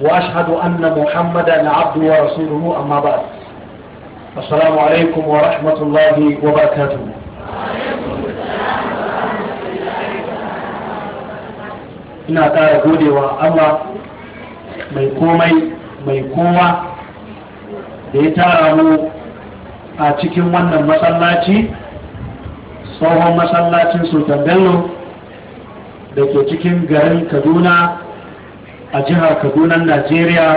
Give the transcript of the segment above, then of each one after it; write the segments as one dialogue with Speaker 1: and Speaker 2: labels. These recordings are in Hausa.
Speaker 1: وأشهد أن محمدا عبده ورسوله أما بعد السلام عليكم ورحمة الله وبركاته ina ƙara godewa Allah mai komai mai kowa da ya tara mu a cikin wannan masallaci tsohon masallacin sultan bello da ke cikin garin kaduna a jihar kaduna najeriya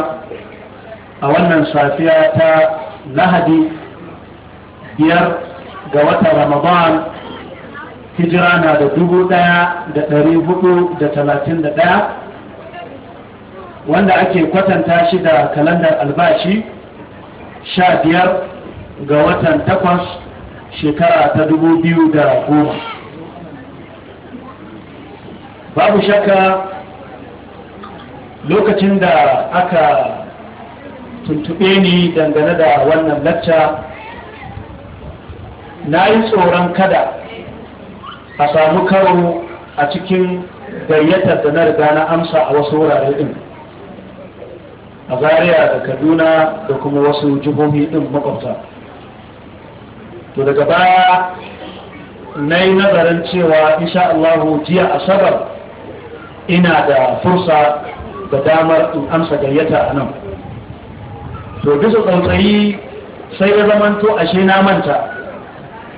Speaker 1: a wannan safiya ta lahadi biyar ga watan ramadan hijira na da dubu daya da dari hudu da talatin da daya wanda ake kwatanta shi da kalandar albashi sha biyar ga watan takwas shekara ta dubu biyu da goma babu shakka lokacin da aka tuntube ni dangane da wannan lacca na yi tsoron kada a samu karo a cikin gayyatar da na riga na amsa a wasu wurare din a Zariya da kaduna da kuma wasu jihohi din makwabta to daga baya na yi nazarin cewa insha Allahu jiya asabar ina da fursa da damar in amsa gayyata a nan to bisa tsautsayi sai ya zamanto ashe na manta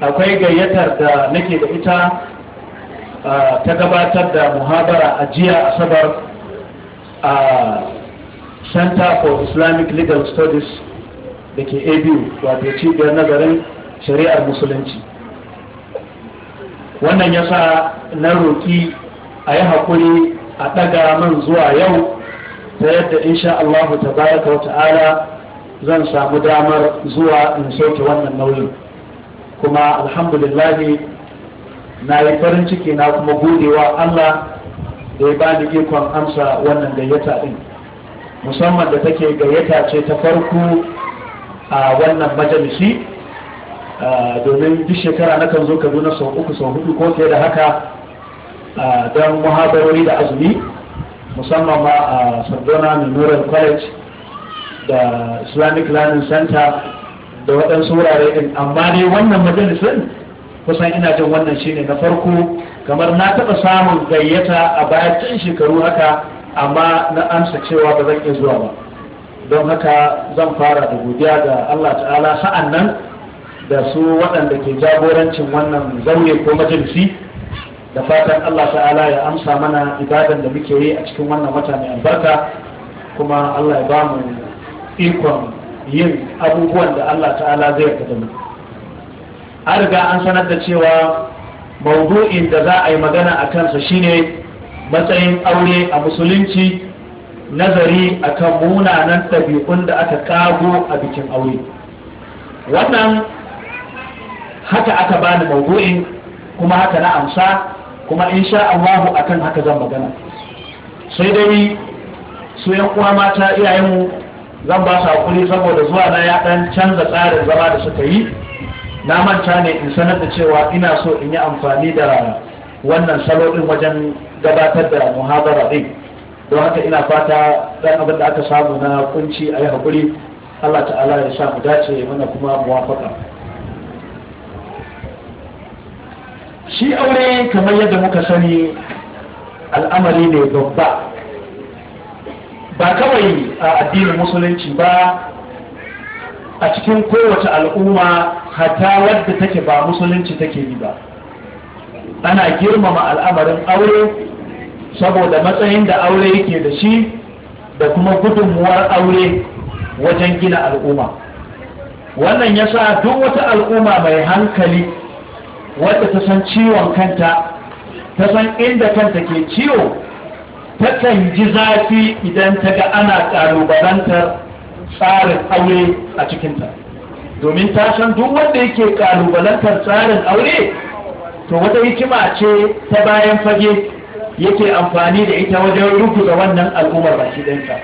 Speaker 1: akwai gayyatar da nake da ita ta gabatar da muhabara a jiya asabar a center for islamic legal studies da ke abu wato cibiyar nazarin shari'ar musulunci wannan ya sa na roƙi a yi haƙuri a ɗaga man zuwa yau in yadda insha Allah baraka wa ta'ala zan samu damar zuwa in soke wannan nauyin kuma alhamdulillahi na yi farin ciki na kuma godewa Allah da ya bani ikon amsa wannan gayyata din musamman da take gayyata ce ta farko a wannan majalisi domin duk shekara na kan zo kaduna sau uku sau hudu ko fiye da haka don muhabarori da azumi musamman ma a sardona memorial college da islamic learning center da waɗansu wurare ɗin amma dai wannan majalisun kusan ina jin wannan shine na farko kamar na taɓa samun gayyata a bayan shekaru haka amma na amsa cewa ba zan iya zuwa ba don haka zan fara da godiya ga allah ta'ala sa'an nan da su waɗanda ke jagorancin wannan zaure ko majalisi da fatan Allah ta'ala ya amsa mana ibadan da muke yi a cikin wannan wata mai albarka kuma Allah ya ba mu ikon yin abubuwan da Allah ta'ala zai yarda da mu an riga an sanar da cewa maudu'in da za a yi magana a kansa shine matsayin aure a musulunci nazari akan munanan ɗabi'un da aka kago a bikin aure wannan haka aka bani maudu'in kuma haka na amsa kuma in insha Allah akan haka zan magana sai dai su yan uwa mata iyayenmu zan ba su hakuri saboda zuwa na ya dan canza tsarin zama da suka yi na manta ne in sanar da cewa ina so in yi amfani da wannan salo din wajen gabatar da muhabara ɗin. don haka ina fata dan abin da aka samu na kunci a yi hakuri Allah ta'ala ya sa mu dace mana kuma muwafaƙa shi aure kamar yadda muka sani al'amari ne babba ba kawai a addinin musulunci ba a cikin kowace al'umma hata wadda take ba musulunci take yi ba ana girmama al'amarin aure saboda matsayin da aure yake da shi da kuma gudunmuwar aure wajen gina al'umma wannan ya sa duk wata al'umma mai hankali Wanda ta san ciwon kanta ta san inda kanta ke ciwo ta ji zafi idan ta ga ana ƙalubalantar tsarin aure a cikinta domin ta san duk wanda yake ƙalubalantar tsarin aure to wata hikima ce ta bayan fage yake amfani da ita wajen rubuta wannan al'ummar baki ɗinka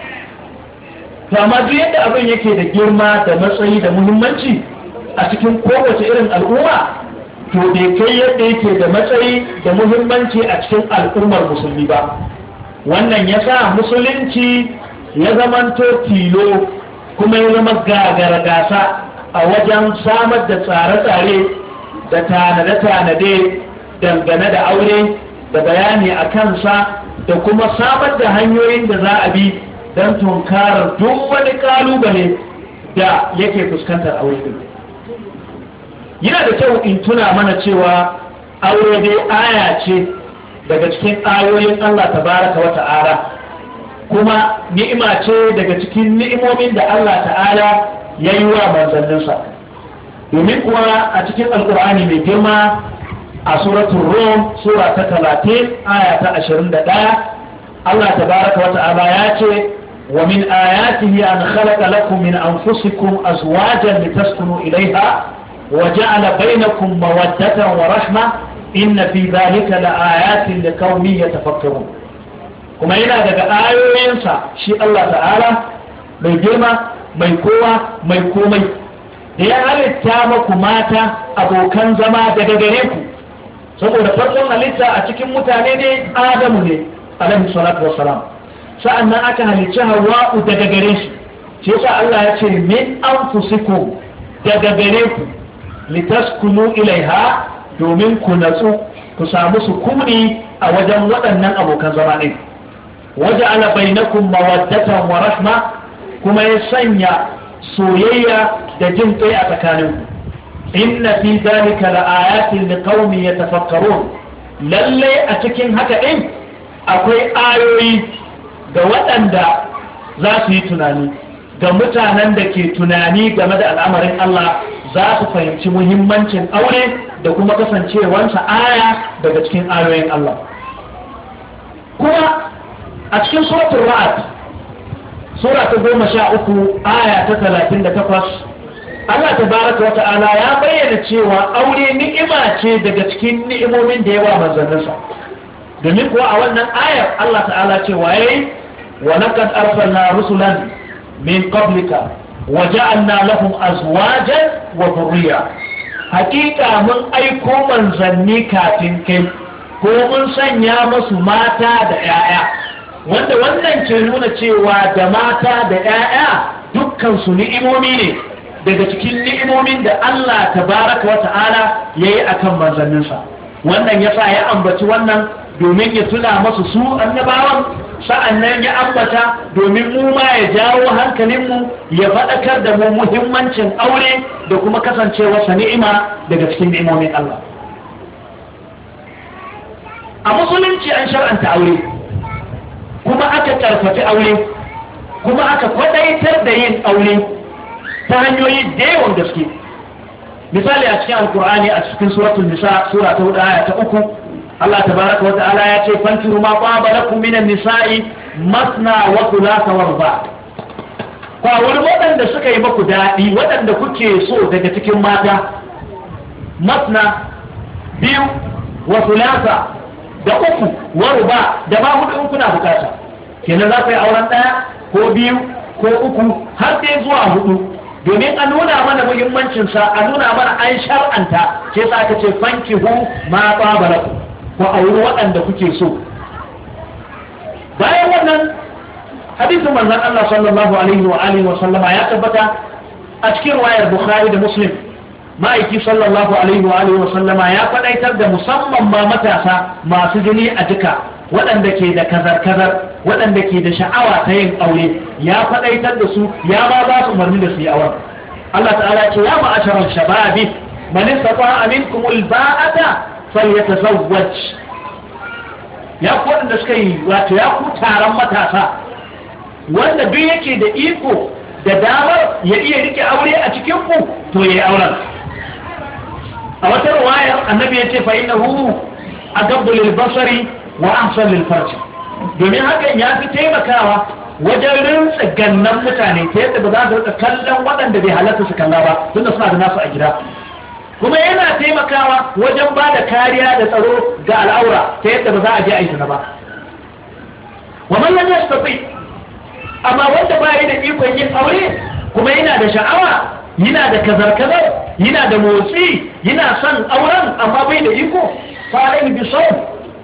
Speaker 1: to amma duk yadda abin yake da girma da matsayi da muhimmanci a cikin kowace irin al'umma to bai kai yadda yake da matsayi da muhimmanci a cikin al'ummar musulmi ba wannan ya sa musulunci ya zamanto tilo kuma ya zama gagara gasa a wajen samar da tsare-tsare da tanade-tanade dangane da aure da bayani a kansa da kuma samar da hanyoyin da za a bi don tunkarar duk wani kalubale da yake fuskantar aure yana da kyau in tuna mana cewa aure dai aya ce daga cikin ayoyin Allah tabaraka wa ta'ala kuma ni'ima ce daga cikin ni'imomin da Allah ta'ala ya yi wa manzanninsa domin kuwa a cikin alkur'ani mai girma a suratun rom sura ta talatin aya ta ashirin da ɗaya Allah tabaraka wa ta'ala ya ce ومن آياته أن خلق لكم من أنفسكم أزواجا لتسكنوا إليها وجعل بينكم مودة ورحمة إن في ذلك ya لقوم يتفكرون كما هنا daga ayoyinsa shi Allah ta'ala mai girma mai kowa mai komai da ya halitta maku mata abokan zama daga gare ku saboda farkon halitta a cikin mutane ne Adamu ne alaihi salatu wassalam sa'annan aka halicci Hawwa'u daga gare shi shi yasa Allah ya ce min anfusikum daga gare ku litaskunu ilaiha domin ku natsu ku samu sukuni a wajen waɗannan abokan zama ɗin waje ala bainakum mawaddatan wa rahma kuma ya sanya soyayya da jin kai a tsakaninku inna fi zalika la'ayatin liqaumin yatafakkarun lalle a cikin haka ɗin akwai ayoyi ga waɗanda za su yi tunani ga mutanen da ke tunani game da al'amarin Allah za su fahimci muhimmancin aure da kuma kasancewarsa aya daga cikin ayoyin Allah kuma a cikin suratul ra'ad sura ta goma sha uku aya ta talatin da takwas Allah ta baraka wa ta'ala ya bayyana cewa aure ni'ima ce daga cikin ni'imomin da yawa manzanninsa domin kuwa a wannan ayar Allah ta'ala ce waye wa laqad arsalna rusulan min qablika وجعلنا لهم أزواجا وذرية حقيقة من aiko من ذنكات كي ko mun sanya masu mata da 'ya'ya wanda wannan ke nuna cewa da mata da 'ya'ya dukkansu ni'imomi ne daga cikin ni'imomin da Allah tabaraka wa ta'ala ya yi a kan manzanninsa wannan ya sa ya ambaci wannan domin ya tuna masu su annabawan sa'an nan ya ambata domin mu ma ya jawo hankalinmu ya faɗakar da mu muhimmancin aure da kuma kasancewa sa ni'ima daga cikin ni'imomin Allah a musulunci an shar'anta aure kuma aka ƙarfafi aure kuma aka kwaɗaitar da yin aure ta hanyoyi da yawan gaske misali a cikin Alƙur'ani a cikin suratul nisa sura ta hudu aya ta uku Allah tabaraka wa ta'ala ya ce fankihu ma qaba lakum minan nisa'i masna wa thulatha ba wani waɗanda suka yi maku daɗi waɗanda kuke so daga cikin mata masna biyu wa lasa, da uku wa ruba da ba hudu in kuna bukata kenan za ka yi auren ɗaya ko biyu ko uku har sai zuwa hudu domin a nuna mana muhimmancinsa a nuna mana an shar'anta ke sa aka ce hu ma tsabaraku ku auri waɗanda kuke so bayan wannan hadisin manzon Allah sallallahu alaihi wa alihi wa sallama ya tabbata a cikin wayar Bukhari da Muslim ma'aiki sallallahu alaihi wa alihi wa sallama ya faɗaitar da musamman ma matasa masu jini a duka waɗanda ke da kazar-kazar waɗanda ke da sha'awa ta yin aure ya faɗaitar da su ya ba ba su umarni da su yi Allah ta'ala ce ya ma'asharar shababi man istata minkum al-ba'ata fal ya ya ku waɗanda suka yi wato ya ku taron matasa wanda duk yake da iko da damar ya iya rike aure a cikin ku to yayi auren a wata riwaya annabi yace fa innahu agabbu lil basari wa ahsan lil farj domin hakan ya fi taimakawa wajen rintsa gannan mutane ta yadda ba za su rika kallon waɗanda bai halatta su kalla ba tunda suna da nasu a gida kuma yana taimakawa wajen ba da kariya da tsaro ga al'aura ta yadda ba za a je a yi ba wa man lam yastati amma wanda ba da ikon yin aure kuma yana da sha'awa yana da kazar-kazar yana da motsi yana son auren amma bai da iko fa alaihi bi sawm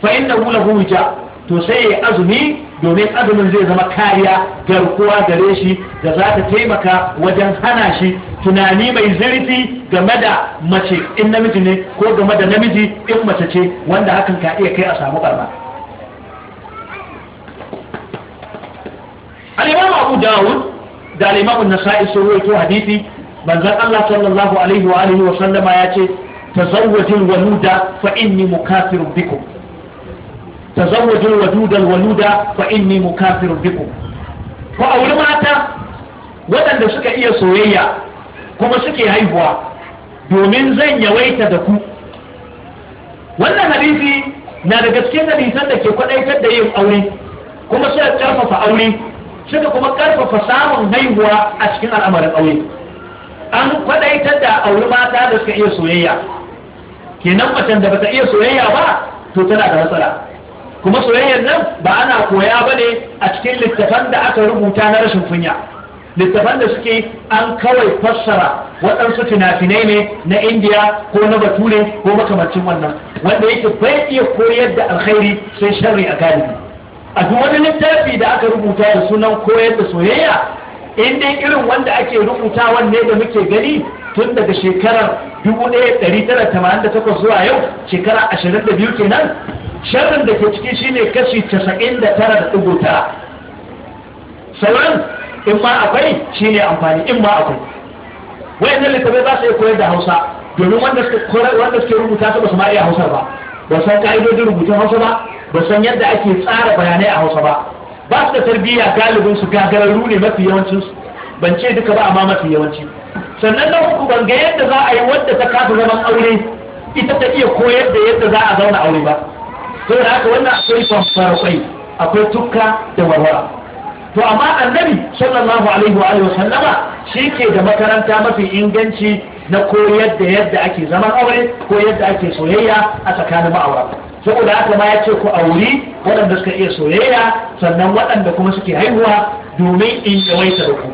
Speaker 1: fa innahu lahu wija to sai ya azumi domin azumin zai zama kariya garkuwa gare shi da za ta taimaka wajen hana shi tunani mai zarfi game da mace in namiji ne ko game da namiji in mace ce wanda hakan ka iya kai a samu barna al-imam abu dawud da al-imam an-nasa'i sun rawaito hadisi manzon Allah sallallahu alaihi wa alihi wa sallama yace tazawwajul waluda fa inni mukafirun bikum tazawwajul waduda waluda fa inni mukafirun bikum ko aure mata waɗanda suka iya soyayya kuma suke haihuwa domin zan yawaita da ku wannan hadisi na da gaske hadisan da ke kwadaitar da yin aure kuma suna karfafa aure suka kuma karfafa samun haihuwa a cikin al'amarin aure an kwadaitar da aure mata da suka iya soyayya kenan macen da bata iya soyayya ba to tana da matsala kuma soyayyar nan ba ana koya ba ne a cikin littafan da aka rubuta na rashin kunya littafan da suke an kawai fassara waɗansu fina-finai ne na indiya ko na bature ko makamancin wannan wanda yake bai iya koyar da alkhairi sai sharri a galibi a duk wani littafi da aka rubuta da sunan koyar da soyayya in dai irin wanda ake rubutawa ne da muke gani tun daga shekarar 1988 zuwa yau shekara 22 kenan sharrin da ke ciki shine kashi 99.9 sauran in ma akwai ne amfani in ma akwai wayannan littafai za su iya koyar da hausa domin wanda suke rubuta su ba su ma iya hausa ba ba san ka'idodin rubutun hausa ba ba san yadda ake tsara bayanai a hausa ba ba su da tarbiyya galibin su gagararru ne mafi yawancin su ban ce duka ba amma mafi yawanci sannan na uku ban ga yadda za a yi wadda ta kasa zaman aure ita ta iya koyar da yadda za a zauna aure ba da haka wannan akwai fanfarkwai akwai tukka da warwara to amma annabi sallallahu alaihi wa alihi wasallama shi ke da makaranta mafi inganci na koyar da yadda ake zaman aure ko yadda ake soyayya a tsakanin ma'aurata saboda haka ma ya ce ku auri waɗanda suka iya soyayya sannan waɗanda kuma suke haihuwa domin in yawaita da ku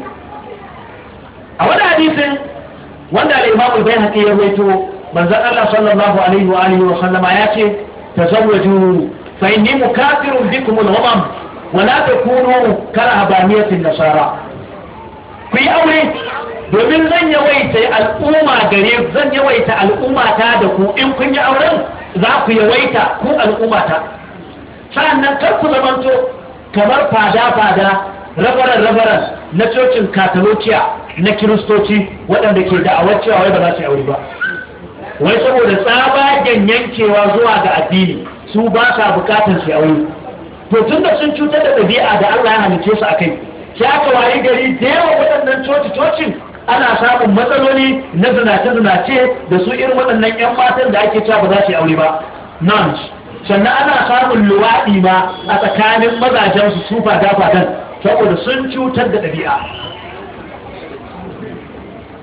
Speaker 1: a wani hadisin wanda al-imam al-bayhaqi ya rawaito manzon Allah sallallahu alaihi wa alihi wa ya ce tazawwaju fa inni mukafirun bikum al-ghamam wala ta kuno karhabaniyatin nasara ku yi aure domin zan yawaita al'umma gare zan yawaita al'umma ta da ku in kun yi auren za ku yawaita ku al'umma ta Sannan kar ku zamanto kamar fada-fada rabaran-rabaran na cocin katalokiya na kiristoci waɗanda ke da'awar cewa wai ba za su aure ba wai saboda tsabagen yankewa zuwa ga addini su ba sa bukatar su aure to tun da sun cutar da ɗabi'a da Allah ya halice su a kai sai aka wayi gari da yawa waɗannan coci-cocin ana samun matsaloli na zinace-zinace da su irin waɗannan 'yan matan da ake cewa ba za su yi aure ba non sannan ana samun luwaɗi ma a tsakanin mazajen su sufa gafa fadan saboda sun cutar da ɗabi'a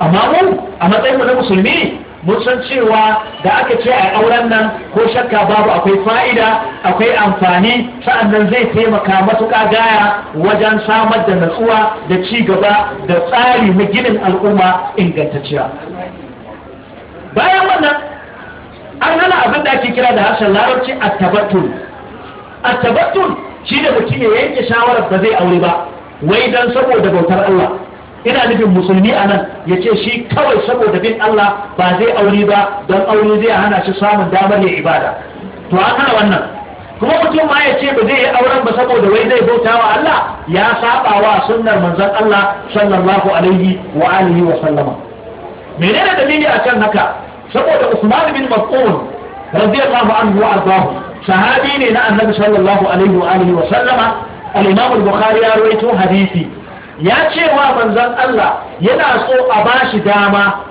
Speaker 1: amma mu a matsayin mu na musulmi mun san cewa da aka ce a auren nan ko shakka babu akwai fa'ida akwai amfani sa'annan zai taimaka matuƙa gaya wajen samar da natsuwa da ci gaba da tsari na ginin al'umma ingantacciya bayan wannan an hana abin da ake kira da harshen larabci a tabattun a tabattun shi da mutum ya yanke shawarar ba zai aure ba wai don saboda bautar Allah yana nufin musulmi a nan ya ce shi kawai saboda bin Allah ba zai aure ba don aure zai hana shi samun damar ya ibada to an hana wannan kuma mutum ma ya ce ba zai yi auren ba saboda wai zai bauta wa Allah ya saba wa sunnar manzon Allah sallallahu alaihi wa alihi wa sallama menene dalili a kan haka saboda Usman bin Mas'ud radiyallahu anhu wa ardahu sahabi ne na Annabi sallallahu alaihi wa alihi wa sallama al-Imam al-Bukhari ya rawaito hadisi ya ce wa manzon Allah yana so a ba shi dama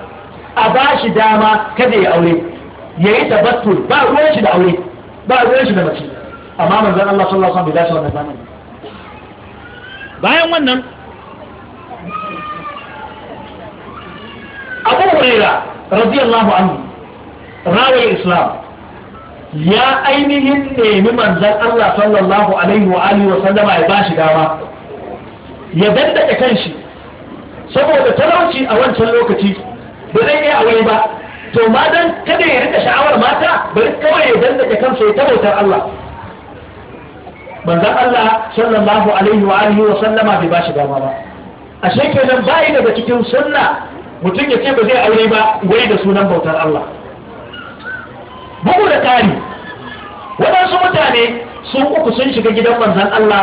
Speaker 1: a ba shi dama kada ya aure yayi tabattul ba ruwan shi da aure ba ruwan shi da mace amma manzon Allah sallallahu alaihi wasallam bai dace wannan zamani bayan wannan Abu Hurairah radiyallahu anhu rawai Islam ya ainihin nemi manzon Allah sallallahu alaihi wa alihi wa sallama ya bashi dama ya kan kanshi saboda talauci a wancan lokaci ba zai iya aure ba to ma dan kada ya rika sha'awar mata bari kawai ya dandaka kansu ta tabautar Allah manzon Allah sallallahu alaihi wa alihi wa sallama bai bashi dama ba ashe kenan bai daga cikin sunna mutum ya ce ba zai aure ba gwai da sunan bautar Allah bugu da tari waɗansu mutane sun uku sun shiga gidan manzon Allah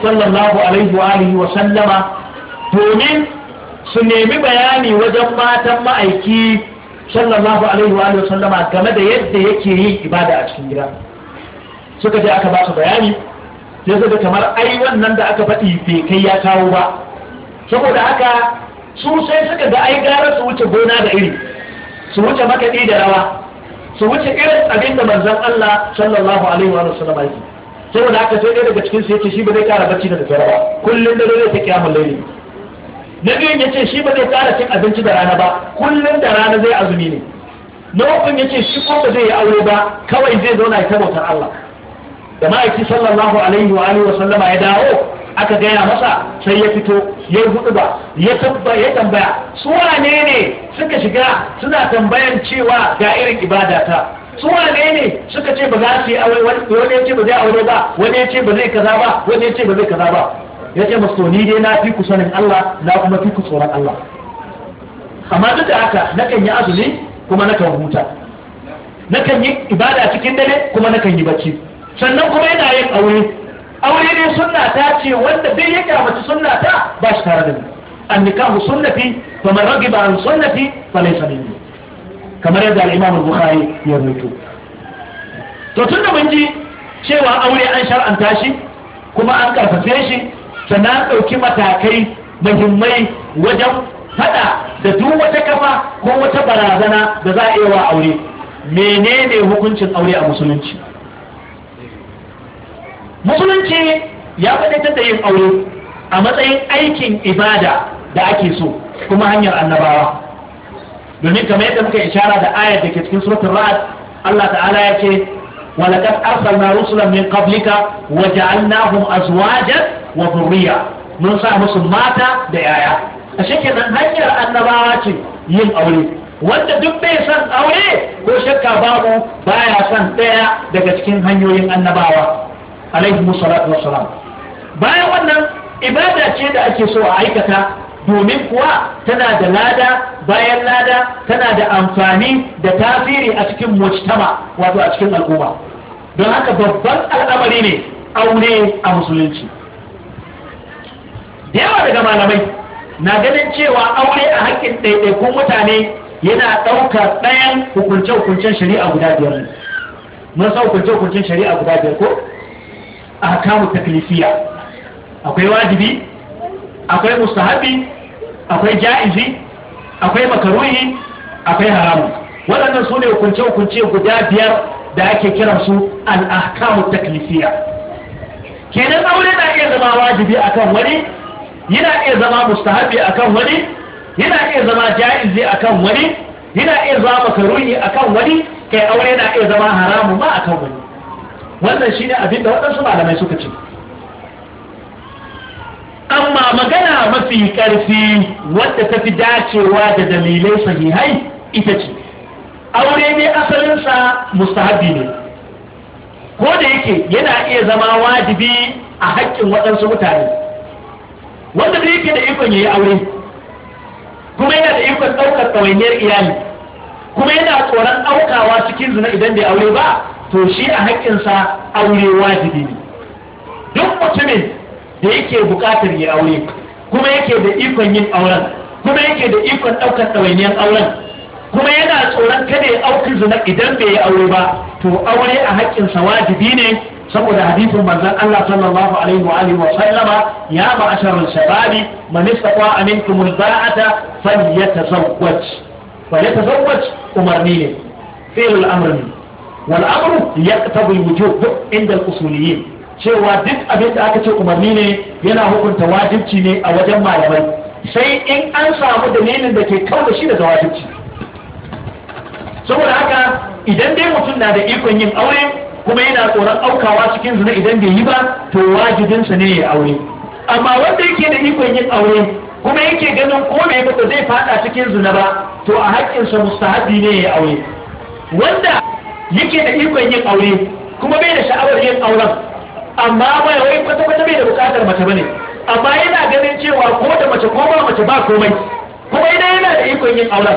Speaker 1: sallallahu alaihi wa alihi wa sallama domin su nemi bayani wajen matan ma'aiki sallallahu alaihi wa alihi wa sallama game da yadda yake yin ibada a cikin gida suka je aka ba su bayani sai suka kamar ai wannan da aka faɗi bai kai ya kawo ba saboda haka su sai suka ga ai gara su wuce gona da iri su wuce makaɗi da rawa su wuce irin abin da manzon Allah sallallahu alaihi wa sallama. yake saboda haka sai ɗaya daga cikin su yace shi ba zai kara bacci daga daddare ba kullum da zai ta kiyamul laili na biyun yace shi ba zai kara cin abinci da rana ba kullum da rana zai azumi ne na ya yace shi ko ba zai yi aure ba kawai zai zauna ya tabautar Allah da ma'aiki sallallahu alaihi wa alihi wa sallama ya dawo aka gaya masa sai ya fito ya hudu ba ya tabba ya tambaya su wane ne suka shiga suna tambayan cewa ga irin ibada ta su wane ne suka ce ba za su yi aure wani ya ce ba zai aure ba wani ya ce ba zai kaza ba wani ya ce ba zai kaza ba ya ce masu ni dai na fi ku sanin Allah na kuma fi ku tsoron Allah amma duk da haka na kan yi azumi kuma na kan huta kan yi ibada cikin dare kuma na kan yi bacci sannan kuma yana yin aure aure ne sunna ta ce wanda bai ya kyamaci sunna ta ba shi tare da ni annikahu sunnati faman ragiba an sunnati laysa minni kamar yadda al Bukhari ya rubuto to tun da mun ji cewa aure an shar'anta shi kuma an karfafe shi sannan ɗauki matakai muhimmai wajen faɗa da duk wata kafa ko wata barazana da za a iya wa aure menene hukuncin aure a musulunci musulunci ya faɗaitar da yin aure a matsayin aikin ibada da ake so kuma hanyar annabawa domin kamar yadda muka ishara da ayar da ke cikin suratul ra'd Allah ta'ala ya ce wa laqad arsalna rusulan min qablika wa ja'alnahum azwajan wa dhurriyya mun sa musu mata da yaya ashe kenan hanyar annabawa ce yin aure wanda duk bai son aure ko shakka babu baya son ɗaya daga cikin hanyoyin annabawa alaihi musallatu wassalam bayan wannan ibada ce da ake so a aikata domin kuwa tana da lada bayan lada tana da amfani da tasiri a cikin mujtama wato a cikin al'umma don haka babban al'amari ne aure a musulunci da yawa daga malamai na ganin cewa aure a haƙƙin ɗaiɗaikun mutane yana ɗaukar ɗayan hukunce-hukuncen shari'a guda biyar mun san hukunce-hukuncen shari'a guda biyar ko a kamun taklifiya akwai wajibi akwai mustahabi akwai ja'izi akwai makaruhi akwai haramu waɗannan su ne hukunce-hukunce guda biyar da ake kiran su al'akamu taklifiya kenan aure na iya zama wajibi akan wani yana iya zama mustahabi akan wani yana iya zama ja'izi akan wani yana iya zama makaruhi akan wani kai aure na iya zama haramun ma akan wani wannan shine abin da waɗansu malamai suka ce amma magana mafi ƙarfi wadda ta fi dacewa da dalilai sahihai ita ce aure ne asalinsa mustahabi ne ko da yake yana iya zama wajibi a haƙƙin waɗansu mutane wanda da yake da ikon ya yi aure kuma yana da ikon ɗaukar ɗawainiyar iyali kuma yana tsoron aukawa cikin zina idan bai aure ba to shi a haƙƙinsa aure wajibi ne duk mutumin da yake buƙatar ya aure kuma yake da ikon yin auren kuma yake da ikon ɗaukar ɗawainiyar auren kuma yana tsoron kada ya auki zina idan bai yi aure ba to aure a haƙƙinsa wajibi ne saboda hadisin manzon Allah sallallahu alaihi wa alihi wa sallama ya ma'asharul shababi man istaqa minkum alba'ata falyatazawwaj falyatazawwaj umarni ne fi'l amr wal amr yaqtabu al-wujub inda al-usuliyyin cewa duk abin da aka ce umarni ne yana hukunta wajibci ne a wajen malamai sai in an samu dalilin da ke kauda shi daga wajibci saboda haka idan dai mutum na da ikon yin aure kuma yana tsoron aukawa cikin zina idan bai yi ba to wajibinsa ne ya aure amma wanda yake da ikon yin aure kuma yake ganin ko mai ba zai fada cikin zina ba to a haƙƙinsa mustahabi ne ya aure wanda yake da ikon yin aure kuma bai da sha'awar yin auren amma ba wai kwata kwata bai da bukatar mace bane amma yana ganin cewa ko da mace ko ba mace ba komai kuma idan yana da ikon yin aure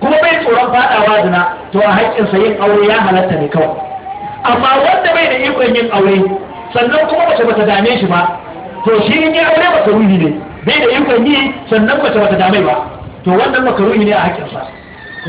Speaker 1: kuma bai tsoron fadawa zina to a sa yin aure ya halatta ne kawai amma wanda bai da ikon yin aure sannan kuma mace bata dame shi ba to shi in ya aure makaruhi ne bai da ikon yi sannan mace bata dame ba to wannan makaruhi ne a sa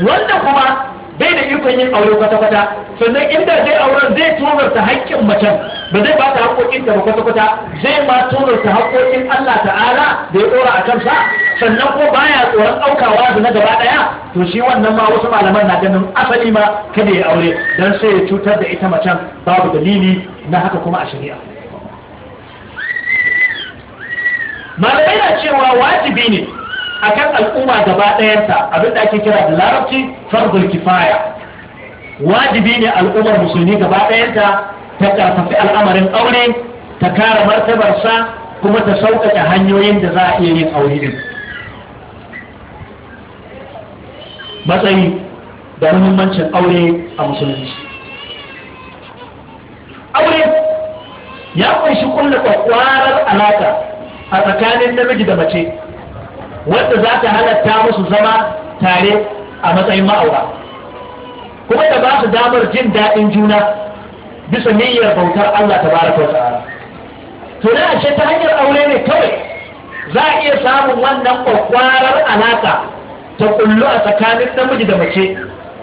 Speaker 1: wanda kuma bai da ikon yin aure kwata-kwata sannan inda zai auren zai tozarta haƙƙin macen ba zai bata ta ta ba kwata-kwata zai ma tozarta haƙƙoƙin Allah ta'ala da ya tsora a kansa sannan ko baya tsoron ɗaukawa da na gaba ɗaya to shi wannan ma wasu malaman na ganin asali ma kada ya aure dan sai ya cutar da ita macen babu dalili na haka kuma a shari'a malamai na cewa wajibi ne akan al'umma gaba ɗayanta abin da ake kira da larabci farzul kifaya wajibi ne al'ummar musulmi gaba ɗayanta ta karfafi al'amarin aure ta kare martabarsa kuma ta sauƙaƙe hanyoyin da za a iya yin aure din matsayi da muhimmancin aure a musulunci aure ya kunshi kulle kwakwarar alaƙa a tsakanin namiji da mace Wanda za ta halatta musu zama tare a matsayin ma'aura kuma da ba su damar jin daɗin juna bisa niyyar bautar Allah ta baraka tsara, to da ashe ta hanyar aure ne kawai za a iya samun wannan kwakwarar alaƙa ta ƙullu a tsakanin namiji da mace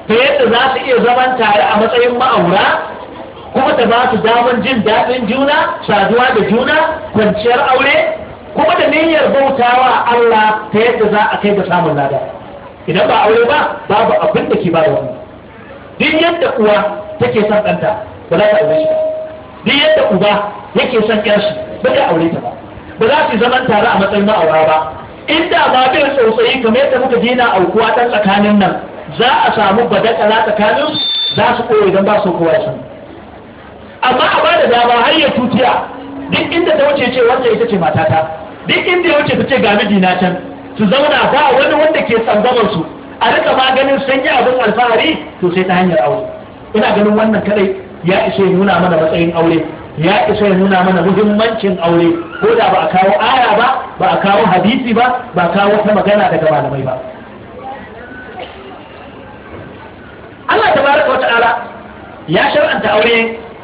Speaker 1: ta yadda za su iya zaman tare a matsayin ma'aura kuma ta ba su damar jin daɗin juna saduwa da juna kwanciyar aure kuma da niyyar bautawa Allah ta yadda za a kai ga samun lada idan ba aure ba babu abin da ke bada wani. Din yadda uwa take son ɗanta ba za ta aure shi ba Din yadda uba yake son ƴarsu ba ta aure ta ba ba za su zaman tare a matsayin ma'aura ba inda ba bin tsotsayi kamar yadda muka dina aukuwa ɗan tsakanin nan za a samu badakala tsakanin za su koyo idan ba su kowa ya amma a bada dama har ya tutiya duk inda ta wuce ce wanda ita ce matata duk inda ya wuce su ce ga na can su zauna ba wani wanda ke tsangwamar su a rika maganin sun yi abin alfahari to sai ta hanyar aure ina ganin wannan kadai ya isa ya nuna mana matsayin aure ya isa ya nuna mana muhimmancin aure ko da ba a kawo aya ba ba a kawo hadisi ba ba a kawo wata magana daga malamai ba Allah tabaraka wa ta'ala ya shar'anta aure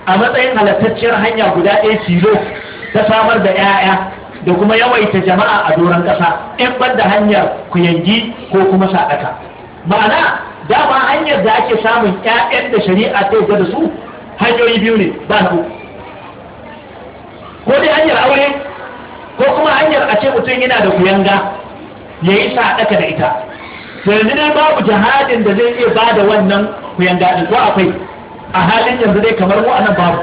Speaker 1: a matsayin halattacciyar hanya guda ɗaya tilo ta samar da 'ya'ya da kuma yawaita jama'a a doron ƙasa in ban da hanyar kuyangi ko kuma sadaka ma'ana dama hanyar da ake samun ƴaƴan da shari'a ta yi da su hanyoyi biyu ne ba na
Speaker 2: ko dai hanyar aure
Speaker 1: ko kuma hanyar a ce mutum yana da kuyanga ya yi sadaka da ita yanzu dai babu jihadin da zai iya ba da wannan kuyanga din ko akwai a halin yanzu dai kamar mu anan babu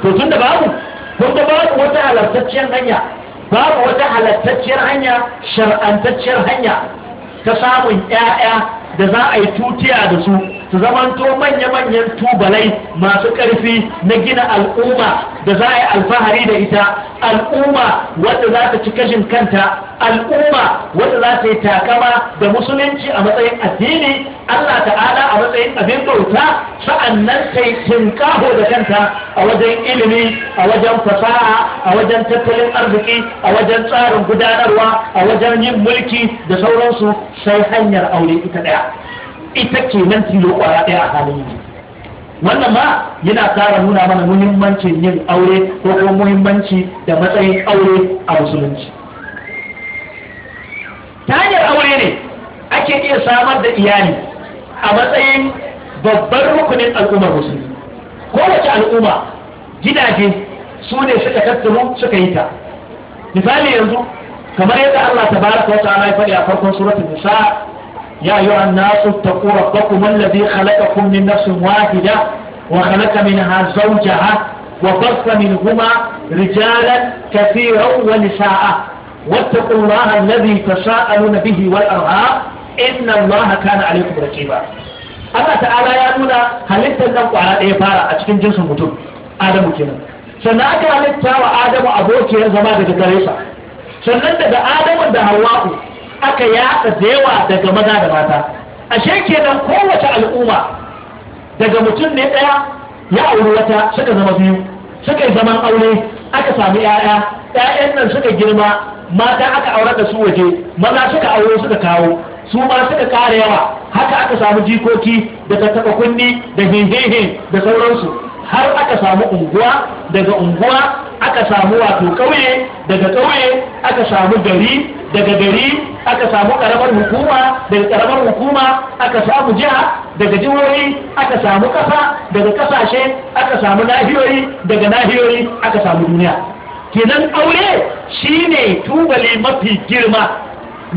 Speaker 1: to tun da babu kun ga babu wata halartacciyar hanya babu wata halattacciyar hanya shar'antacciyar hanya ta samun 'ya'ya da za a yi tutiya da su su zamanto manya-manyan tubalai masu ƙarfi na gina al'umma da za a yi alfahari da ita al'umma wadda za ta ci kashin kanta al'umma wadda za ta yi takama da musulunci a matsayin addini allah ta'ala a matsayin abin bauta sa'annan ta yi da kanta a wajen ilimi a wajen fasaha a wajen tattalin arziki a wajen tsarin gudanarwa a wajen yin mulki da sauransu sai hanyar aure ita ɗaya ita ke nan tilo kwaya ɗaya a halin yanzu wannan ma yana ƙara nuna mana muhimmancin yin aure ko kuma muhimmanci da matsayin aure a musulunci ta hanyar aure ne ake iya samar da iyali a matsayin babban rukunin al'ummar musulmi kowace al'umma gidaje su ne suka tattaro suka yi ta misali yanzu kamar yadda Allah Ta baraka wa ta'ala ya faɗi a farkon suratul nisa يا أيها الناس اتقوا ربكم الذي خلقكم من نفس واحدة وخلق منها زوجها وبص منهما رجالا كثيرا ونساء واتقوا الله الذي تساءلون به والأرهاب إن الله كان عليكم رقيبا أما تعالى يا أبونا هل أنت النوع على إيه بارا أتكين جنس المدن آدم كنا سنعك على التاوى إيه آدم يا زمان ذكريسا سنعك آدم ده هواكو aka yaɗa da yawa daga maza da mata ashe kenan kowace al'umma daga mutum ne ɗaya ya auri wata suka zama biyu suka yi zaman aure aka sami ‘ya'ya ‘ya'yan nan suka girma mata aka aure da su waje maza suka aure suka kawo su ma suka ƙara yawa haka aka samu jikoki da tattaɓa kunni da hinhe-hin da sauransu har aka samu unguwa daga unguwa aka samu wato ƙauye daga ƙauye aka samu gari daga gari aka samu karamar hukuma daga karamar hukuma aka samu jiha daga jihohi aka samu kasa daga kasashe aka samu nahiyoyi daga nahiyoyi aka samu duniya kenan aure shi ne tubali mafi girma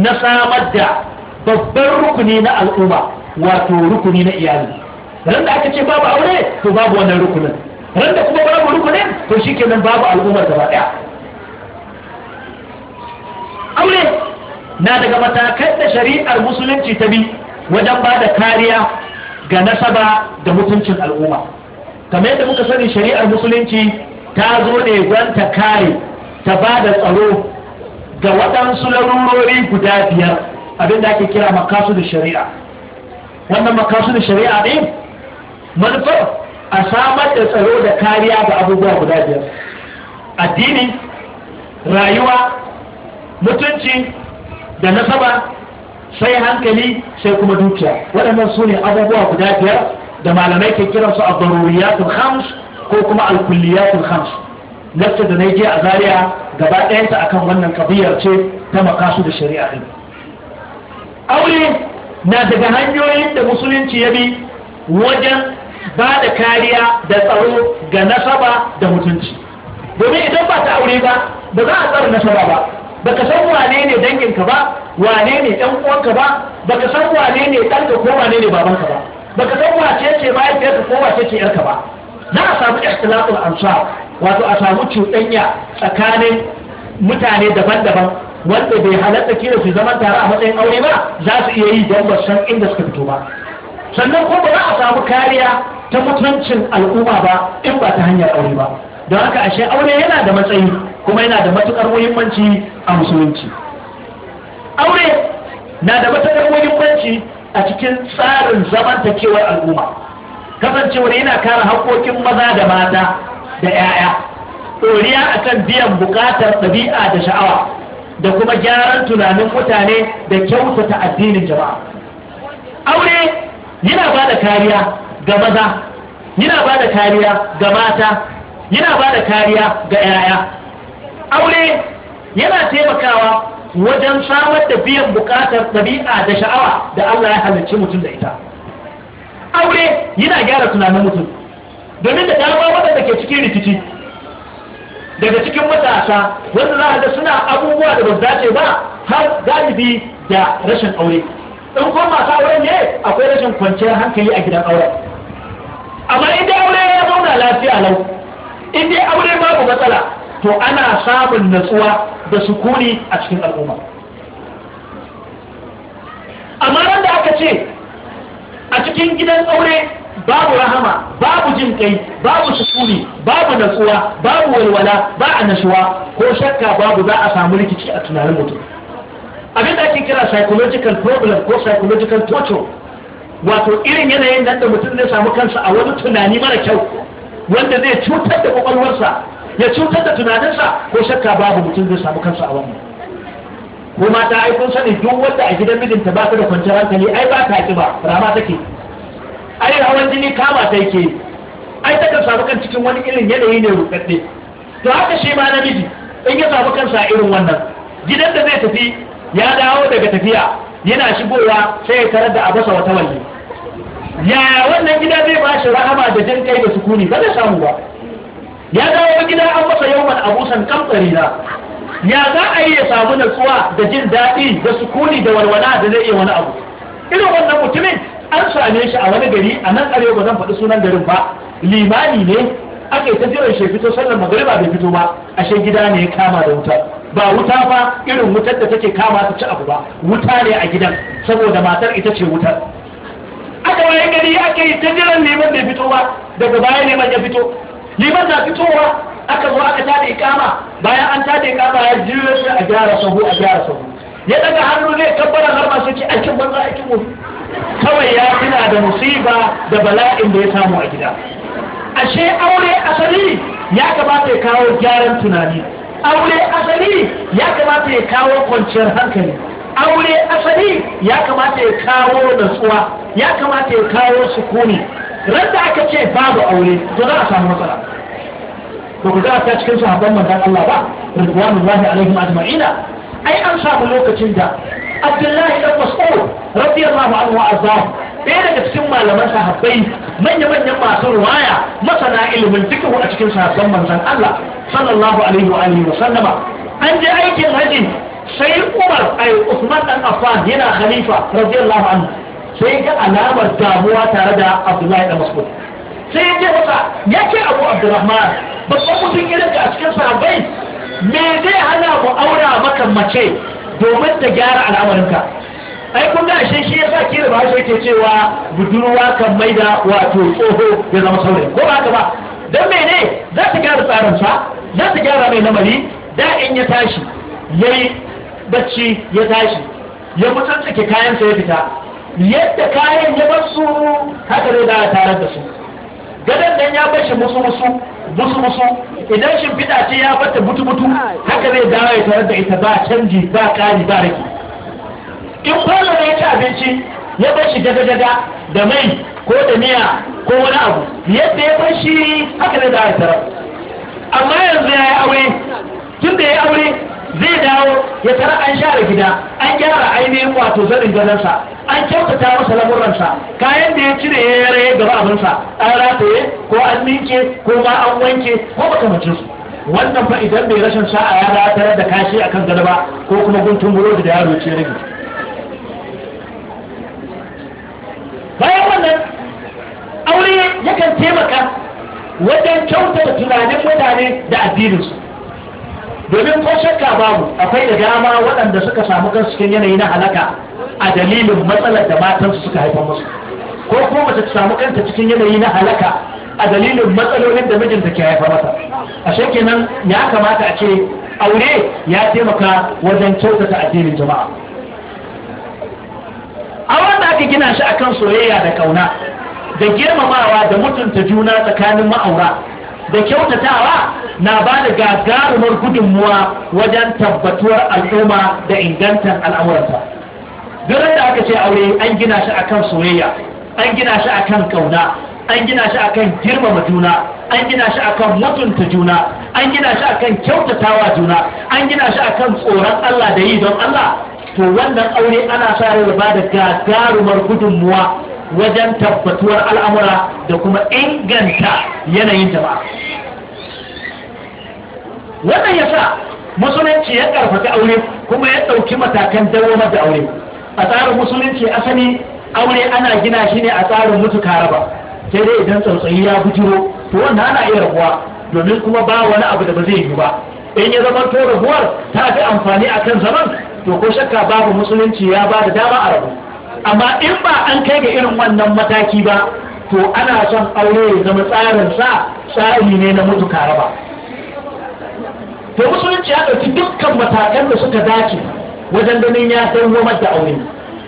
Speaker 1: na samar da babban rukuni na al'umma wato rukuni na iyali ran da aka ce babu aure to babu wannan rukunin ran da kuma babu rukunin to shi shikenan babu al'umma gaba daya aure na daga matakai da shari'ar musulunci ta bi wajen ba da kariya ga nasaba da mutuncin al'umma kamar yadda muka sani shari'ar musulunci ta zo ne ta kare ta ba da tsaro ga waɗansu larurori guda biyar da ake kira makasu da shari'a wannan makasu da shari'a ne manufar a samar da tsaro da kariya ga abubuwa guda biyar addini rayuwa mutunci da nasaba sai hankali sai kuma dukiya waɗannan su ne abubuwa guda biyar da malamai ke kiransu a daruriyatul khams ko kuma alkulliyatul khams lafta da na je a Zariya gaba ɗayanta akan wannan kabiyar ce ta makasu da shari'a ɗin aure na daga hanyoyin da musulunci ya bi wajen ba da kariya da tsaro ga nasaba da mutunci domin idan ba ta aure ba ba za a tsara nasaba ba baka san wane ne danginka ba wane ne ɗan uwanka ba baka san wane ne ɗanka ko wane ne babanka ba baka san wace ce mahaifiyarka ko wace ce yarka ba za a samu ikhtilaful ansar wato a samu cuɗanya tsakanin mutane daban-daban wanda bai halatta kila su zaman tare a matsayin aure ba za su iya yi don ba san inda suka fito ba sannan ko ba za a samu kariya ta mutuncin al'umma ba in ba ta hanyar aure ba don haka ashe aure yana da matsayi kuma yana da matukar muhimmanci a musulunci aure na da matukar muhimmanci a cikin tsarin zamantakewar al'umma kasancewar yana kare haƙoƙin maza da mata da 'ya'ya ɗoriya kan biyan buƙatar ɗabi'a da sha'awa da kuma gyaran tunanin mutane da kyautata addinin jama'a aure yana ba da kariya ga maza yana ba da kariya ga mata yana ba da kariya ga 'ya'ya aure yana taimakawa wajen samar da biyan bukatar ɗabi'a da sha'awa da Allah ya halarci mutum da ita aure yana gyara tunanin mutum domin da dama waɗanda ke cikin rikici daga cikin matasa wanda za a ga suna abubuwa da ba dace ba har galibi da rashin aure in kuma masu auren ne akwai rashin kwanciyar hankali a gidan auren amma in dai aure ya zauna lafiya lau in dai aure babu matsala to ana samun natsuwa da sukuni a cikin al'umma amma nan da aka ce a cikin gidan aure babu rahama babu jin kai babu sukuni babu natsuwa babu walwala ba a natsuwa ko shakka babu za a samu rikici a tunanin mutum abin da ake kira psychological problem ko psychological torture wato irin yanayin nan da mutum zai samu kansa a wani tunani mara kyau wanda zai cutar da kwakwalwarsa ya cutar da tunaninsa ko shakka babu mutum zai samu kansa a wannan ko mata ai sani duk wanda a gidan mijinta ba ta da kwanciyar hankali ai ba ta ki ba rama take ai hawan jini kama ta yake ai ta kan samu kan cikin wani irin yanayi ne rukadde to haka shi ma namiji in ya samu kansa a irin wannan gidan da zai tafi ya dawo daga tafiya yana shigowa sai ya tarar da a basa wata walli yaya wannan gida zai ba shi rahama da jin kai da sukuni ba zai samu ba ya dawo gida an masa yawan abusan kamfari na ya za a yi ya samu natsuwa da jin daɗi da sukuni da walwala da zai iya wani abu irin wannan mutumin an same shi a wani gari a nan arewa ba zan faɗi sunan garin ba limani ne aka yi ta jiran shi fito sallar magariba bai fito ba ashe gida ne ya kama da wuta ba wuta ba irin wutar da take kama ta ci abu ba wuta ne a gidan saboda matar ita ce wutar aka waye gari aka yi ta jiran neman bai fito ba daga baya neman ya fito liman na fitowa aka zo aka tada ikama bayan an tada ikama ya jiro shi a gyara sahu a gyara sahu ya daga hannu ne kabbara har masu ci aikin banza aikin mu kawai ya tuna da musiba da bala'in da ya samu a gida ashe aure asali ya kamata ya kawo gyaran tunani aure asali ya kamata ya kawo kwanciyar hankali aure asali ya kamata ya kawo natsuwa ya kamata ya kawo sukuni Randa da aka ce babu aure to za a samu matsala Ba ku za ta cikin sahabban manzon Allah ba ridwanullahi alaihim ajma'ina ai an samu lokacin da Abdullahi dan Mas'ud radiyallahu anhu azza ɗaya daga cikin malaman sahabbai manya-manyan masu ruwaya masana ilimin duka a cikin sahabban manzon Allah sallallahu alaihi wa alihi wa sallama an je aikin haji sai Umar ai Usman dan Affan yana khalifa radiyallahu anhu sai ga alamar damuwa tare da abdullahi da mas'ud sai ya masa ya ce abu abdurrahman babban mutum irin da a cikin sahabbai me zai hana mu aura maka mace domin ta gyara al'amarinka ai kun ga shi shi yasa ki ba shi yake cewa budurwa kan maida wato tsoho ya zama saurayi ko ba ka ba dan mene za ta gyara tsarinsa za ta gyara mai lamari da in ya tashi yayi bacci ya tashi ya mutunta kayansa ya fita yadda kayan ya bar su haka zai da tare da su gadon nan ya bar shi musu musu musu musu idan shi fita ce ya ta mutu butu haka zai dawo ya tare da ita ba canji ba kari ba rage in kwallo da ya ci abinci ya bar shi daga daga da mai ko da miya ko wani abu yadda ya bar shi haka zai dawo ya amma yanzu ya yi aure tun da ya yi aure zai dawo ya tara an share gida an gyara ainihin wato zanin gadonsa an kyautata masa lamuransa kayan da ya cire ya ya gaba abinsa an rataye ko an ninke ko ma an wanke ko makamacin su wannan fa idan bai rashin sa'a ya ratar da kashi akan gada ba ko kuma guntun burodi da yaro ce rage bayan wannan
Speaker 3: aure yakan taimaka
Speaker 1: wajen kyautata tunanin mutane da addininsu domin ko shakka babu akwai da dama waɗanda suka samu kansu cikin yanayi na halaka a dalilin matsalar da matansu suka haifar musu ko kuma mace ta samu kanta cikin yanayi na halaka a dalilin matsalolin da mijinta ke haifa mata ashe kenan ya kamata a ce aure ya taimaka wajen kyautata addinin jama'a a wanda aka gina shi akan soyayya da kauna da girmamawa da mutunta juna tsakanin ma'aura da kyautatawa na ba da gagarumar gudunmuwa wajen tabbatuwar al'umma da ingantar al'amuranta garin da aka ce aure an gina shi akan soyayya an gina shi akan kauna an gina shi akan girmama juna an gina shi akan mutunta juna an gina shi akan kyautatawa juna an gina shi akan tsoron Allah da yi don Allah to wannan aure ana sa ya ba da gagarumar gudunmuwa wajen tabbatuwar al'amura da kuma inganta yanayin jama'a wannan ya sa musulunci ya ƙarfafi aure kuma ya ɗauki matakan dawamar da aure a tsarin musulunci asali aure ana gina shi ne a tsarin mutu raba. sai dai idan tsautsayi ya bujiro to wannan ana iya rabuwa domin kuma ba wani abu da ba zai yi ba in ya zama to rabuwar ta fi amfani akan zaman to ko shakka babu musulunci ya ba da dama a rabu amma in ba an kai ga irin wannan mataki ba to ana son aure ya zama tsarin sa tsari ne na mutu karaba to musulunci ya ɗauki dukkan matakan da suka dace wajen ganin ya dawwamar da aure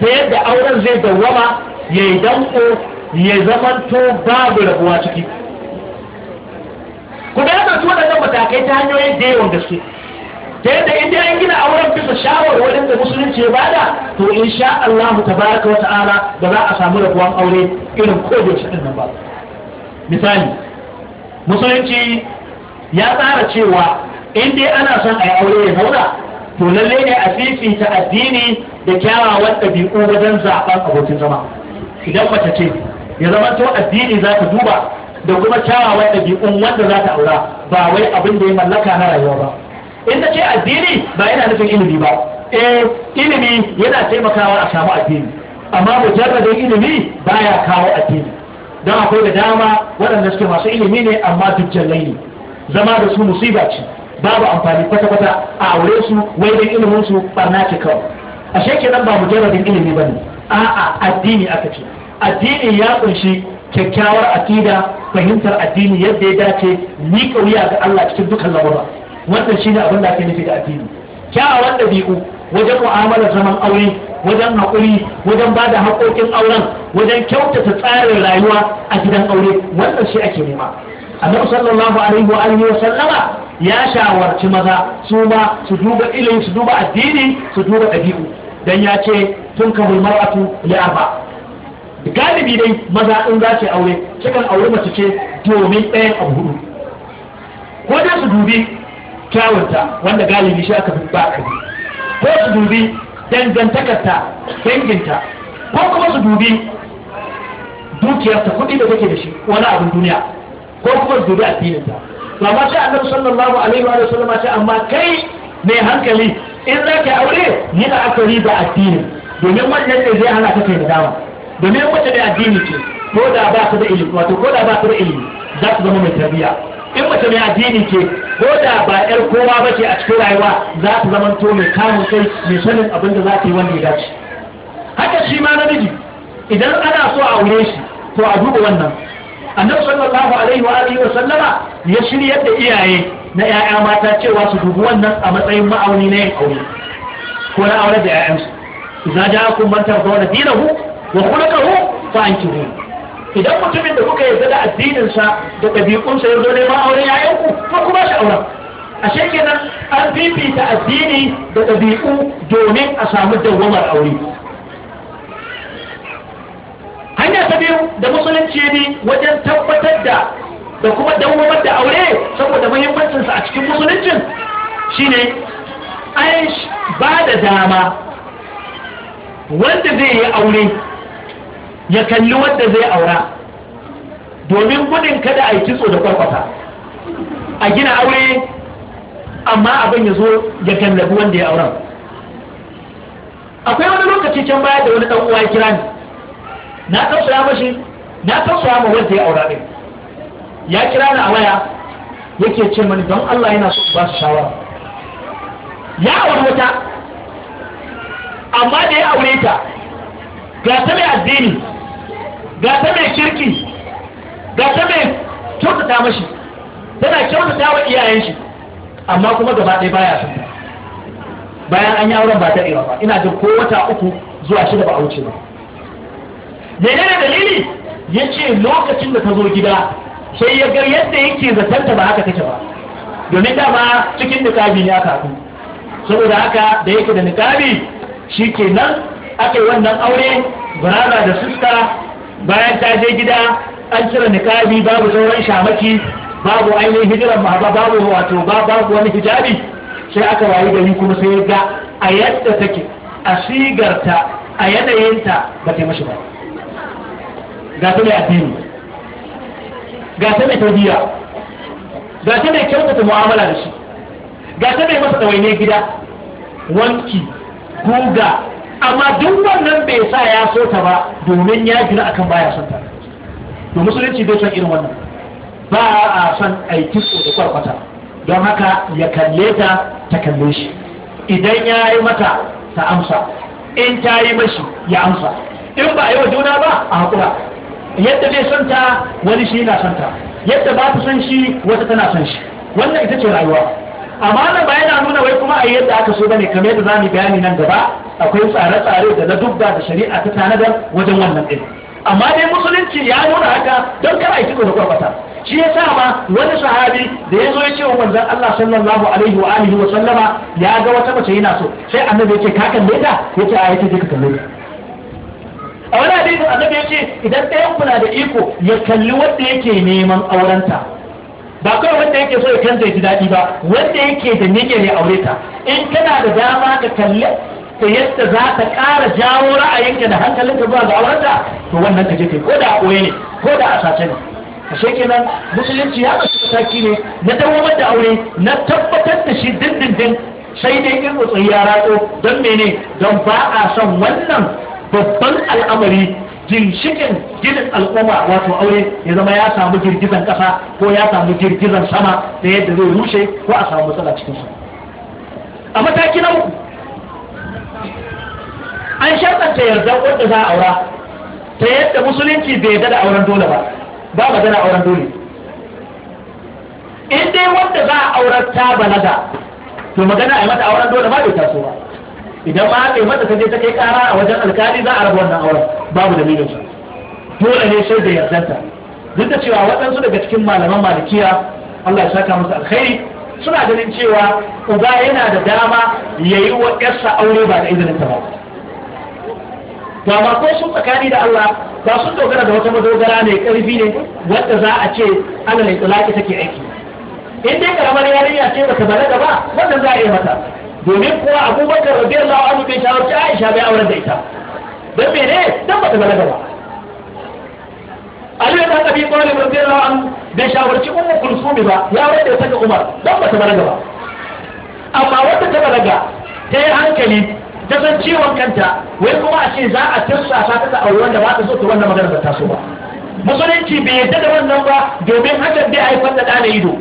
Speaker 1: ta yadda auren zai dawwama ya yi danko ya zamanto babu rabuwa ciki ku da ya ɗauki waɗannan matakai ta hanyoyin da yawan gaske ta yadda idan an gina auren bisa wajen da musulunci ya bada to in insha Allah tabaraka wa ta'ala ba za a samu rabuwan aure irin kodin shi nan ba misali musulunci ya tsara cewa in dai ana son a yi aure ya zauna to lalle ne a fifita addini da kyawawan ɗabi'u wajen zaɓen abokin zama idan mace ce ya zama to addini za ta duba da kuma kyawawan ɗabi'un wanda za ta aura ba wai abin da ya mallaka na rayuwa ba in ta ce addini ba yana nufin ilimi ba eh ilimi yana taimakawa a samu addini amma mujarradin ilimi baya kawo addini don akwai da dama waɗanda suke masu ilimi ne amma dujjallai ne zama da su musiba ce babu amfani kwata-kwata a aure su wai don ilimin su barna ce kawai ashe kenan ba mujarradin ilimi bane a'a addini aka ce addini ya kunshi kyakkyawar akida fahimtar addini yadda ya dace ni kauya ga Allah cikin dukkan lamura wannan shine abin da ake nufi da addini kyawawan ɗabi'u wajen mu'amalar zaman aure wajen haƙuri wajen ba da haƙoƙin auren wajen kyautata tsarin rayuwa a gidan aure wannan shi ake nema annabi sallallahu alaihi wa alihi wa sallama ya shawarci maza su ma su duba ilimi su duba addini su duba ɗabi'u dan ya ce tun ka mar'atu li arba galibi dai maza in za ce aure cikin aure mace ce domin ɗayan abu hudu ko da su dubi kyawunta wanda galibi shi aka fi ba a ko su dubi dangantakarta danginta ko kuma su dubi dukiyarta kuɗi da take da shi wani abin duniya ko kuma su dubi addininta ba ma sai annabi sallallahu alaihi wa sallam sai amma kai ne hankali in za ka aure ni da aka riba addinin domin wannan ne zai hana ka kai nadama domin wata da addini ce ko da ba ka da ilimi wato ko da ba ka da ilimi za su zama mai tarbiyya in mace mai addini ce ko da ba yar kowa ba ce a cikin rayuwa za ta zama to mai kamun kai mai sanin abin da za ta yi wanda ya dace haka shi ma namiji idan ana so a aure shi to a duba wannan annabi sallallahu alaihi wa alihi wa sallama ya shiryar da iyaye na ƴaƴa mata cewa su dubi wannan a matsayin ma'auni na yin aure ko na aure da ƴaƴansu idza ja'akum da tardawna dinahu wa khulquhu fa ankihu idan mutumin da kuka yarda da addininsa da ɗabi'unsa ya zo neman aure yayan ku ko kuma shi auren ashe an fifita addini da ɗabi'u domin a samu dawwamar aure hanya ta biyu da musulunci ne wajen tabbatar da da kuma dawwamar da aure saboda muhimmancinsa a cikin musuluncin shine an ba da dama wanda zai yi aure ya kalli wanda zai aura domin gudun kada a yi kitso da kwakwata a gina aure amma abin ya zo ya gallabi wanda ya auren akwai wani lokaci can baya da wani dan uwa kira ni na tausaya mashi na tausaya ma wanda ya aura din ya kira ni a waya yake ce mani don Allah yana so ba su shawara ya aure wata amma da ya aure ta ga ta mai addini ga ta mai kirki ga ta mai kyautata mashi tana kyautata wa iyayen shi amma kuma gaba ɗaya baya sun bayan an yi auren ba daɗewa ba ina jin ko wata uku zuwa shida ba a wuce ba ne dalili ya ce lokacin da ta zo gida sai ya ga yadda yake zatanta ba haka take ba domin dama cikin nikabi ne aka haku saboda haka da yake da nikabi shi ke nan, aka yi wannan aure gurara da suska bayan ta je gida an cire nikabi babu sauran shamaki babu ainihin hijiran mahaba babu wato babu wani hijabi sai aka rayu gari kuma sai ga a yadda take a sigarta a yanayinta ba ta mashi ba ga ta mai addini ga ta mai tarbiyya ga ta mai kyautata mu'amala da shi ga ta mai masa ɗawainiyar gida wanki guga amma duk wannan bai sa ya so ta ba domin ya gina akan baya son ta to musulunci bai son irin wannan ba a son aiki so da kwarkwata don haka ya kalle ta ta kalle shi idan ya yi mata ta amsa in ta yi mashi ya amsa in ba a yi wa juna ba a haƙura yadda bai son ta wani shi na son yadda ba ta son shi wata tana son shi wannan ita ce rayuwa amma nan ba yana nuna wai kuma a yadda aka so bane kamar yadda zamu bayani nan gaba akwai tsare-tsare da na dubba da shari'a ta tanadar wajen wannan din amma dai musulunci ya nuna haka don kar a yi da gurbata shi ya sa ma wani sahabi da ya zo ya ce wa manzon Allah sallallahu alaihi wa alihi wa sallama ya ga wata mace yana so sai annabi ya ce ka kalle ta yace a yake ka kalle ta a wani hadisi annabi ya ce idan ɗayan kuna da iko ya kalli wanda yake neman aurenta ba kawai wanda yake so ya kanta da ji daɗi ba wanda yake da niyyar ya aure ta in kana da dama ka kalle ta yadda za ta ƙara jawo ra'ayinka da hankalinka zuwa ga aurenta to wannan ka je kai ko da a ne ko da a ne ashe kenan musulunci ya kasu mataki ne na dawamar da aure na tabbatar da shi dindindin sai dai in mutsayi ya don mene don ba a son wannan babban al'amari ginshikin ginin al'umma wato aure ya zama ya samu girgizan kasa ko ya samu girgizan sama da yadda zai rushe ko a samu matsala cikin su a mataki na uku an sharɗanta yarda wanda za a aura ta yadda musulunci bai yarda da auren dole ba ba magana auren dole in dai wanda za a aurar ta balaga to magana a mata auren dole ba bai taso ba idan ba kai yi mata ta je ta kai kara a wajen alkali za a rabu wannan auren babu dalilin su dole ne sai da yardanta duk da cewa waɗansu daga cikin malaman malikiya Allah ya saka musu alkhairi suna ganin cewa uba yana da dama yayi yi wa ƴarsa aure ba da izinin ta ba to amma ko sun tsakani da Allah ba sun dogara da wata madogara mai karfi ne wanda za a ce Allah ne tsalaki take aiki in dai karamar yarinya ce bata balaga ba wannan za a yi mata domin kuwa abubakar radiyallahu anhu bai shawarci aisha bai auren da ita don mene don ba ta balaga ba Ali ibn Abi Talib radiyallahu anhu bai shawarci ummu kulsumi ba ya auren da ita ga Umar don ba ta balaga ba amma wanda ta balaga ta yi hankali ta san ciwon kanta wai kuma a ce za a tirsasa ta da aure wanda ba ta so ta wannan magana da ta so ba musulunci bai yarda da wannan ba domin hakan bai haifar da ɗana ido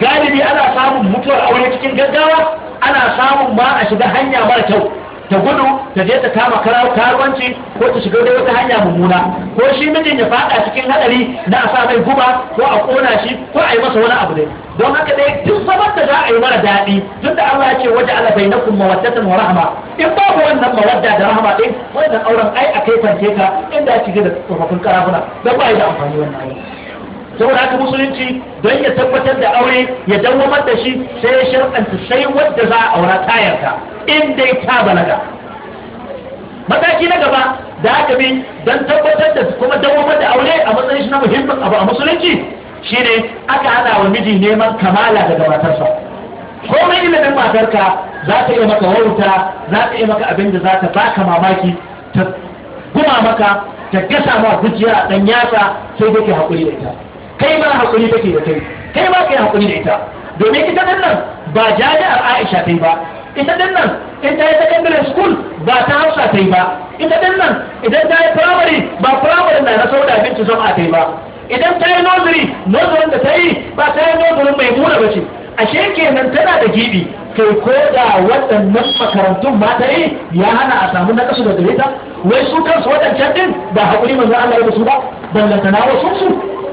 Speaker 1: galibi ana samun mutuwar aure cikin gaggawa ana samun ma a shiga hanya mara kyau ta gudu ta je ta kama karuwanci ko ta shiga da wata hanya mummuna ko shi mijin ya fada cikin hadari na a sa mai guba ko a kona shi ko a yi masa wani abu ne don haka dai duk zaman da za a yi mara daɗi duk da Allah ya ce waje Allah bai nakun mawaddatan wa rahama in babu wannan mawadda da rahama din wannan auren ai a kai kwance ka inda ya shiga da tsofaffin karafuna don ba yi da amfani wannan aure saboda haka musulunci don ya tabbatar da aure ya dawwamar da shi sai ya sharɗanta sai wadda za a aura tayarta in dai ta balaga mataki na gaba da aka bi don tabbatar da kuma dawwamar da aure a matsayin shi na muhimmin abu a musulunci shine aka hana wa miji neman kamala daga matarsa komai ilimin matarka za ta iya maka wauta za ta iya maka abin da za ta baka mamaki ta guma ta gasa ma gujiya dan yatsa sai dai ke haƙuri da ita kai ma hakuri take da kai kai ma kai hakuri da ita domin ita din nan ba jami'ar Aisha kai ba ita din nan in ta yi secondary school ba ta Hausa kai ba ita din nan idan ta yi primary ba primary na na sauda bintu zama kai ba idan ta yi nursery nursery da ta yi ba ta yi nursery mai mura ba ce ashe kenan tana da gibi kai ko da waɗannan makarantun mata yi ya hana a samu na kasu da gare ta wai su kansu waɗancan din ba haƙuri manzo Allah ya su ba ballantana wasu su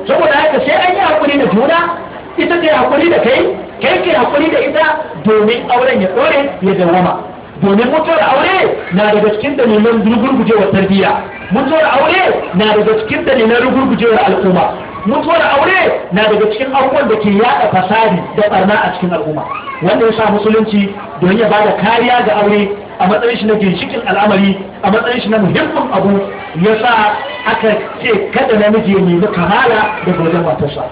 Speaker 1: saboda haka sai an yi hakuri da juna ita ta hakuri da kai kai ke hakuri da ita domin auren ya dore ya dawama domin mutuwar aure na daga cikin da neman rugurgujewar tarbiyya mutuwar aure na daga cikin da dalilan rugurgujewar al'umma mutuwar aure na daga cikin abubuwan da ke yada fasari da barna a cikin al'umma wanda ya sa musulunci don ya bada kariya ga aure a matsayin shi na ginshikin al'amari a matsayin shi na muhimmin abu ya sa aka ce kada namiji ya nemi kamala daga wajen matarsa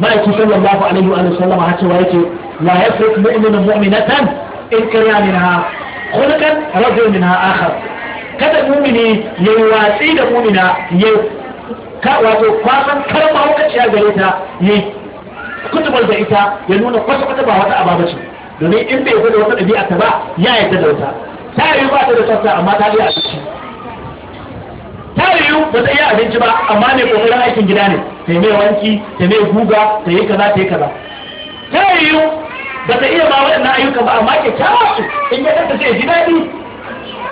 Speaker 1: ma'aikin sallallahu alaihi wa sallama har cewa yake la yasrik mu'minun mu'minatan in kana minha khuluqan rajul minha akhar kada mumini yayi watsi da mumina ya wato kwasan kar mahaukaciya gare ta yi kutubar da ita ya nuna kwasa kwata ba wata ababa ce domin in bai gwada wata ɗabi'a ta ba ya yi da wata ta yi ba ta da tsafta amma ta iya abinci ta yi yi ba ta iya abinci ba amma ne kokarin aikin gida ne ta mai wanki ta mai guga ta yi kaza ta yi kaza ta yi yi ba ta iya ba waɗannan ayyuka ba amma kyawa su in ya ta sai ji daɗi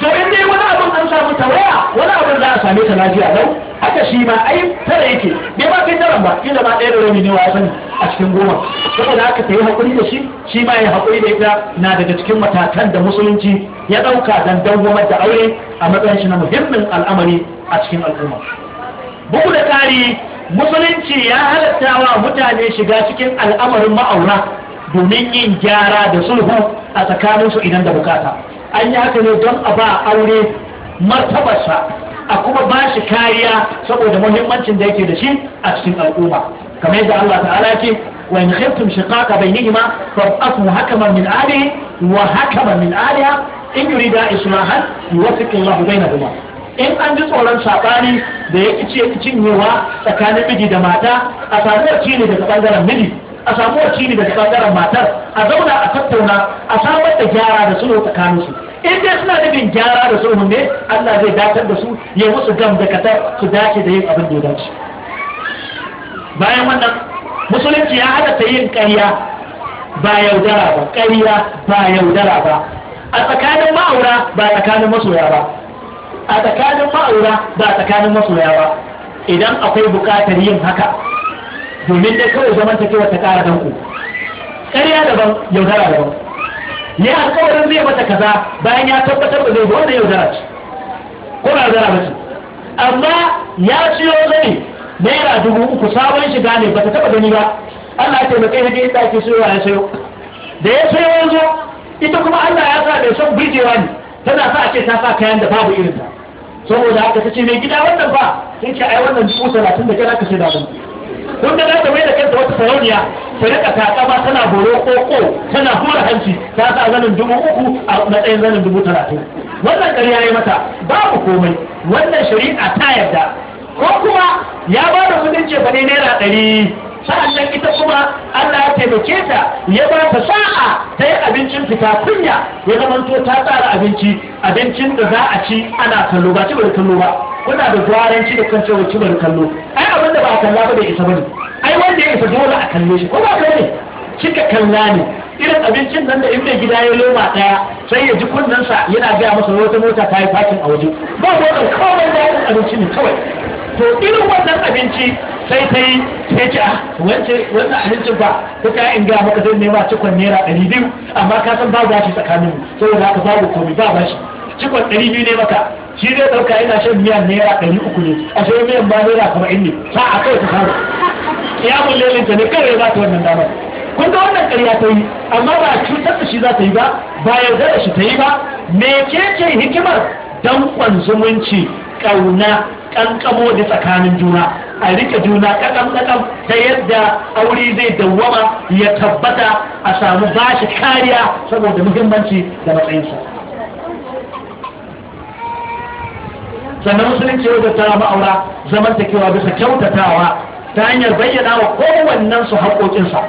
Speaker 1: to in dai wani abin an samu tawaya wani abin za a same ta lafiya lau haka shi ma ai tara yake bai ba kai daren ba kila ma ɗaya da rauni ne wa sani a cikin goma saboda haka ta yi hakuri da shi shi ma ya hakuri da ita na daga cikin matakan da musulunci ya ɗauka don dawwamar da aure a matsayin shi na muhimmin al'amari a cikin al'umma bugu da ƙari musulunci ya halatta wa mutane shiga cikin al'amarin ma'aura domin yin gyara da sulhu a tsakaninsu idan da bukata an yi haka ne don a ba aure martabarsa a kuma ba shi kariya saboda muhimmancin da yake da shi a cikin al'umma kamar yadda Allah ta'ala ke wa in khiftum shiqaqa bainihima fab'athu hakaman min ahlihi wa hakaman min ahliha in yurida islahan yuwaffiq Allahu bainahuma in an ji tsoron sabani da yake ce cinyewa tsakanin miji da mata a samuwar ne daga bangaren miji a samu wakili daga bangaren matar a zauna a tattauna a samar da gyara da sulhu tsakanin su in dai suna nufin gyara da sulhu ne Allah zai datar da su ya musu gam da katar su dace da yin abin da ya dace bayan wannan musulunci ya halatta yin ƙarya ba yaudara ba ƙarya ba yaudara ba a tsakanin ma'aura ba tsakanin masoya ba a tsakanin ma'aura ba tsakanin masoya ba idan akwai buƙatar yin haka domin dai kawai zaman ta kewa ta ƙara ku ƙarya daban yaudara daban ya alƙawarin zai mata kaza bayan ya tabbatar da zai ba da yaudara ce ko na yaudara ba ce amma ya ciyo zai naira dubu uku sabon shiga ne ba ta taɓa gani ba Allah ya taimake ya inda ake sayo ya sayo da ya sayo yanzu ita kuma Allah ya sa mai son birgewa ne tana sa a ce ta sa kayan da babu irin ta saboda haka ta ce mai gida wannan ba sai ce ai wannan dubu talatin da kira ka sai da abin wanda za ta maida da kanta wata sarauniya ta rika takama tana horo koko tana hura hanci ta sa zanin dubu uku a matsayin zanin dubu talatin wannan ƙarya ya mata babu komai wannan shari'a ta yarda ko kuma ya ba da kudin naira ɗari sa'annan ita kuma Allah ya taimake ta ya ba ta sa'a ta yi abincin fita kunya ya zamanto ta tsara abinci abincin da za a ci ana kallo ba ci bari kallo ba kuna da zuwaranci da kan cewa cibar kallo ai abin da ba a kalla ba bai isa bane ai wanda ya isa dole a kalle shi ko ba kai ne kika kalla ne irin abincin nan da in mai gida ya loma daya sai ya ji sa yana ga masa wata mota ta yi fakin a waje ba motar kawai daɗin abinci ne kawai to irin wannan abinci sai ta yi sai ji a ah, wance wannan abincin ba ko ka in gaya maka zai nema cikon naira ɗari biyu amma ka san ba za shi tsakanin saboda haka babu komai ba shi cikon ɗari biyu ne maka shi zai ɗauka yana shan miyan naira ɗari uku ne a shan miyan ba naira kuma in ne sa a kai ta kawo ya bulle ta ne kare za ta wannan damar kun ga wannan ƙarya ta yi amma ba a cutar da shi za ta yi ba ba yarda da shi ta yi ba me ke ce hikimar danƙon zumunci ƙauna ƙanƙamo da tsakanin juna a rike juna kakam-kakam ta yadda aure zai dawwama ya tabbata a samu bashi kariya saboda muhimmanci da matsayinsa sannan musulunci ya zartawa ma'aura kewa bisa kyautatawa ta hanyar bayyana wa kowannen su haƙoƙinsa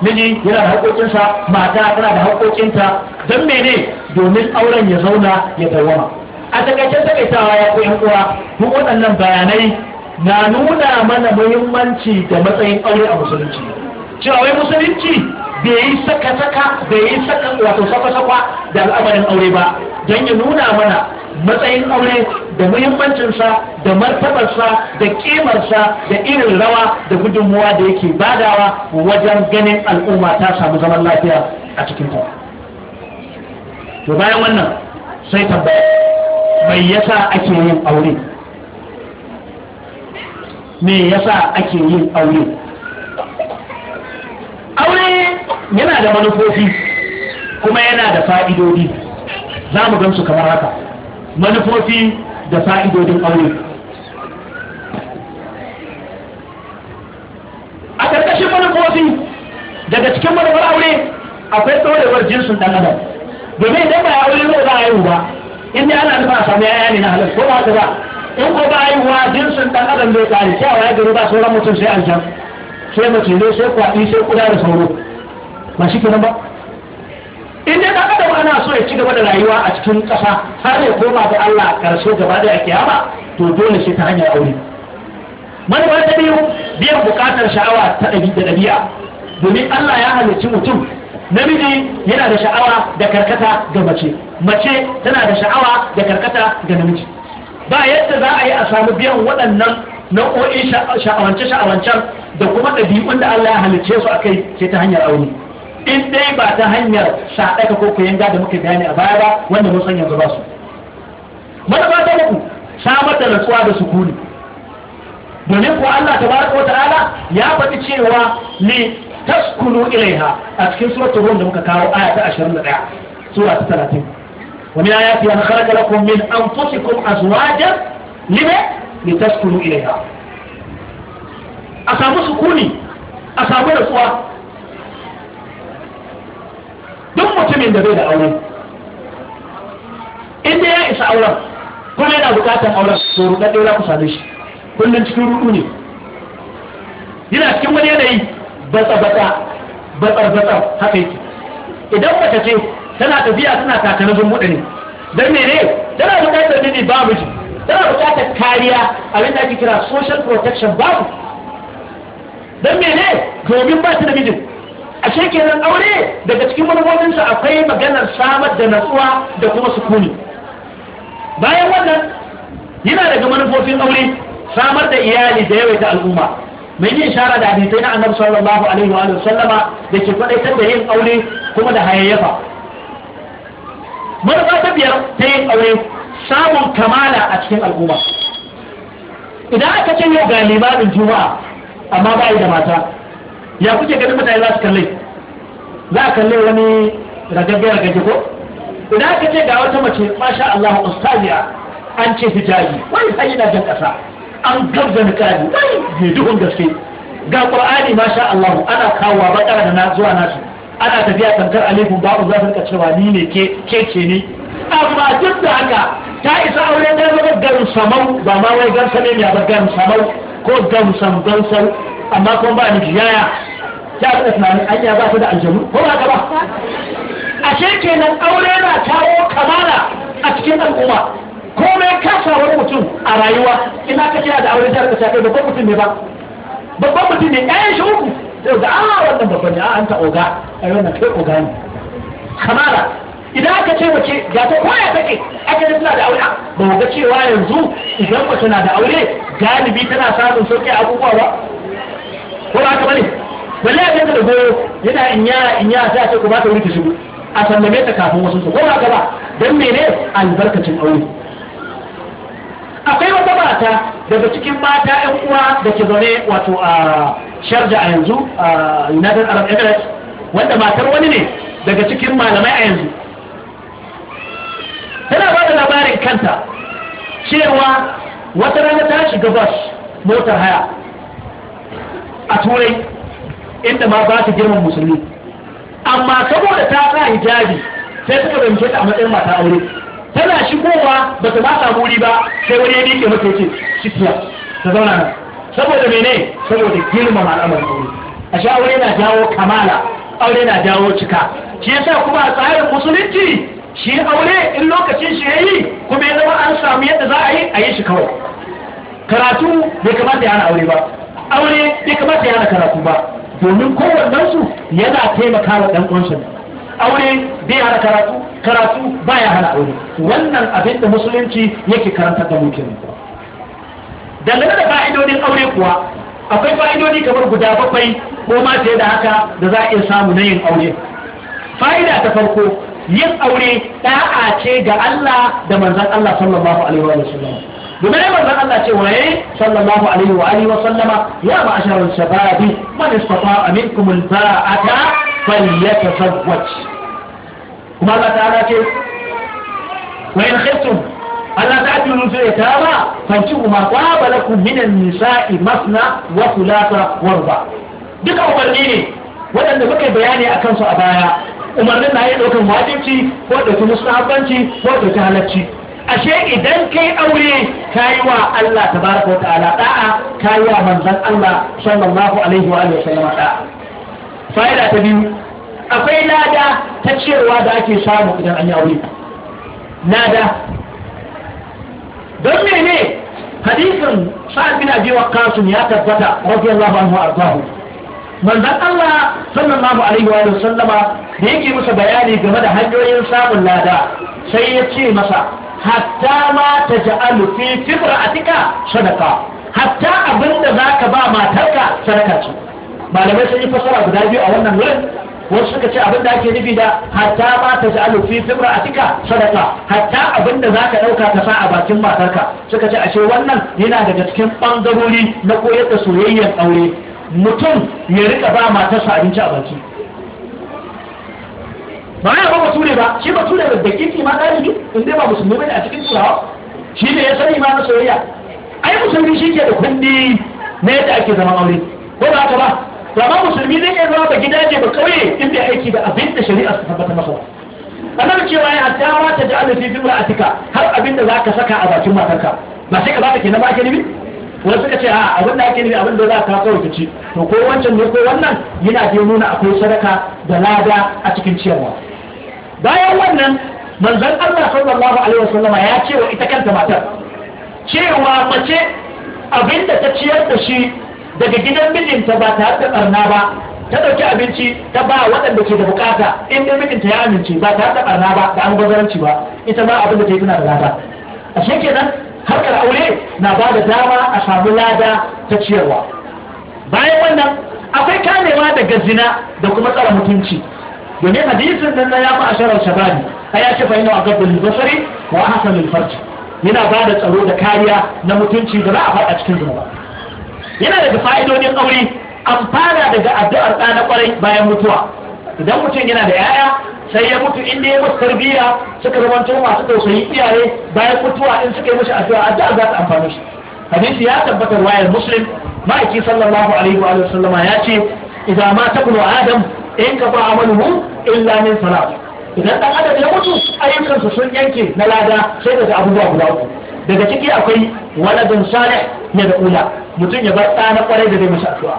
Speaker 1: miji yana da haƙoƙinsa mata tana da haƙoƙinta don mene domin auren ya zauna ya dawama a takaicen takaitawa ya 'yan uwa duk waɗannan bayanai na nuna mana muhimmanci da matsayin aure a musulunci cewa wai musulunci bai yi saka-saka bai yi saka wato saka-saka da al'amarin aure ba don ya nuna mana matsayin aure da muhimmancinsa da martabarsa da kimarsa da irin rawa da gudunmuwa da yake badawa wajen ganin al'umma ta samu zaman lafiya a cikin ta to bayan wannan sai tambaya mai yasa ake yin aure me yasa ake yin aure aure yana da manufofi kuma yana da fa'idodi za mu gamsu kamar haka manufofi da fa'idodin aure a ƙarƙashin manufofi daga cikin manufar aure akwai tsorewar jinsin ɗan adam domin idan ba ya aure ne za a yi ba in ne ana nufa a samu yaya ne na halar ko ba ta ba in ko ba a yi wa jinsin ɗan adam zai tsari cewa ya gari ba sauran mutum sai aljan sai mace zai sai kwaɗi sai kuda da sauro ba shi kenan ba in dai ɗan adam ana so ya ci gaba da rayuwa a cikin ƙasa har ya koma ga Allah karshe gaba da ba to dole sai ta hanyar aure manufa ta biyu biyan buƙatar sha'awa ta da ɗabi'a domin Allah ya halicci mutum namiji yana da sha'awa da karkata ga mace mace tana da sha'awa da karkata ga namiji ba yadda za a yi a samu biyan waɗannan nau'o'in sha'awance sha'awancen da kuma ɗabi'un da Allah ya halicce su akai sai ta hanyar aure in dai ba ta hanyar shaɗaka ko koyan da muka bayani a baya ba wanda mun san yanzu ba su manufa ta uku samar da natsuwa da sukuni domin ko Allah tabaraka wata'ala ya faɗi cewa li taskunu ilaiha a cikin suratul rum da muka kawo aya ta 21 sura ta 30 wa min ayati an kharaja lakum min anfusikum azwajan lima litaskunu ilaiha a samu sukuni a samu rasuwa duk mutumin da bai da aure inda ya isa auren kuma yana bukatar auren to ruɗa ɗaya ku same shi kullum cikin ruɗu ne yana cikin wani yanayi batsa-batsa batsar-batsar haka yake idan mace ce tana tafiya tana takarar zumbuɗa ne don mene tana bukatar miji ba miji tana bukatar kariya abin da ake kira social protection babu don mene domin ba su da mijin a shekarar aure daga cikin manufofinsa akwai maganar samar da natsuwa da kuma sukuni bayan wannan yana daga manufofin aure samar da iyali da yawaita al'umma mai yin shara da hadisai na annabi sallallahu alaihi wa sallama da ke kwadaitar da yin aure kuma da hayayyafa manufa ta biyar ta yin aure samun kamala a cikin al'umma idan aka ce yau ga limamin juma'a amma ba da mata ya kuke ganin mutane za su kalle za a kalle wani ragagge ragagge ko idan aka ce ga wata mace masha Allah ustaziya an ce hijabi wani sai yana jan kasa an gabza nikali wani ne duhun gaske ga ƙur'ani masha Allah ana kawowa bakara da na zuwa nasu ana tafiya tantar alifun babu za su rika cewa ni ne ke ke ce ni amma duk da haka ta isa aure ɗaya zama gamsamau ba ma wai gamsame ne ba gamsamau ko gamsam gamsau amma kuma ba miji yaya ta ga tunanin anya ba ta da aljanu ko ba ka ba
Speaker 3: ashe kenan aure na kawo kamala
Speaker 1: a cikin al'umma komai kasawar mutum a rayuwa ina ka kira da aure ta ka shafe babban mutum ne ba babban mutum ne ɗayan shi uku da a wannan babban ne a an ta oga a wannan kai oga ne kamala idan aka ce mace ga ta koya take aka ji suna da aure ba ga cewa yanzu idan mace na da aure galibi tana samun sauƙi abubuwa ba ko ba ta bane balle a yanzu da goyo yana in ya in ya sai a ce ku ba ta wuri ta shigo a sallame ta kafin wasu su ko ba ba dan mene albarkacin aure akwai wata mata daga cikin mata yan uwa da ke zaune wato a sharja a yanzu a United Arab Emirates wanda matar wani ne daga cikin malamai a yanzu tana ba da labarin kanta cewa wata rana ta shiga bas motar haya a turai inda ma ba ta girman musulmi amma saboda ta sa hijabi sai suka zance ta a matsayin mata aure tana shigowa ba ta ma wuri ba sai wani ya miƙe mata ce shikiya ta zauna nan saboda mene saboda girmama al'amarin aure a sha aure na jawo kamala aure na jawo cika shi yasa kuma a tsarin musulunci shi aure in lokacin shi ya yi, kuma ya zama an samu yadda za a yi a yi shi kawai karatu bai kamata ya hana aure ba aure bai kamata ya hana karatu ba domin kowannen su yana taimaka wa dan aure bai hana karatu karatu baya hana aure wannan abin da musulunci yake karanta da mutum dangane da fa'idodin aure kuwa akwai fa'idodi kamar guda bakwai ko ma da haka da za a iya samu na yin aure fa'ida ta farko yin aure da'a ce ga Allah da manzon Allah sallallahu alaihi wa sallam domin manzon Allah ce waye sallallahu alaihi wa alihi wa sallama ya ma'asharal shababi man istata'a minkum al-ba'ata falyatazawwaj kuma Allah ta'ala ce wa in khiftum Allah ta ce mun musu ya tara fankihu kuma ba balakum min an-nisa'i masna wa thulatha wa ruba duka umarni ne wadanda muke bayani akan su a baya umarnin na yi ɗaukar wajibci ko ɗauki musulmanci ko ɗauki halarci ashe idan kai aure ka yi wa Allah ta wa ta'ala da'a ka yi wa manzon Allah sallallahu alaihi wa alihi wasallam da'a fa'ida ta biyu akwai lada ta cewa da ake samu idan an yi aure lada don mene hadisin sa'ad bin abi waqqas ya tabbata radiyallahu anhu ardahu manzan Allah sallallahu alaihi wa sallama da yake masa bayani game da hanyoyin samun lada sai ya ce masa hatta ma taj'alu fi tibra'atika sadaka hatta abinda zaka ba matarka sadaka ce malamai sun yi fasara guda biyu a wannan wurin wasu suka ce abinda ake nufi da hatta ma ta ji alufi fibra a tika sadaka hatta abinda za ka ɗauka ka sa a bakin matarka suka ce ashe wannan yana daga cikin ɓangarori na koyar da soyayyar aure mutum ya rika ba matarsa abinci a baki ba ya ba bature ba shi bature da dakiki ma ɗalibi in dai ba musulmi bane a cikin turawa shi ne ya sani ma na soyayya ai musulmi shi ke da kundi na yadda ake zama aure ko ba haka ba amma musulmi zai iya zama ba gida gidaje ba kauye in aiki da abin da shari'a su tabbata masa annabi cewa ya hatta ma ta ja'alu fi fi'latika har abin da zaka saka a bakin matarka ba sai ka zaka kenan ba ake nibi wani suka ce a abin da ake nufi abin da za ka kawai ci to ko wancan ne ko wannan yana da nuna akwai sadaka da lada a cikin ciyarwa bayan wannan manzon Allah sallallahu alaihi wasallama ya ce wa ita kanta matar cewa mace abin da ta ciyar da shi daga gidan mijinta ba tare da barna ba ta ɗauki abinci ta ba waɗanda ke da bukata in dai mijinta ya amince ba tare da barna ba da an albazaranci ba ita ma abin da ta yi tana da lada a kenan harkar aure na ba da dama a samu lada ta ciyarwa bayan wannan akwai kamewa daga zina da kuma tsara mutunci domin hadisin nan na ya fi asharar shabani a ya ce fahimta a gabbin basari wa hasanin farci yana ba da tsaro da kariya na mutunci da za a faɗa cikin zunuba yana daga fa'idodin aure amfana daga addu'ar ɗa na bayan mutuwa idan mutum yana da yaya sai ya mutu inda ya mutu tarbiyya suka zama masu tausayi iyaye bayan mutuwa in suka yi mishi addu'a addu'a za ta amfani shi hadisi ya tabbatar wayar muslim ma'aiki sallallahu alaihi wa sallama ya ce idan ma takunu adam in ka fa amaluhu illa min salat idan ɗan adam ya mutu ayyukansa sun yanke na lada sai daga abubuwa guda uku daga ciki akwai waladun salih ya da ula mutum ya bar ɗa na kwarai da zai mashi addu'a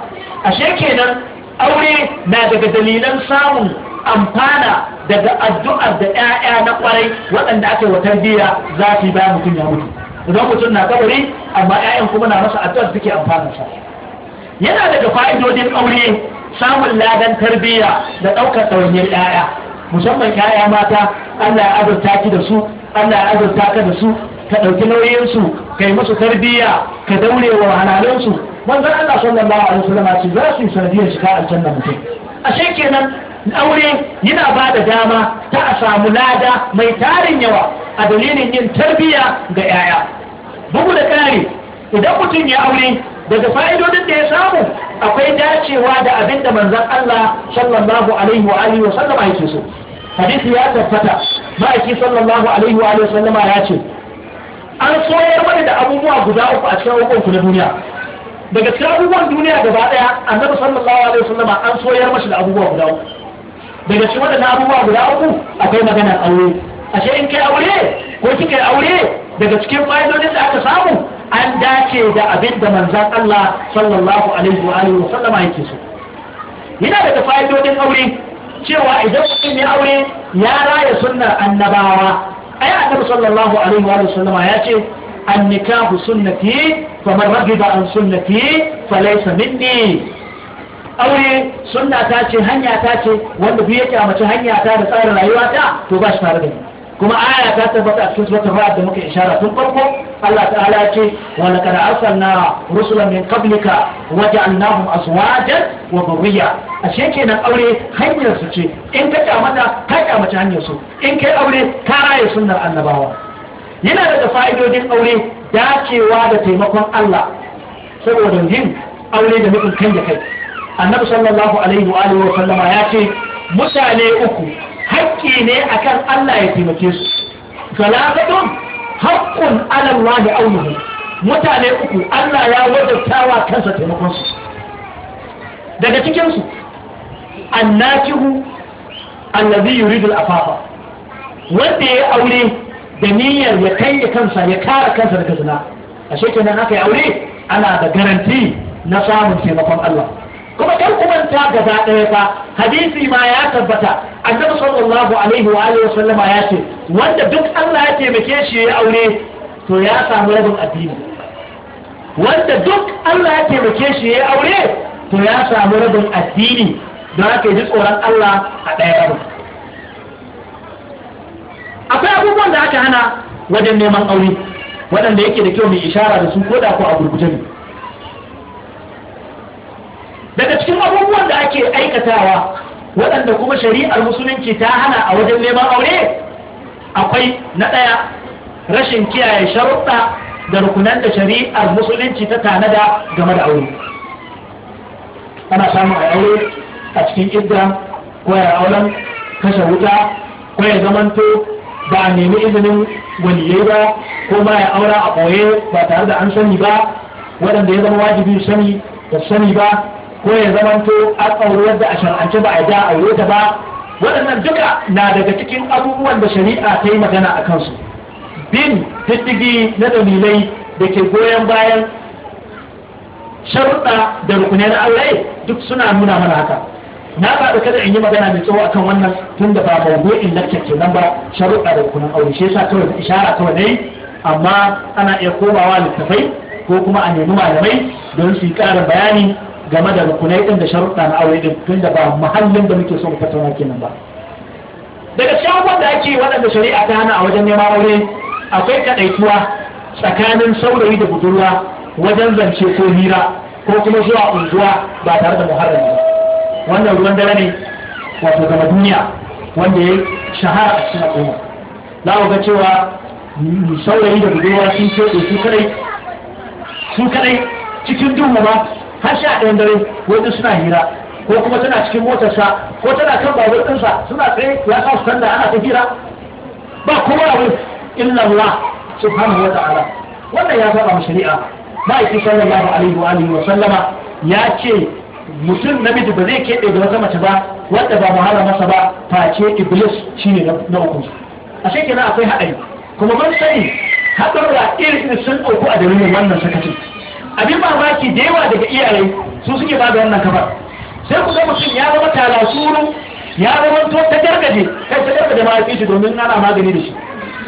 Speaker 1: ashe kenan aure na daga dalilan samun amfana daga addu'ar da 'ya'ya na kwarai waɗanda aka wa tarbiyya za su yi bayan mutum ya mutu idan mutum na kabari amma 'ya'yan kuma na masa addu'ar suke amfana sa yana daga fa'idodin aure samun ladan tarbiyya da ɗaukar ɗawainiyar 'ya'ya musamman 'ya'ya mata Allah ya azurta ki da su Allah ya azurta ka da su ka ɗauki nauyinsu ka yi musu tarbiyya ka daure wa halalansu Wanzan Allah sallallahu alaihi wasallam ce za su yi sanadiyar shiga aljanna mutum ashe kenan aure yana ba da dama ta a samu lada mai tarin yawa a dalilin yin tarbiyya ga yaya bugu da ƙari idan mutum ya aure daga fa'idodin da ya samu akwai dacewa da abin da manzon Allah sallallahu alaihi wa alihi wa sallama yake so hadisi ya tabbata ma'aiki sallallahu alaihi wa alihi wa sallama ya ce an soyar mana da abubuwa guda uku a cikin abubuwan ku na duniya daga cikin abubuwan duniya gaba daya annabi sallallahu alaihi wasallam an soyar mashi da abubuwa guda uku daga cikin wadannan abubuwa guda uku akwai maganar aure ashe in kai aure ko kika aure daga cikin fa'idodin da aka samu an dace da abin da manzon Allah sallallahu alaihi wa alihi wasallama yake so yana daga fa'idodin aure cewa idan mutum ya aure ya raya sunnar annabawa ai annabi sallallahu alaihi wa sallama ya ce annikahu sunnati fa man raghiba an sunnati fa laysa minni aure sunna ta ce hanya ta ce wanda duk ya kyamaci hanya ta da tsarin rayuwa ta to ba shi tare da ni kuma aya ta tabbata a cikin suratul ra'd da muka ishara tun farko Allah ta'ala ya ce wa laqad arsalna rusulan min qablika wa ja'alnahum azwajan wa dhurriyya ashe kenan aure hanyar su ce in ka kyamata ka kyamata hanyar su in kai aure ka raye sunnar annabawa yana daga fa'idodin aure dacewa da taimakon Allah saboda yin aure da mutum kan da kai annabi sallallahu alaihi wa alihi wa sallama ya ce mutane uku haƙƙi ne akan Allah ya taimake su galagadun haƙƙun alallah da aunuhu mutane uku Allah ya wadatawa kansa taimakon su daga cikinsu annakihu allazi yuridul afafa wanda ya aure da niyyar ya kanya kansa ya kara kansa daga zina a shekenan haka ya aure ana da garanti na samun taimakon Allah kuma kar ku manta gaba ɗaya fa hadisi ma ya tabbata annabi sallallahu alaihi wa alihi wasallama ya ce wanda duk Allah ya taimake shi ya aure to ya samu rabin addini wanda duk Allah ya taimake shi ya aure to ya samu rabin addini don haka ji tsoron Allah a ɗaya rabin akwai abubuwan da aka hana wajen neman aure waɗanda yake da kyau mai ishara da su ko da ko a gurguje ne daga cikin abubuwan da ake aikatawa waɗanda kuma shari'ar musulunci ta hana a wajen neman aure akwai na ɗaya rashin kiyaye sharuɗa da rukunan da shari'ar musulunci ta tanada game da aure ana samun aure a cikin idda ko ya auren kashe wuta ko ya zamanto ba a nemi izinin waliyai ba ko ba ya aura a ɓoye ba tare da an sani ba waɗanda ya zama wajibi sani da sani ba ko ya zamanto an aure yadda a shar'ance ba a da aure ta ba waɗannan duka na daga cikin abubuwan da shari'a ta yi magana a kansu bin diddigi na dalilai da ke goyon bayan sharuɗa da rukunai na aure duk suna nuna mana haka na faɗi kada in yi magana mai tsawo akan wannan tun da ba mawdu'in lakcin nan ba sharuɗa da rukunan aure shi yasa kawai ishara kawai dai, amma ana iya komawa littafai ko kuma a nemi malamai don su yi ƙarin bayani game da rukunai din da sharuɗa na aure din tun da ba muhallin da muke so mu tattauna kenan ba daga cikin da ake waɗanda shari'a ta hana a wajen neman aure akwai kaɗaituwa tsakanin saurayi da budurwa wajen zance ko hira ko kuma zuwa unguwa ba tare da muharrami ba wannan ruwan dare ne wato gama duniya wanda ya shahara a cikin al'umma za mu ga cewa saurayi da budurwa sun ce su kadai su kadai cikin duhu ba har sha ɗayan dare wajen suna hira ko kuma tana cikin motarsa ko tana kan babur ɗinsa suna tsaye ya sa su canza, ana ta hira ba kuma abin illa subhanahu wa ta'ala wannan ya saba shari'a ma'aikin sallallahu alaihi wa alihi wa sallama ya ce mutum namiji ba zai keɓe da wata mace ba wanda ba muhara masa ba face iblis shine na uku ashe kenan akwai haɗari kuma mun sani haɗarwa irin sun ɗauku a dalilin wannan sakacin abin mamaki da yawa daga iyaye su suke ba da wannan kafar sai ku ga mutum ya zama talasuru ya zama to ta gargaje kai ta gargaje ma ya shi domin ana magani da shi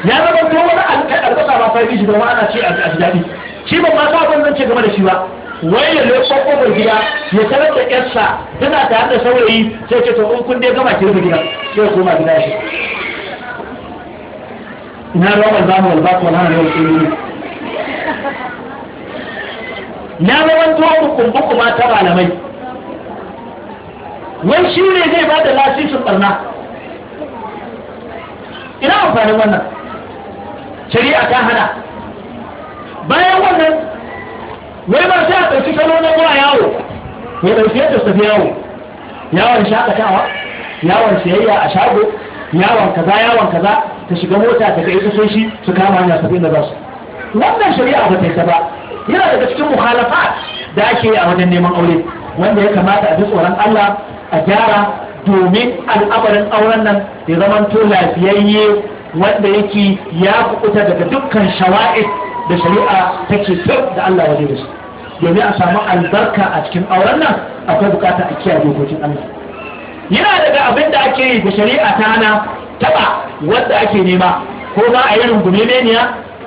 Speaker 1: ya zama to wani alƙasa ba fa shi domin ana ce a jidaɗi shi ban ma sa abin zance ce game da shi ba wai ya leƙo ƙofar gida ya tarar da ƴarsa tana tare da saurayi sai ce to in kun dai gama ki rufe gida sai ya koma gida shi
Speaker 3: ina ba zamu walba ko na ne yau
Speaker 1: ya zamanto
Speaker 3: bukumbuku ma ta malamai
Speaker 1: wai shi ne zai ba da lasisin barna ina amfanin wannan shari'a ta hana bayan wannan wai ba sai a ɗauki salo na zuwa yawo ya ɗauki yadda su yawo yawon shakatawa yawon siyayya a shago yawon kaza yawon kaza ta shiga mota ta kai shi su kama hanya su da za su wannan shari'a ba ta yi ta ba yana daga cikin muhalafa da ake yi a wajen neman aure wanda ya kamata a bi tsoron Allah a gyara domin al'amarin auren nan ya zama to lafiyayye wanda yake ya kukuta daga dukkan shawa'id da shari'a take so da Allah waje da su domin a samu albarka a cikin auren nan akwai bukata a kiyaye dokokin Allah yana daga abin da ake yi da shari'a ta hana taba wanda ake nema ko ba a yi rungume ne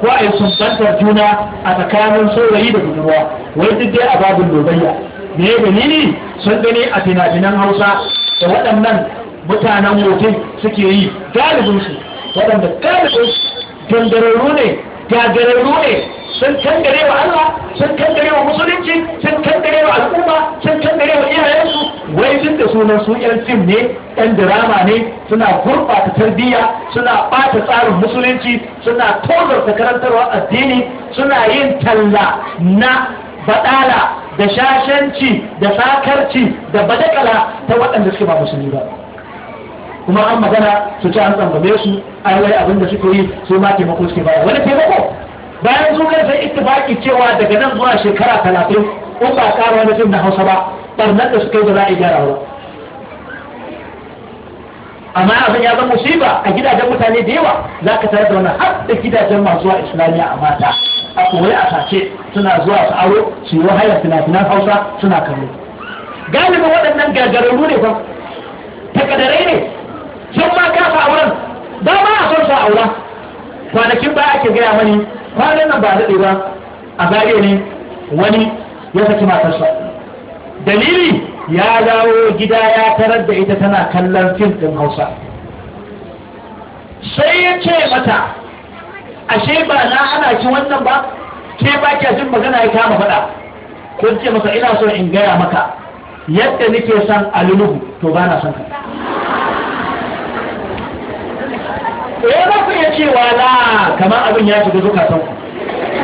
Speaker 1: ko a yi sumbantar juna a tsakanin saurayi da budurwa wai duk dai a babin dobayya me ya ne? sun gani a finafinan hausa da waɗannan mutanen hotel suke yi galibinsu waɗanda galibinsu gangararru ne gagararru ne sun gare wa Allah sun gare wa musulunci sun gare wa al'umma sun gare wa iyayensu wai sun da sunan su yan fim ne yan drama ne suna gurɓata tarbiyya suna ɓata tsarin musulunci suna ta karantarwa addini suna yin talla na baɗala da shashanci da sakarci da badakala ta waɗanda suke ba musulmi ba kuma an magana su ci an tsangame su an lai abin da suke yi su ma taimako suke baya wani taimako bayan su kansa ittifaki cewa daga nan zuwa shekara talatin in ba ƙara wani jin na hausa ba ɓarnar da suka yi ba za a gyara ba amma abin ya zama musiba a gidajen mutane da yawa za ka tare da wani har da gidajen masu zuwa islamiyya a mata a kowai a sace suna zuwa su aro su yi wahayar fina hausa suna kallo galibin waɗannan gagararru ne fa takadarai ne sun ma kasa auren ba ma a son sa aura kwanakin baya ake gaya mani ranar nan ba daɗe ba a zariya ne wani ya saki matarsa dalili ya dawo gida ya tarar da ita tana kallon fim ɗin hausa sai ya ce mata ashe ba na ana ci wannan ba ke ba ke jin magana ya kama faɗa ko ce masa ina so in gaya maka yadda nake son aluluhu to ba na son ka
Speaker 3: ya eh, za su iya cewa
Speaker 1: na kamar abin ya shiga zukatan ku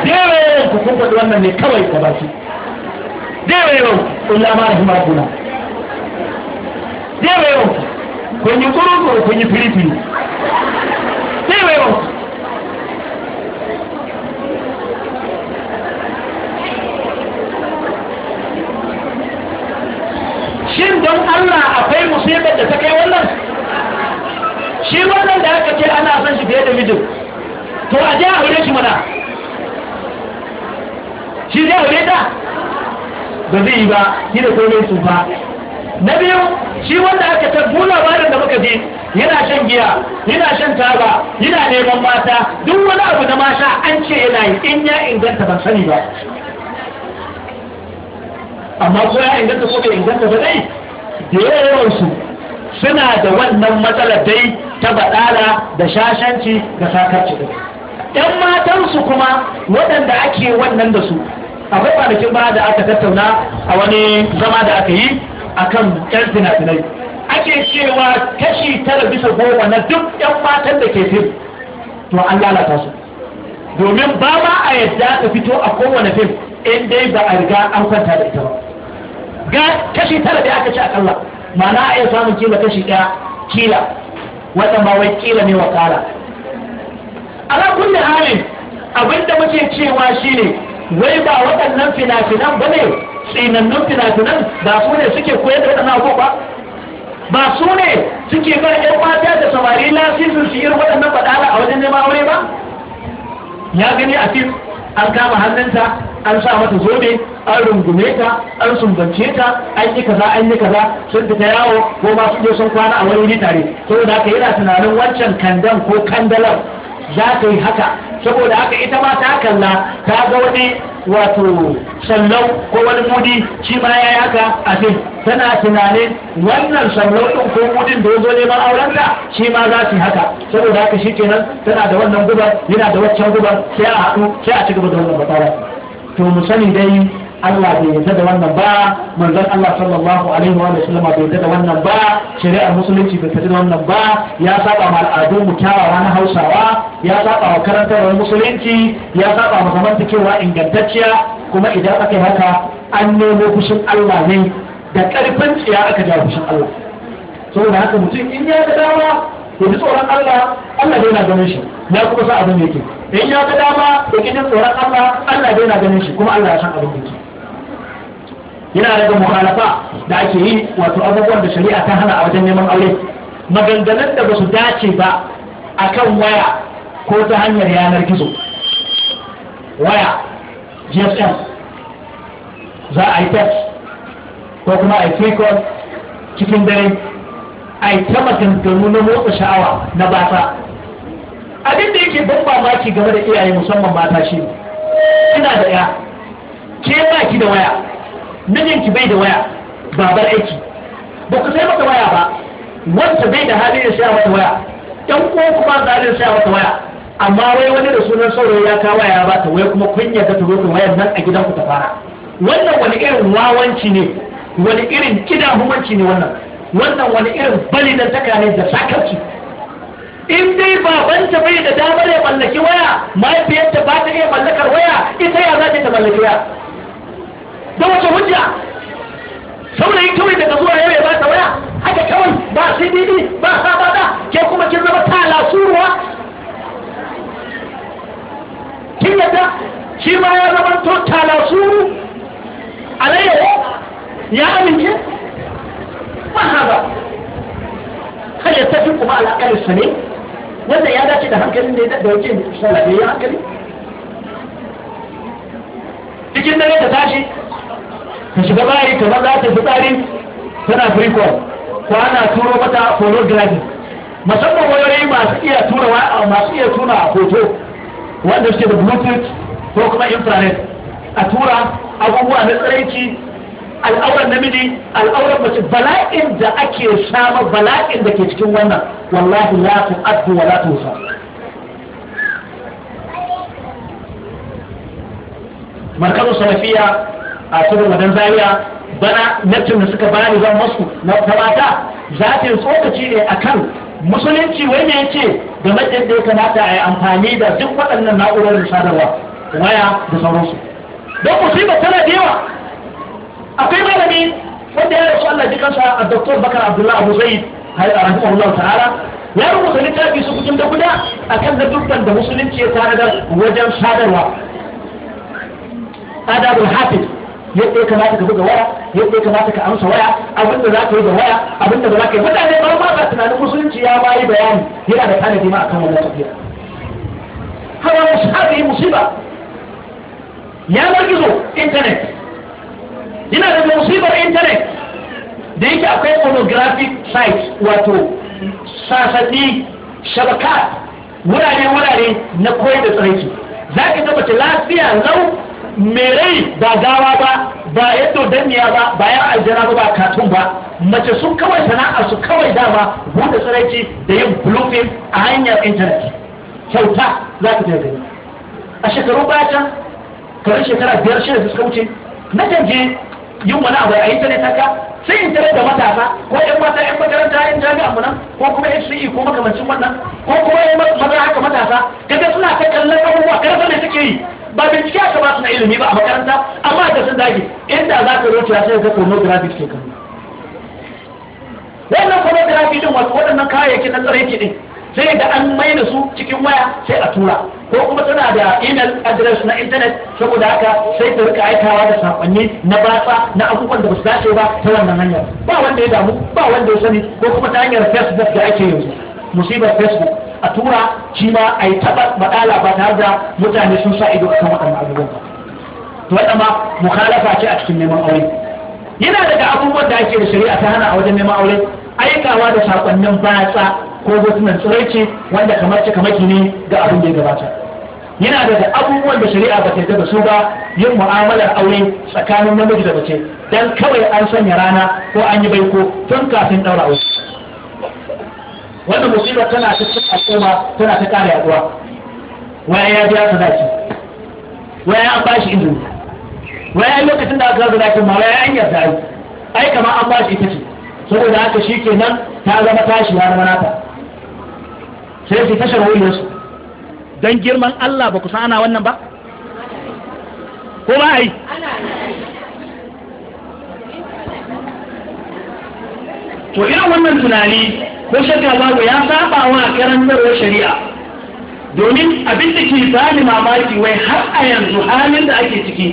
Speaker 1: dare ku kun faɗi wannan ne kawai ka ba shi dare yau illa ma rahima kuna dare yau kun yi kurukuru kun yi firifiri dare yau
Speaker 2: shin don Allah akwai musibar da ta kai
Speaker 1: wannan shi wannan da aka ce ana son shi fiye da mijin
Speaker 3: to a je a aure shi mana shi zai aure ta ba zai yi ba
Speaker 1: shi da komai su ba na biyu shi wanda aka buna labarin da muka ji yana shan giya yana shan taba yana neman mata duk wani abu na masha an ce yana yi in ya inganta ban sani ba amma ko ya inganta ko bai inganta ba dai da yawan su suna da wannan matsalar dai ta baɗala da shashanci da sakarci da ‘yan matansu kuma waɗanda ake wannan da su akwai kwanakin ba da aka tattauna a wani zama da aka yi a kan ‘yan finafinai ake cewa kashi tara bisa goma na duk ‘yan matan da ke fim to an lalata su domin ba ma a yadda ka fito a kowane fim in dai ba a riga an kwanta da ita ba ga kashi tara da aka ci a akalla mana a iya samun kila kashi ɗaya kila wannan ba wai kila ne wakala A ala kulli halin abinda muke cewa shine wai ba waɗannan fina-finan ba ne tsinannun fina-finan ba su ne suke koyar da waɗannan abubuwa ba su ne suke bar ƴan mata da samari lasisin su yi waɗannan faɗala a wajen neman aure ba ya gani a fim an kama hannunta an sa mata zobe an rungume ta an sumbance ta an yi kaza an yi kaza sun fita yawo ko ma su je sun kwana a wani wuri tare saboda haka yana tunanin wancan kandan ko kandalar za ta yi haka saboda haka ita ma ta kalla ta ga wani wato sallau ko wani mudi shi ma ya yi haka a fi tana tunanin wannan sallau ɗin ko mudin da ya zo neman aurenta shi ma za su yi haka saboda haka shi kenan tana da wannan gubar yana da waccan gubar sai a haɗu sai a ci gaba da wannan matsala to mu sani dai Allah bai yarda da wannan ba manzon Allah sallallahu alaihi wa sallam bai yarda da wannan ba shari'ar musulunci bai yarda da wannan ba ya saba ma al'adun mu kyawawa na Hausawa ya saba wa karantarwar musulunci ya saba ma zamantakewa ingantacciya kuma idan aka yi haka an nemo fushin Allah ne da karfin tsiya aka ja fushin Allah saboda haka mutum in ya ga dama ya ji tsoron Allah Allah bai na ganin shi ya kuma sa abin da yake in ya ga dama ya ji tsoron Allah Allah bai na ganin shi kuma Allah ya san abin da yake yana daga muhalafa da ake yi wato abubuwan da shari'a ta hana a wajen neman aure maganganun da ba su dace ba a kan waya ko ta hanyar yanar gizo waya gsm za a yi text ko kuma a yi cikin dare a yi ta maganganu na motsa sha'awa na bata abin da yake ban mamaki game da iyaye musamman mata shi ina da ya ke ba ki da waya ki bai da waya babar aiki ba ku sai mata waya ba wanda bai da hali ya saya mata waya ɗan uwan kuma za a saya mata waya amma wai wani da sunan saurayi ya kawo ya ba ta wai kuma kunya ta turo ta wayan nan a gidan ku ta fara wannan wani irin wawanci ne wani irin kidahumanci ne wannan wannan wani irin bali na saka ne da sakarci in dai babanta bai da damar ya mallaki waya mahaifiyarta ba ta iya mallakar waya ita ya za ta mallaki waya da wace hujja saurayi kawai daga zuwa yau ya ta waya haka kawai ba cdd ba sabada ke kuma kin zama lasuruwa kin yadda shi ma ya zama to lasuru alayyawa ya amince ba haza hanyar tafi kuma su ne. wanda ya dace da hankalin da ya da shi da hankali
Speaker 3: cikin dare ta tashi
Speaker 2: ta shiga bayi kamar za ta fitsari
Speaker 1: tana prequel ko turo mata pornography musamman wayoyi masu iya tura masu iya tura hoto wanda suke da bluetooth ko kuma infrared a tura abubuwa na tsaraici al'auran namiji al'auran mace bala'in da ake samu bala'in da ke cikin wannan wallahi la tu'addu wa la tuhsa markazin salafiya a tudun wadan zaria bana lecture da suka bani zan masu na mata za ta yi tsokaci ne akan musulunci wai ne ce da da ya kamata a yi amfani da duk waɗannan na'urar sadarwa waya da sauransu don musiba tana da yawa akwai malami wanda ya rasu Allah sa a Dr. Bakar Abdullahi Abu Zaid rahimahullahu ta'ala ya rubuta littafi su cikin da guda akan da dukkan da musulunci ya da wajen sadarwa
Speaker 3: adabul hafiz
Speaker 1: yadda ya kamata ka buga waya yadda ya kamata ka amsa waya abin da za ka yi da waya abin da ba za ka yi mutane ba ma ba tunanin musulunci ya bayi bayani yana da tanadi ma akan wannan tafiya hawa mushabi musiba ya margizo internet yana da musibar internet da yake akwai pornographic sites wato sasani shabakat wurare-wurare na koyar da tsarki za ka tabbata lafiya lau rai ba gawa ba ba yadda danniya ba ba ya aljana ba ba katun ba mace sun kawai sana'a su kawai dama buɗe tsiraici da yin bluefin a hanyar intanet kyauta za ka je gani a shekaru baya can kamar shekara biyar shida da suka wuce na kan je yin wani abu a intanet haka sai in tare da matasa ko yan mata yan makaranta yan jami'a mu nan ko kuma HCE ko makamancin wannan ko kuma yan maza haka matasa kaga suna ta kallon abubuwa karfa ne suke yi ba bincike aka ba su na ilimi ba a makaranta amma da sun dage inda za ka roce sai ga pornography ke kan wannan pornography din wasu waɗannan kayayyakin na tsare din sai da an mai da su cikin waya sai a tura ko kuma suna da email address na internet saboda haka sai ta rika aikawa da sakonni na batsa na abubuwan da ba su dace ba ta wannan hanyar ba wanda ya damu ba wanda ya sani ko kuma ta hanyar facebook da ake yanzu musibar facebook a tura shi ma a yi taɓa maɗala ba tare da mutane sun sa ido kan waɗannan abubuwan ba to waɗanda ma mukhalafa ce a cikin neman aure yana daga abubuwan da ake da shari'a ta hana a wajen neman aure aikawa da sakonnin batsa ko hotunan tsiraici wanda kamar cika maki ne ga abin da ya gabata yana daga abubuwan da shari'a ba ta yarda da su ba yin mu'amalar aure tsakanin namiji da mace dan kawai an sanya rana ko an yi baiko tun kafin ɗaura aure wannan musibar tana ta cin al'umma tana ta kara yaduwa waya ya biya sadaki waya an bashi izini waya lokacin da aka zo da ma waya an yarda ai ai kamar an bashi ita ce saboda haka shi ke nan ta zama tashi ya zama nata sai su tashar wuyarsu don girman Allah ba ku san ana wannan ba ko ba a yi
Speaker 3: to irin wannan tunani
Speaker 1: ko shakka babu ya saba wa karantarwar shari'a domin abin da ke bani mamaki wai har a yanzu halin da ake ciki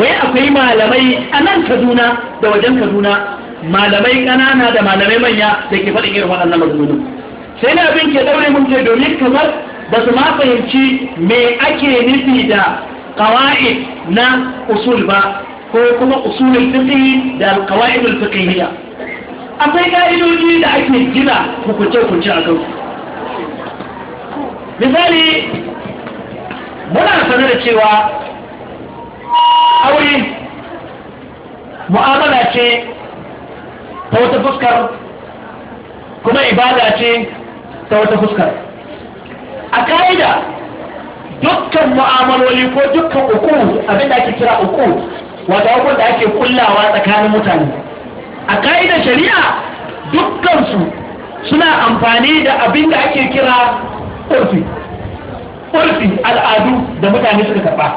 Speaker 1: wai akwai malamai a nan kaduna da wajen kaduna malamai ƙanana da malamai manya da ke faɗin irin waɗannan mazmunin sai na abin ke ɗaure mun domin kamar ba su ma fahimci me ake nufi da ƙawa'id na usul ba ko kuma usulul fiqh da alqawaidul fiqhiyya akwai ka'idodi da ake gina hukunce-hukunce a kansu misali muna sanar da cewa aure mu'amala ce ta wata fuskar kuma ibada ce ta wata fuskar a ka'ida dukkan mu'amaloli ko dukkan uku abinda ake kira uku wata hukun da ake kullawa tsakanin mutane a ka'idar shari'a dukkansu suna amfani da abin da ake kira ƙurfi ƙurfi al'adu da mutane suka karɓa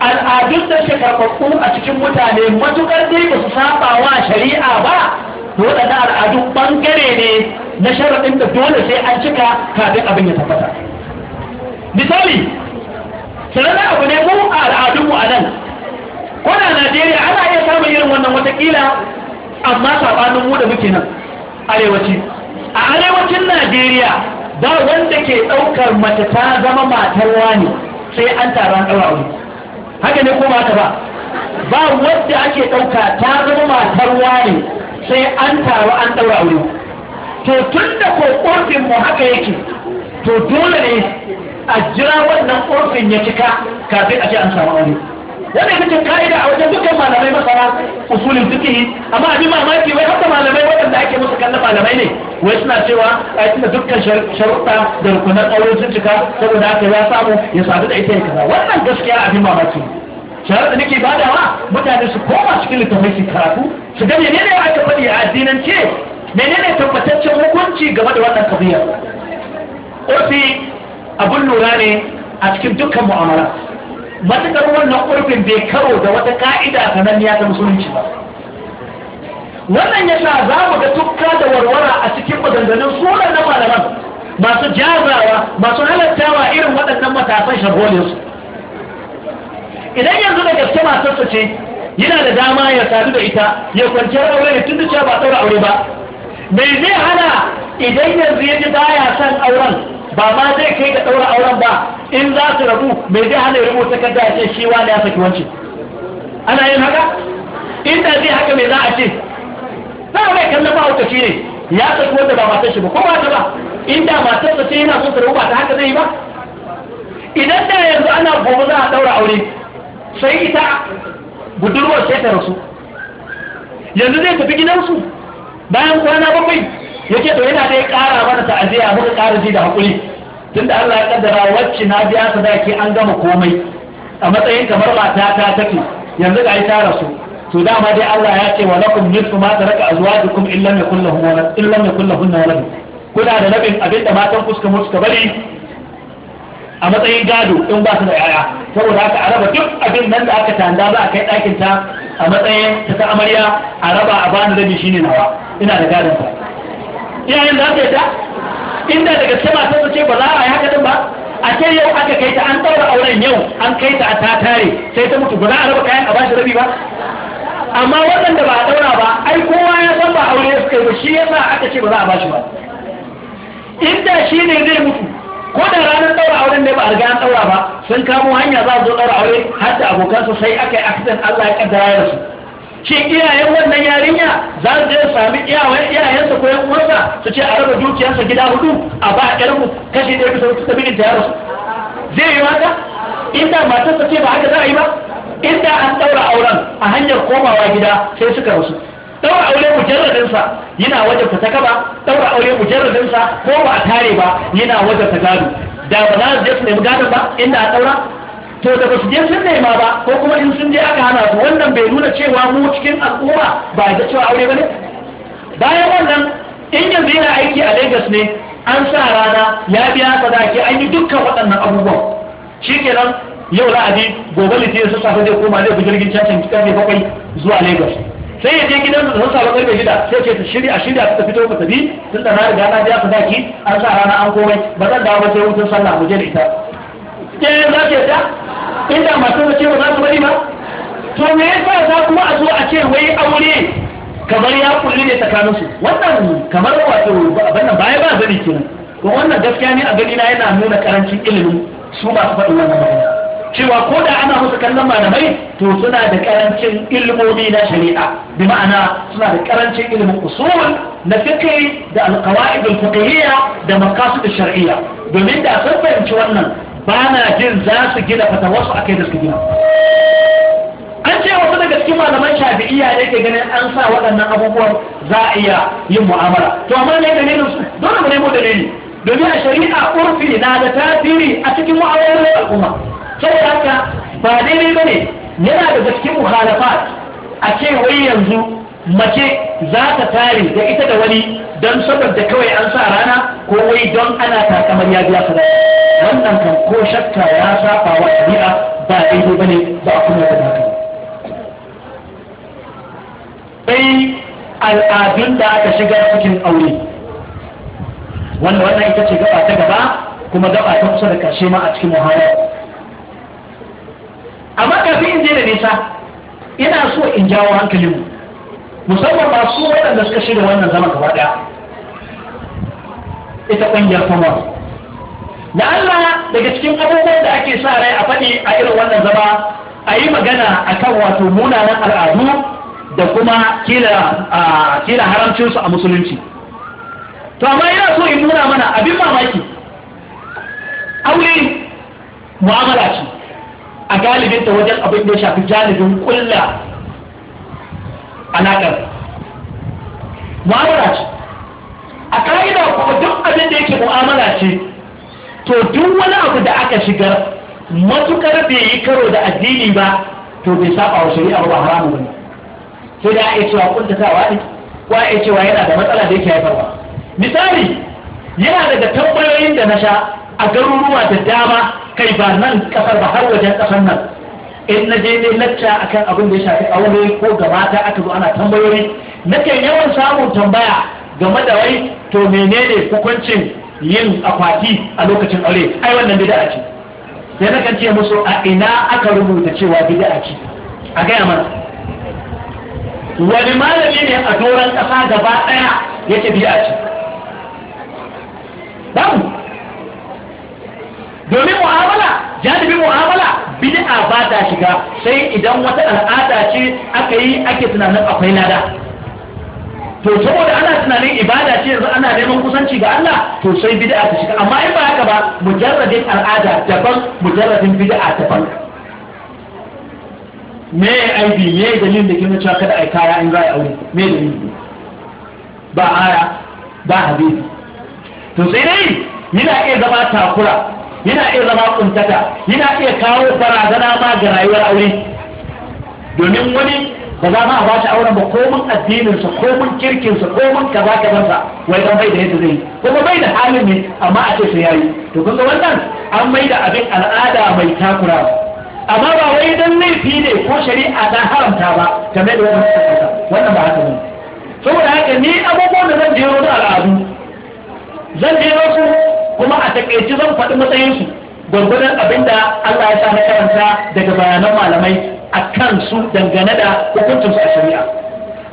Speaker 1: al'adun da suka karɓaɓɓu a cikin mutane matuƙar dai ba su saba wa shari'a ba waɗanda al'adun ɓangare ne na sharaɗin da dole sai an cika kafin abin ya tabbata misali
Speaker 3: sanannan abu ne mu a al'adunmu
Speaker 1: a nan ko da najeriya ana iya samun irin wannan watakila amma sabanin mu da muke nan arewaci a arewacin najeriya ba wanda ke ɗaukar mace ta zama matar wani sai an tara an ɗaura aure haka ne ko ba ta ba ba wanda ake ɗauka ta zama matar wani sai an taru an ɗaura aure to tun da ko ƙorfin mu haka yake to dole ne a jira wannan ƙorfin ya cika kafin a ce an samu aure wanda kake ka'ida a wajen dukkan malamai masana usulin fiqh amma abin mamaki wai haka malamai waɗanda ake musu kallon malamai ne wai suna cewa a tunda dukkan sharuɗa da rukunan aure sun cika saboda haka ya samu ya sadu da ita ya kaza wannan gaskiya abin mamaki sharar nake badawa mutane su koma cikin littafai su karatu su ga menene aka faɗi a addinance menene tabbataccen hukunci game da wannan kabiyar ofi abun lura ne a cikin dukkan mu'amala matukar wannan ƙurfin bai karo da wata ka'ida sananniya ta musulunci ba wannan ya sa za mu ga tukka da warwara a cikin maganganun sunan na malaman masu jazawa masu halattawa irin waɗannan matasan shagolinsu idan yanzu da gaske masu ce yana da dama ya sadu da ita ya kwanciyar aure ne tun da cewa ba ɗaura aure ba mai zai hana idan yanzu ya ji baya son auren ba ma zai kai ga ɗaura auren ba in za su rabu mai zai hana rubuta kada ya ce shi wani ya saki wancan ana yin haka inda zai haka mai za a ce za a mai kallon shi ne ya saki wanda ba matar shi ba ko ba ta ba inda matar sa ce yana son su rabu ba ta haka zai yi ba idan da yanzu ana gobe za a ɗaura aure sai ita budurwar sai ta rasu yanzu zai tafi gidansu bayan kwana bakwai yake to yana dai kara mana ta'aziyya muka kara ji da hakuri tunda Allah ya kaddara wacce na biya ta da ke an gama komai a matsayin kamar mata ta take yanzu ga ta rasu to dama dai Allah ya ce wa lakum nisfu ma taraka azwajukum illam yakul walad illam yakul walad kuna da rabin abin da matan ku suka mutu bari a matsayin gado in ba su da yaya saboda haka a raba duk abin nan da aka tanda za a kai ɗakin ta a matsayin ta ta amarya a raba a bani rabi shine nawa ina da gadon ta iyayen za su ta inda daga sama ba sai su ce ba za a yi haka din ba a ce yau aka kai ta an ɗaura auren yau an kai ta a ta tare sai ta mutu ba za a raba kayan a bashi rabi ba amma waɗanda ba a ɗaura ba ai kowa ya san ba aure suka yi ba shi yasa aka ce ba za a bashi ba inda shi ne zai mutu ko da ranar ɗaura auren ne ba a riga an ɗaura ba sun kamo hanya za a zo ɗaura aure har da abokansu sai aka yi accident Allah ya kaddara su shi iyayen wannan yarinya za su zai sami iyayensa ko yan uwansa su ce a raba dukiyarsa gida hudu a ba a ƙarfi kashi ɗaya bisa wata sabilin ta yaro zai yi wata inda matarsa ce ba haka za a yi ba inda an ɗaura auren a hanyar komawa gida sai suka rasu ɗaura aure mujarradinsa yana wajen fita kaba ɗaura aure mujarradinsa ko ba a tare ba yana wajen ta gado da ba za su je su nemi gadon ba inda a ɗaura to da basu je sun nema ba ko kuma in sun je aka hana su wannan bai nuna cewa mu cikin al'umma ba da cewa aure ba ne bayan wannan in yanzu yana aiki a Lagos ne an sa rana ya biya sadaki an yi dukkan waɗannan abubuwan shikenan yau la'adi gobe litinin sun safe zai koma zai fi jirgin cancan ne bakwai zuwa Lagos sai ya je gidan da sun sabon karfe shida sai ce shirya shirya ta fito ku tafi tun da na riga na biya sadaki an sa rana an komai ba zan dawo ba sai wutan sallah mu je da ita ke za ke ta inda masu da ce ba za su bari ba to me yasa za kuma a zo a ce wai aure kamar ya kulli ne tsakanin su wannan kamar wato wannan baya ba zani kenan to wannan gaskiya ne a gani na yana nuna karancin ilimin su masu faɗin wannan magana cewa ko da ana musu kallon malamai to suna da karancin ilmomi na shari'a bi ma'ana suna da karancin ilimin usul na fiqh da alqawaid alfiqhiyya da maqasid shar'iyya domin da sun fahimci wannan ba na jin za su gina fata wasu akai da su gina an ce wasu daga cikin malaman shafi'iya ne ke ganin an sa waɗannan abubuwan za a iya yin mu'amala to amma ne dalilin su dole mu nemo dalili domin a shari'a urfi na da tasiri a cikin mu'amalar al'umma saboda haka ba daidai bane yana da cikin muhalafa a ce wai yanzu mace za ta tare da ita da wani don saboda kawai an sa rana ko wai don ana takamar ya biya sadaka wannan kan ko shakka ya saba wa shari'a ba daidai bane ba a kuma da haka sai al'adun da aka shiga cikin aure wanda wannan ita ce gaba ta gaba kuma gaba ta kusa da karshe ma a cikin muhawara amma kafin in je da nisa ina so in jawo hankalinmu musamman masu waɗanda suka shirya wannan zama gaba ɗaya ita ƙungiyar kuma da Allah daga cikin abubuwan da ake sa rai a faɗi a irin wannan zama a yi magana a kan wato munanan al'adu da kuma kila haramcinsu a musulunci to amma yana so in nuna mana abin mamaki aure mu'amala ce a galibinta wajen abin da ya shafi janibin kulla alaƙar mu'amala ce a ka'ida kuma duk abin da yake mu'amala ce to duk wani abu da aka shigar matukar bai yi karo da addini ba to bai saba wa shari'a ba haramu ne sai da ya cewa kuntatawa ne ko ya cewa yana da matsala da yake haifarwa misali yana daga tambayoyin da na sha a garuruwa da dama kai ba nan kasar ba har wajen kasar nan in na je dai lacca akan abin da ya shafi aure ko ga mata aka zo ana tambayoyi nake yawan samun tambaya game da wai to menene hukuncin yin akwati a lokacin aure ai wannan bid'a ce sai nakan ce musu a ina aka rubuta cewa bid'a ce a gaya mana wani malami ne a doron ƙasa gaba ɗaya yake bid'a ce babu domin mu'amala jadibin mu'amala bid'a ba ta shiga sai idan wata al'ada ce aka yi ake tunanin akwai lada to saboda ana tunanin ibada ce yanzu ana neman kusanci ga Allah to sai bid'a ta shiga amma in ba haka ba mujarradin al'ada daban mujarradin bid'a daban me aibi me dalilin da kin cewa kada ai kaya in za a aure me dalilin ba aya ba hadisi to sai dai yana iya zama takura yana iya zama kuntata yana iya kawo barazana ma ga rayuwar aure domin wani ba za ma a ba shi auren ba komin addininsa komin kirkinsa komin kaza kazansa wai ban bai da yadda zai kuma bai da halin ne amma a ce sai yayi to kun ga wannan an mai da abin al'ada mai takura amma ba wai dan laifi ne ko shari'a ta haramta ba game da wannan suka wannan ba haka ne saboda haka ni abubuwan da zan jero na al'adu zan jero takaici zan faɗi matsayinsu gwargwadon abin da Allah ya sa na karanta daga bayanan malamai a kan su dangane da hukuncinsu a shari'a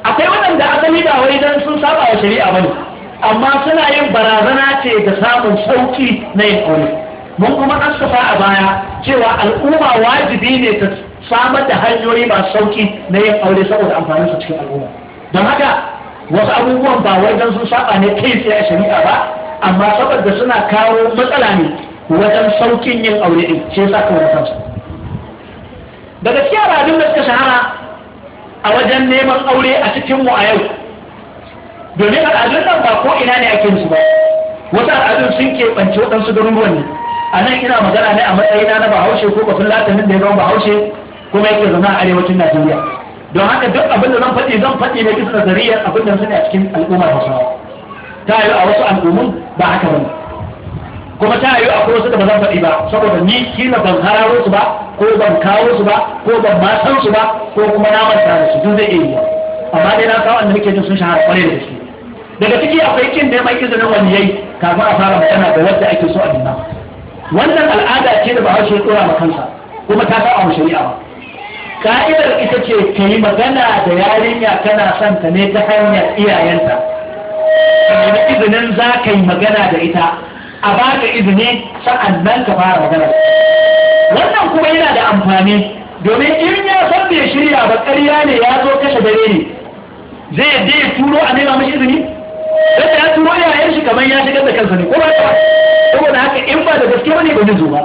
Speaker 1: akwai waɗanda asali ba wai don sun saba wa shari'a bane amma suna yin barazana ce da samun sauki na yin aure mun kuma asafa a baya cewa al'umma wajibi ne ta samar da hanyoyi masu sauki na yin aure saboda amfanin cikin al'umma don haka wasu abubuwan ba wai don sun saba ne kai sai a shari'a ba amma saboda suna kawo matsala ne wajen saukin yin aure din shi yasa kuma da kansu daga cikin da suka shahara a wajen neman aure a cikin mu a yau domin al'adun nan ba ko ina ne ake su ba wasu al'adun sun keɓance waɗansu garuruwan ne a nan ina magana ne a matsayina na bahaushe ko bafin latanin da ya zama bahaushe kuma yake zama a arewacin najeriya don haka duk abin da zan faɗi zan faɗi ne bisa zariyar abin da ne a cikin al'ummar hausawa ta yi a wasu al'ummun ba haka ba kuma ta yi a wasu da ba zan faɗi ba saboda ni kila ban hararo su ba ko ban kawo su ba ko ban ma san su ba ko kuma na manta da su duk zai iya yi amma dai na kawo annabi ke jin sun shahara kwarai da shi daga ciki akwai kin neman izinin waliyai kafin a fara magana da wanda ake so a dinna wannan al'ada ce da ba a ya dora ma kansa kuma ta saba a shari'a ba ka'idar ita ce ka yi magana da yarinya tana son ta ne ta hanyar iyayenta nemi izinin za ka yi magana da ita a ba ka izini sa'an nan ka fara magana wannan kuma yana da amfani domin in ya san bai shirya ba ƙarya ne ya zo kashe dare ne zai yadda ya turo a nema mashi izini yadda ya turo yayan shi kamar ya shigar da kansa ne ko ba ta saboda haka in ba da gaske ba ne ba zai zo ba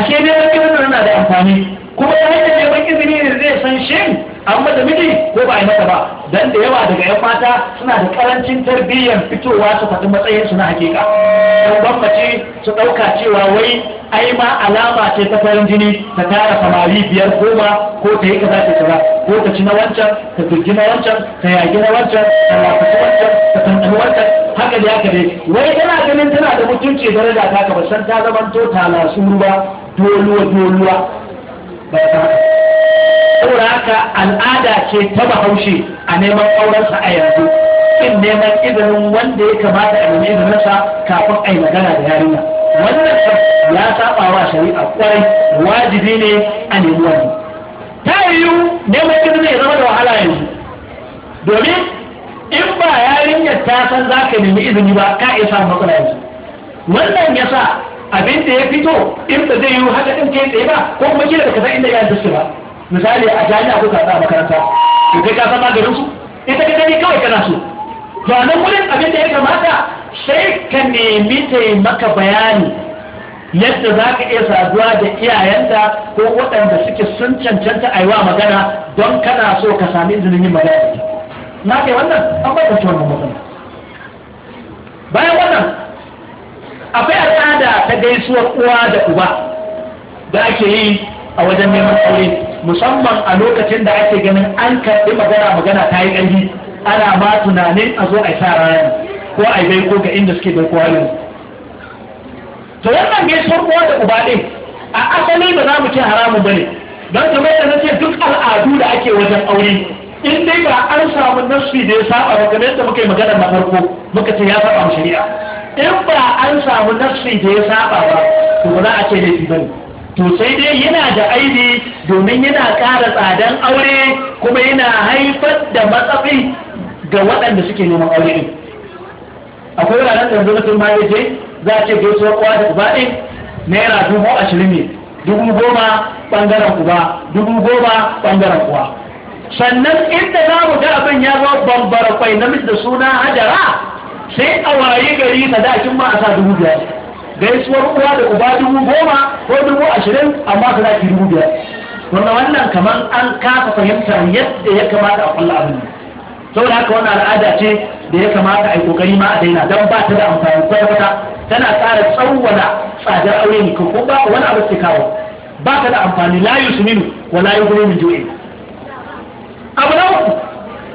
Speaker 1: ashe ne wani na da amfani kuma ya hanyar neman izini ne zai san shi an da miji ko ba a yi mata ba dan da yawa daga yan mata suna da karancin tarbiyyar fitowa su faɗi su na hakika dan bambaci su ɗauka cewa wai ai ma alama ce ta farin jini ta tara samari biyar goma ko ta yi kaza ta kaza ko ta ci na wancan ta turgi na wancan ta yagi na wancan ta lafaci wancan ta tantani wancan haka da haka dai wai tana ganin tana da mutunci daraja ta ka ba san ta zamanto talasu ruwa doluwa doluwa saboda haka al'ada ce ta bahaushe a neman aurensa a yanzu in neman izinin wanda ya kamata a nemi izininsa kafin a yi magana da yarinya wannan ya saba wa shari'a kwarai wajibi ne a nemi wani ta yiwu neman izinin ya zama da wahala yanzu domin in ba yarinyar ta san za ka nemi izini ba ka isa samun matsala yanzu wannan ya sa abin da ya fito in ba zai yi haka ɗin kai tsaye ba ko kuma kila da kaza inda ya dace ba misali a jami'a ko kasa a makaranta to kai ka san maganin su ita ka gani kawai kana so to anan wurin abin da ya kamata sai ka nemi taimaka bayani yadda za ka iya saduwa da iyayenta ko waɗanda suke sun cancanta a yi wa magana don kana so ka sami izinin yin magana na kai wannan an bai ta wannan bayan wannan akwai al'ada ta gaisuwar uwa da uba da ake yi a wajen neman aure musamman a lokacin da ake ganin an karɓi magana magana ta yi ƙarfi ana ma tunanin a zo a sa ranar ko a bai ko ga inda suke bai kowa yanzu to wannan gaisuwar uwa da uba ɗin a asali ba za mu ce haramun ba ne don kamar da nace duk al'adu da ake wajen aure in dai ba an samu nasfi da ya saba ba kamar yadda muka yi magana na farko muka ce ya saba shari'a in ba an samu nafsi da ya saba ba to za a ce laifi bane to sai dai yana da aibi domin yana ƙara tsadan aure kuma yana haifar da matsafi ga waɗanda suke neman aure ɗin akwai wuraren da yanzu mutum ma je za a ce gaisuwa kowa da uba ɗin naira dubu ashirin ne dubu goma ɓangaren uba dubu goma ɓangaren kuwa. sannan inda za mu ga abin ya zo bambara kwai namiji da suna hajara sai a waye gari sadakin ma a sa dubu biyar gaisuwar uwa da uba dubu goma ko dubu ashirin amma zaki dubu biyar wanda wannan kamar an kasa fahimtar yadda ya kamata a kwallo abin saboda haka wannan al'ada ce da ya kamata a yi kokari ma a daina don ba ta da amfani kwata tana tsara tsawwala tsadar aure ne ko ba wani abu ke kawo ba ta da amfani la yusminu wa la yughni min abu na uku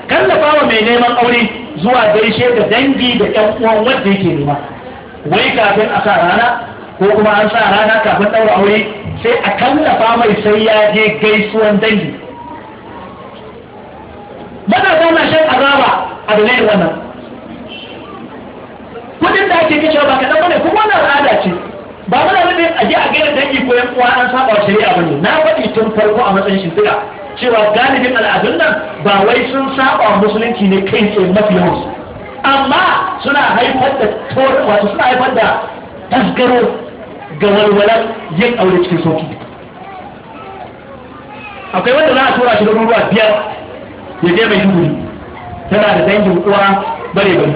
Speaker 1: kallafa wa mai neman aure zuwa gaishe da dangi da ƴan uwan wanda yake nema wai kafin a sa rana ko kuma an sa rana kafin ɗaura aure sai a kallafa mai sai ya je gaisuwan dangi matasa na shan azaba a dalilin wannan kudin da ake kashewa ba kaɗan bane kuma wannan al'ada ce ba mana nufin a je a gaida dangi ko yan uwa an saba shari'a ne. na faɗi tun farko a matsayin shimfiɗa cewa galibin al'adun nan ba wai sun saba musulunci ne kai tsaye mafi yawansu
Speaker 2: amma
Speaker 1: suna haifar da wato suna haifar da tasgaro ga walwalar yin aure cikin sauki akwai wanda za a tura shi da ruwa biyar ya je mai duguri tana da dangin uwa bare bare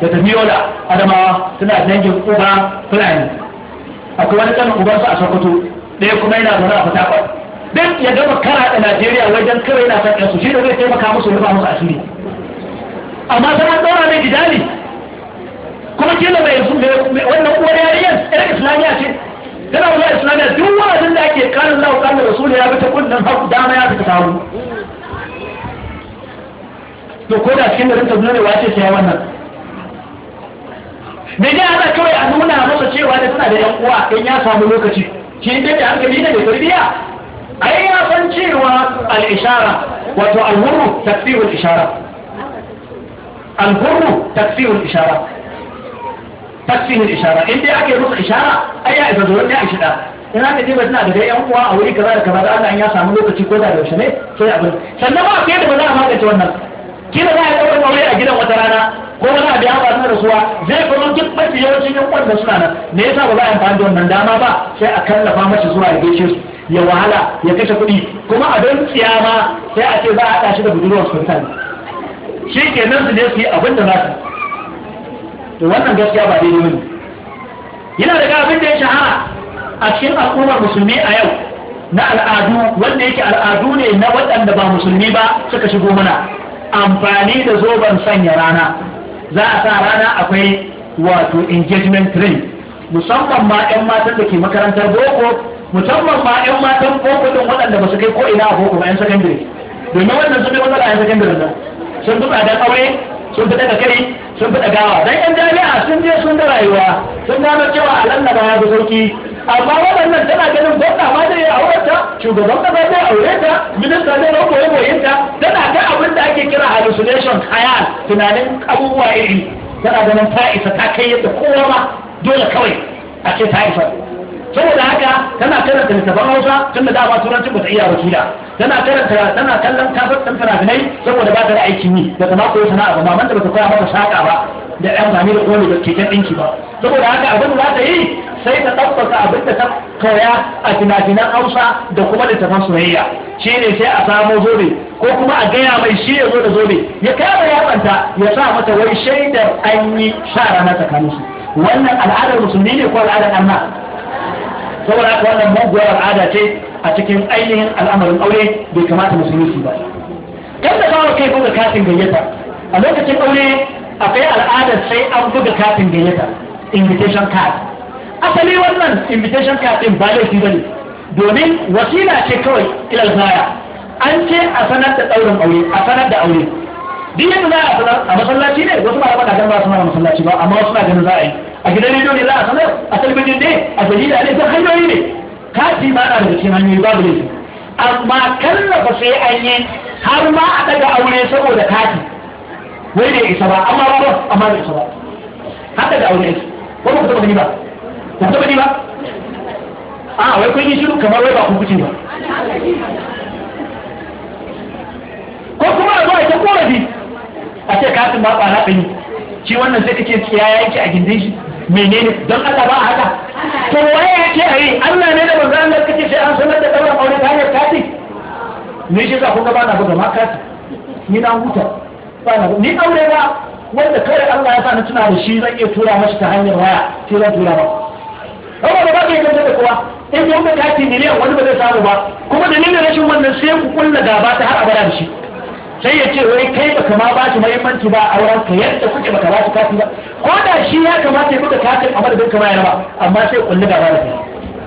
Speaker 1: da tafiyola adamawa tana da dangin uba fulani akwai wani kanin ubansa a sokoto ɗaya kuma yana zaune a fatakwal dan ya gama kara da Najeriya wajen kawai yana sakin su shi da zai taimaka musu ba musu asiri amma sai an daura mai gidali kuma kila mai yanzu wannan uwar yariyar ɗan islamiyya ce tana wani islamiyya duk wa'azin da ake karin lawa rasu rasulu ya bi ta kunnen haku dama ya fita taru to ko da cikin da rinka da wace ce wannan
Speaker 2: me ne ana kawai a nuna masa cewa da tana da yan uwa in
Speaker 1: ya samu lokaci shi dai da hankali ne da tarbiya
Speaker 3: أي أصنجيه الإشارة وتؤمره
Speaker 1: تكفير الإشارة أنكره تكفير الإشارة تكفير الإشارة إنتي أكي رص إشارة أي إذا ظلم يعيش ده إنها تجيب أثناء ده يا أمو أولي كبار كبار أنا أن يسعى ملوك تشيكو ده بيوشني سيء أقول سنما كيف بدا ما تتوانا كيف بدا يتوانا أولي أجل وترانا كما بدا بيها بأثناء رسوا زي كنون جد بس يوشي يوم ونسنانا نيسا ولا ينفعندون من داما با سيء أكل فامش سورة يجيشيوس ya wahala ya kashe kuɗi kuma a don tsiyama sai a ce za a tashi da budurwar sultan shi ke nan su ne su yi abin da za su to wannan gaskiya ba daidai wani yana daga abin da ya shahara a cikin al'ummar musulmi a yau na al'adu wanda yake al'adu ne na waɗanda ba musulmi ba suka shigo mana amfani da zoben sanya rana za a sa rana akwai wato engagement ring musamman ma 'yan matan da ke makarantar boko musamman ma yan matan boko din waɗanda ba su kai ko ina a boko ba yan sakandare domin wannan sun fi matsala yan sakandare nan sun fi tsadar aure sun fi daga kai sun fi dagawa dan yan jami'a sun je sun da rayuwa sun gano cewa a lallaba ya fi sauki amma waɗannan tana ganin gwamna ma zai aure ta shugaban kasa zai aure ta minista zai ran boye boyen ta tana ga abin da ake kira hallucination khayal tunanin abubuwa iri tana ganin ta isa ta kai yadda kowa ma dole kawai a ce ta isa saboda haka tana karanta littafin hausa tun da ba turancin ba ta iya rasula tana karanta tana kallon kafin ɗan fina-finai saboda ba ta da aikin yi da kama koyi sana'a ba maman da ba ta koya mata shaƙa ba da ɗan da kone da keken ɗinki ba saboda haka abin da za ta yi sai ta ɗaukaka abin da ta koya a fina-finan hausa da kuma littafin soyayya shi ne sai a samo zobe ko kuma a gaya mai shi ya zo da zobe ya kama yatsanta ya sa mata wai shaidar an yi sa rana tsakaninsu wannan al'adar musulmi ne ko al'adar anna saboda wannan muguwar al'ada ce a cikin ainihin al'amarin aure bai kamata musulmi su ba kan da bawa kai buga katin gayyata a lokacin aure akwai al'adar sai an buga katin gayyata invitation card asali wannan invitation card din ba laifi bane domin wasila ce kawai ilal zaya an ce a sanar da daurin aure a sanar da aure duk yadda za a sanar a masallaci ne wasu ba ba kadan ba sanar a masallaci ba amma wasu na ganin za a yi a gidan rediyo ne za a sanar a talbijin ne a jarida ne duk hanyoyi ne kati ma na daga cikin hanyoyi babu laifi amma kallafa sai an yi har ma a daga aure saboda kati wai da isa ba amma ba amma da isa ba har daga aure yake wani ku taɓa gani ba ku taɓa gani ba a wai kun yi shiru kamar wai ba ku kuce ba
Speaker 3: ko kuma a zo a
Speaker 1: ta korafi a ce katin ba ƙwara ɗani, shi wannan sai kake ya yake a gindin shi menene don Allah ba a haka to waye ya ce a yi Allah ne da manzo Allah kake sai an sanar da ɗaurin aure ta hanyar kati ne shi za ku ga ba na buga ma kati ni na huta ba na ni aure ba wanda kawai Allah ya sa na tuna da shi zan iya tura mashi ta hanyar waya sai zan tura ba amma da ba ka kanta da kowa in yau wanda kati miliyan wani ba zai samu ba kuma dalilin rashin wannan sai ku kulla gaba ta har abara da shi sai ya ce wai kai ba kama ba shi mahimmanci ba a wurin ka yadda kuke ba ba shi kafi ba ko da shi ya kamata ya buga kafin a madadin kama ya ba amma sai kulli gaba da kai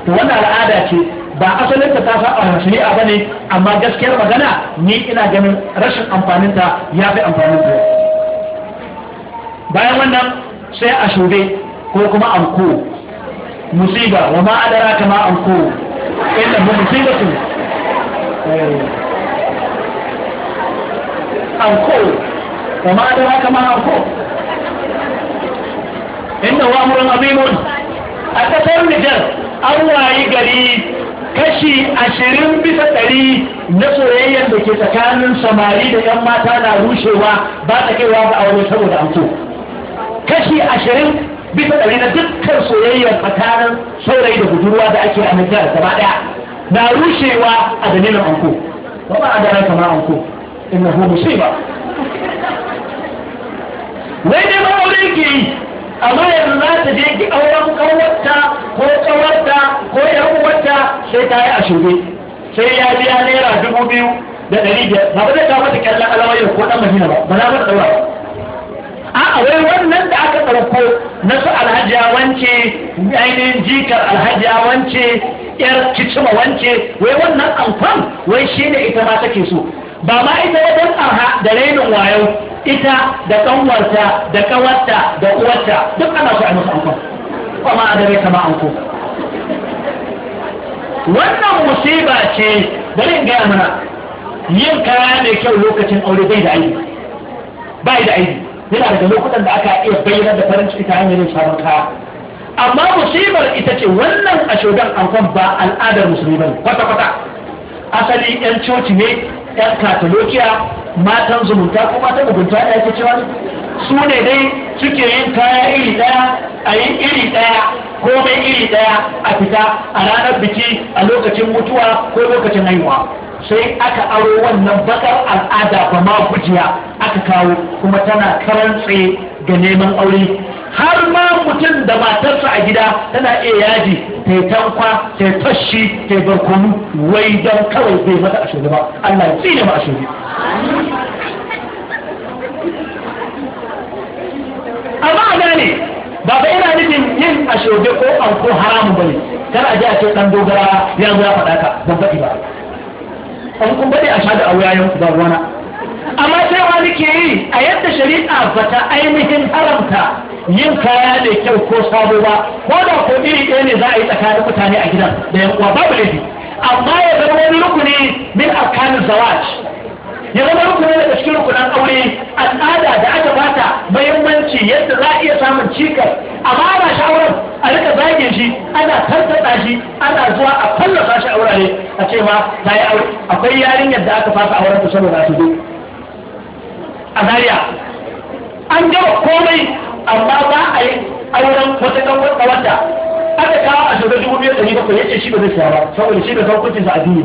Speaker 1: to wannan al'ada ce ba asalin ta tafa a ba bane amma gaskiyar magana ni ina ganin rashin amfanin ta ya fi amfanin ta bayan wannan sai a shube ko kuma anko musiba wa ma adaraka anko inda musibatu eh. anko wa da haka ma anko inda wa amurin azimun a kasar nijar an wayi gari kashi ashirin bisa ɗari na soyayyar da ke tsakanin samari da yan mata na rushewa ba ta kaiwa ga aure saboda anko kashi ashirin bisa ɗari na dukkan soyayyar tsakanin saurayi da budurwa da ake a nijar gaba ɗaya na rushewa a dalilin anko ba ba a da ranka ma anko innahu musiba wai dai ba aure yake yi amma yanzu za ta je ki auren kawarta ko kawarta ko yan uwarta sai ta yi a shuge sai ya biya naira dubu biyu da ɗari biyar ba ba zai kawo mata kyallan alawayar ko ɗan mahina ba ba na ɗaura ba a wai wannan da aka ɗauko na su alhajiya wance ainihin jikar alhajiya wance yar kicima wance wai wannan amfan wai shi ne ita ma take so ba ma ita wajen arha da rainin wayo ita da ƙanwarta da ƙawarta da uwarta duk ana su a musu anko kuma a dare kama anko
Speaker 3: wannan
Speaker 1: musiba ce bari in gaya mana yin kaya mai kyau lokacin aure bai da aiki bai da aiki yana daga lokutan da aka iya bayyana da farin ciki ta hanyar yin kaya amma musibar ita ce wannan a shugan ankon ba al'adar musulmi ba kwata-kwata asali yan coci ne 'yan katalokiya matan zumunta ko matan mugunta da ake cewa su ne dai suke yin kaya iri daya a yin iri daya komai iri daya a fita a ranar biki a lokacin mutuwa ko lokacin haihuwa sai aka aro wannan bakar al'ada ba ma gujiya aka kawo kuma tana karantse ga neman aure har ma mutum da matarsa a gida tana iya yaji ta yi tankwa ta yi tashi ta yi barkonu wai don kawai bai mata a shugaba Allah ya tsine ma a shugaba
Speaker 3: amma a gane ba ba ina
Speaker 1: nufin yin a ko an ko haramun bane kar a ji a ce dan dogara ya zo ya faɗa ka ban faɗi ba an kun a shaɗa a wuya ku ba ruwana amma cewa nake yi a yadda shari'a ba ta ainihin haramta yin kaya da kyau ko sabo ba ko da ko iri ɗaya ne za a yi tsakanin mutane a gidan da yan uwa babu laifi amma ya zama wani rukuni min akanin zawaj ya zama rukuni daga cikin rukunan aure al'ada da aka bata muhimmanci yadda za a iya samun cikas amma ana shawarar a rika zage shi ana tantaɗa shi ana zuwa a fallasa shi a wurare a ce ma ta yi aure akwai yarinyar da aka fasa auren ta saboda su zo a zariya an gaba komai amma ba a yi auren wata kanwar tsawanta aka kawo a shugaba dubu biyar ɗari bakwai yake shi ba zai siya saboda shi da san hukuncin addini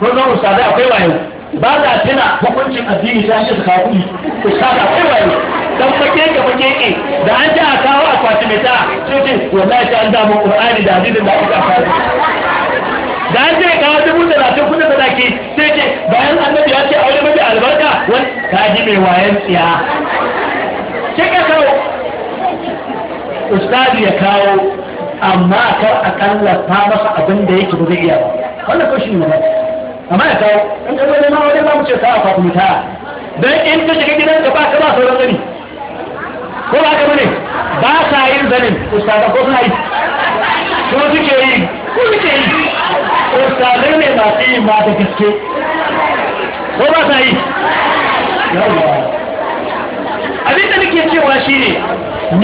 Speaker 1: ba ko zan ustazai akwai wayo ba za a tuna hukuncin addini sai an ce su kawo kuɗi ustazai akwai wayo dan fake ga fake ke da an ji a kawo akwati mai ta sai ce wallahi sai an damu ƙur'ani da hadisin da aka kawo
Speaker 3: da an ce kawo dubu da talatin kudin da zaki sai ce bayan annabi ya ce aure mafi albarka wani ta ji mai wayan tsiya ce ka kawo
Speaker 1: ustadi ya kawo amma kar a kallafa masa abin da yake ba zai iya ba wannan ko shi ne amma ya kawo in ka zo nema wajen ba mu ce kawo kwakwami ta don in ka shiga gidan ka ba ka ba sauran gani
Speaker 3: ko ba ka bane ba sa
Speaker 1: yin zanin ustada ko suna yi
Speaker 3: ko suke yi
Speaker 1: ko suke yi ustazai ne masu yin ba da gaske ko ba sa yi abin da nake cewa shi ne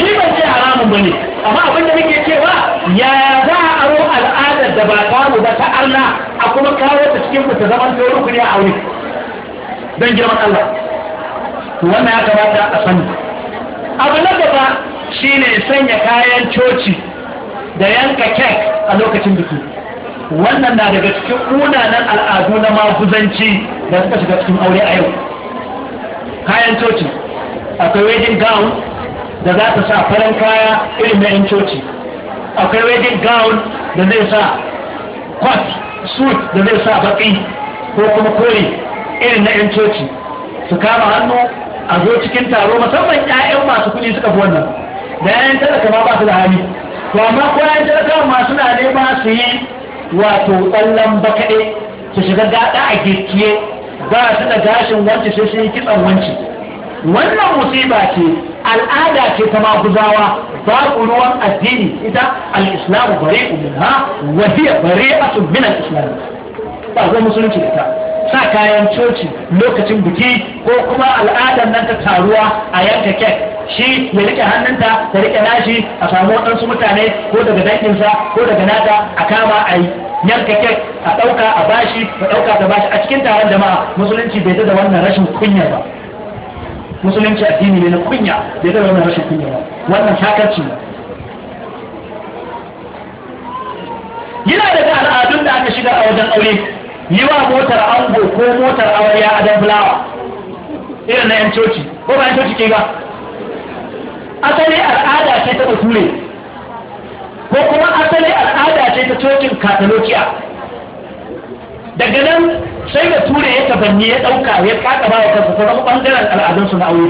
Speaker 1: ni ban ce haramun ba ne amma abin da nake cewa ya za a aro al'adar da ba kawo ba ta Allah a kuma kawo ta cikin ku ta zaman da a aure don girman Allah wannan ya kamata a sani abu na gaba shine sanya kayan coci da yanka kek a lokacin biki wannan na daga cikin unanan al'adu na maguzanci da suka shiga cikin aure a yau kayan coci akwai wedding gown da za ta sa farin kaya irin na 'yan coci akwai wedding gown da zai sa coat suit da zai sa baki ko kuma kore irin na 'yan coci su kama hannu a zo cikin taro musamman 'ya'yan masu kuɗi suka fi wannan da 'ya'yan talaka ma ba su da hali to amma ko 'ya'yan talaka ma suna nema su yi wato tsallon bakaɗe su shiga gaɗa a girkiye ba su da gashin wance sai sun yi kitsan wance wannan musiba ce al'ada ce ta maguzawa ba ruwan addini ita al-islamu bare umma wa hiya bare'atun min al ba zai musulunci da ta sa kayan coci lokacin buki ko kuma al'adar nan ta taruwa a yanka kek shi ya rike hannunta ta rike nashi a samu waɗansu mutane ko daga danginsa ko daga nata a kama a yi yanka kek a ɗauka a bashi a ɗauka ta bashi a cikin taron jama'a musulunci bai da wannan rashin kunya ba musulunci addini ne na kunya bai da wannan rashin kunya ba wannan shakarci
Speaker 3: ne yana daga al'adun da aka shiga a wajen aure yi wa motar ango ko motar awarya a fulawa?
Speaker 1: irin na yan coci ko ba yan coci ke ba asali al'ada ce ta bature ko kuma asali al'ada ce ta cocin katalokiya daga nan sai da ture ya tabanni ya ɗauka ya ba ya kansa ta zama ɓangaren al'adunsu na aure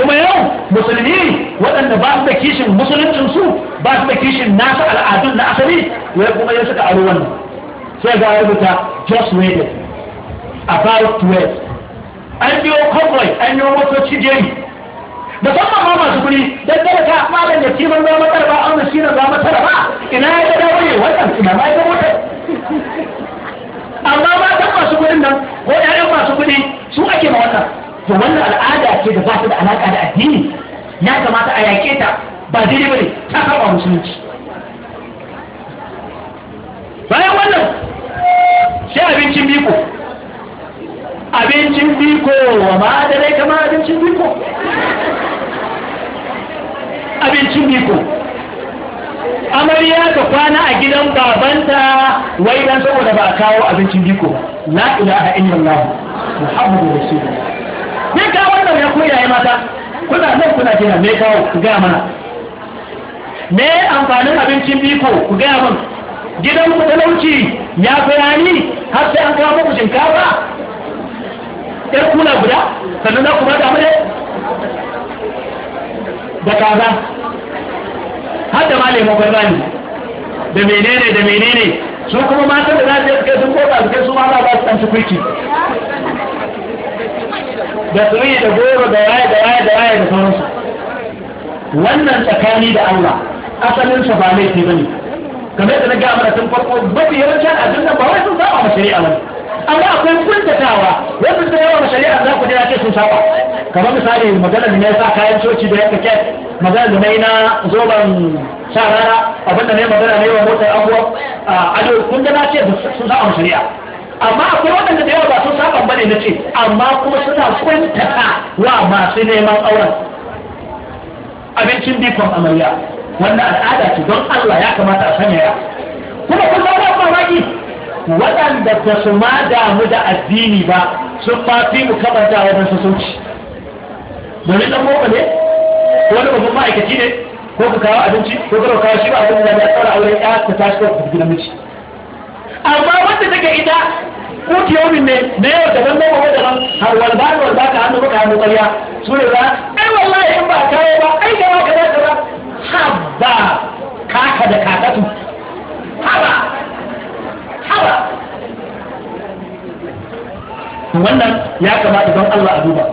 Speaker 1: kuma yau musulmi waɗanda ba su da kishin musuluncinsu ba su da kishin nasu al'adun na asali ya kuma yau suka aro wannan sai ga rubuta just waited about 12 an o convoy an yi motoci jeri san mamma masu kuɗi don kada ta malam da gama tara ba an da gama tara ba. ina ya ga dawo wannan ina ma ya motar?
Speaker 3: amma matan masu kuɗin nan ko ƴaƴan masu kuɗi su ake ma wannan
Speaker 1: to wannan al'ada ce da ba su da alaƙa da addini ya kamata a yaƙe ta ba daidai ba ne ta kama musulunci bayan wannan sai abincin biko abincin biko wa dai kama
Speaker 3: abincin biko
Speaker 1: abincin biko amarya ta kwana a gidan babanta wai dan saboda ba a kawo abincin biko Na a ilaha illallah muhammadu rasulullah ne ka wannan ya koya ya mata kuna nan kuna kira me kawo ku ga mana me amfanin abincin biko ku ga mana gidan ku talauci ya bayani har sai an kawo muku shinkafa ɗan kula guda
Speaker 3: sannan za ku ba da amare da kaza har da malamin
Speaker 1: bayani da menene da menene su kuma matan da za su yi kai sun koka su kai su ma ba su ɗan su
Speaker 3: da da yi da goro da waye da waye da waye da sauransu wannan tsakani da
Speaker 1: Allah asalin sa ba laifi bane kamar yadda na ga mana tun farko mafi yawancin addinin ba wai sun saba ma shari'a ba amma akwai kuntatawa wanda sun yawa shari'a za ku jira ce sun saba kamar misali magana ne sa kayan coci da yanka kek magana da na zoban sha abinda ne magana ne wa motar abuwa ado kun ga na ce sun saba ma shari'a amma akwai waɗanda da yawa ba sun saba ba ne na ce amma kuma suna kuntata wa masu neman auren abincin bikon amarya wannan al'ada ce don Allah ya kamata a sanya ya
Speaker 3: kuma kun ba ba
Speaker 1: mamaki waɗanda ba su ma damu da addini ba sun ma fi mu da wajen sassauci domin ɗan goma ne ko wani babban ma'aikaci ne ko ka kawo abinci ko ka kawo shi ba abin da ya tsara aure ya ta tashi ko ka miji? amma wanda take ita kuti yomin ne na yau da gamba wa da har walba da walba ka hannu ka hannu ƙarya su ne ba ai wallahi in ba kawo ba ai gaba ka za ka ba
Speaker 3: haba kaka da kakatu haba haba wannan ya kamata don Allah a duba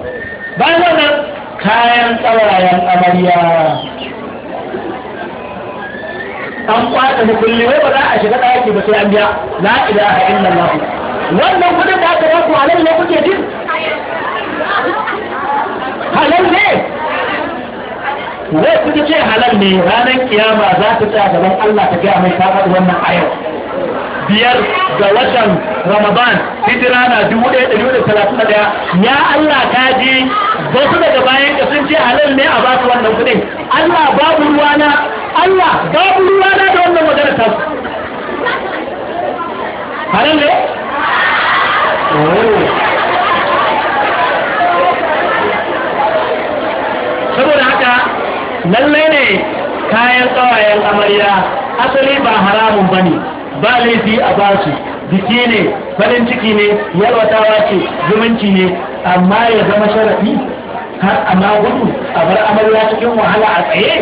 Speaker 1: bayan wannan kayan tsawayen amarya
Speaker 3: an kwata da kulli wai ba za a shiga ɗaki ba sai an
Speaker 1: biya la ilaha illallah wannan kudin da aka ba ku halal ne kuke jin
Speaker 3: halal ne wasu ta ce halal ne
Speaker 1: ranar kiyama za ta tsaya gaban Allah ta gaya mai ta faɗi wannan ayar biyar ga watan Ramadan hijira na dubu ɗaya ɗari talatin da ɗaya ya Allah ka ji wasu daga bayan ka sun ce halal ne a basu wannan kuɗin Allah babu ruwana Allah babu ruwana da wannan magana ta halal ne? Oh. lallai ne kayan ƙawayen amarya asali ba haramun ba ne ba laifi a ba su biki ne farin ciki ne yalwatawa ce zumunci ne amma ya zama sharafi har a magudu a bar amarya cikin wahala a tsaye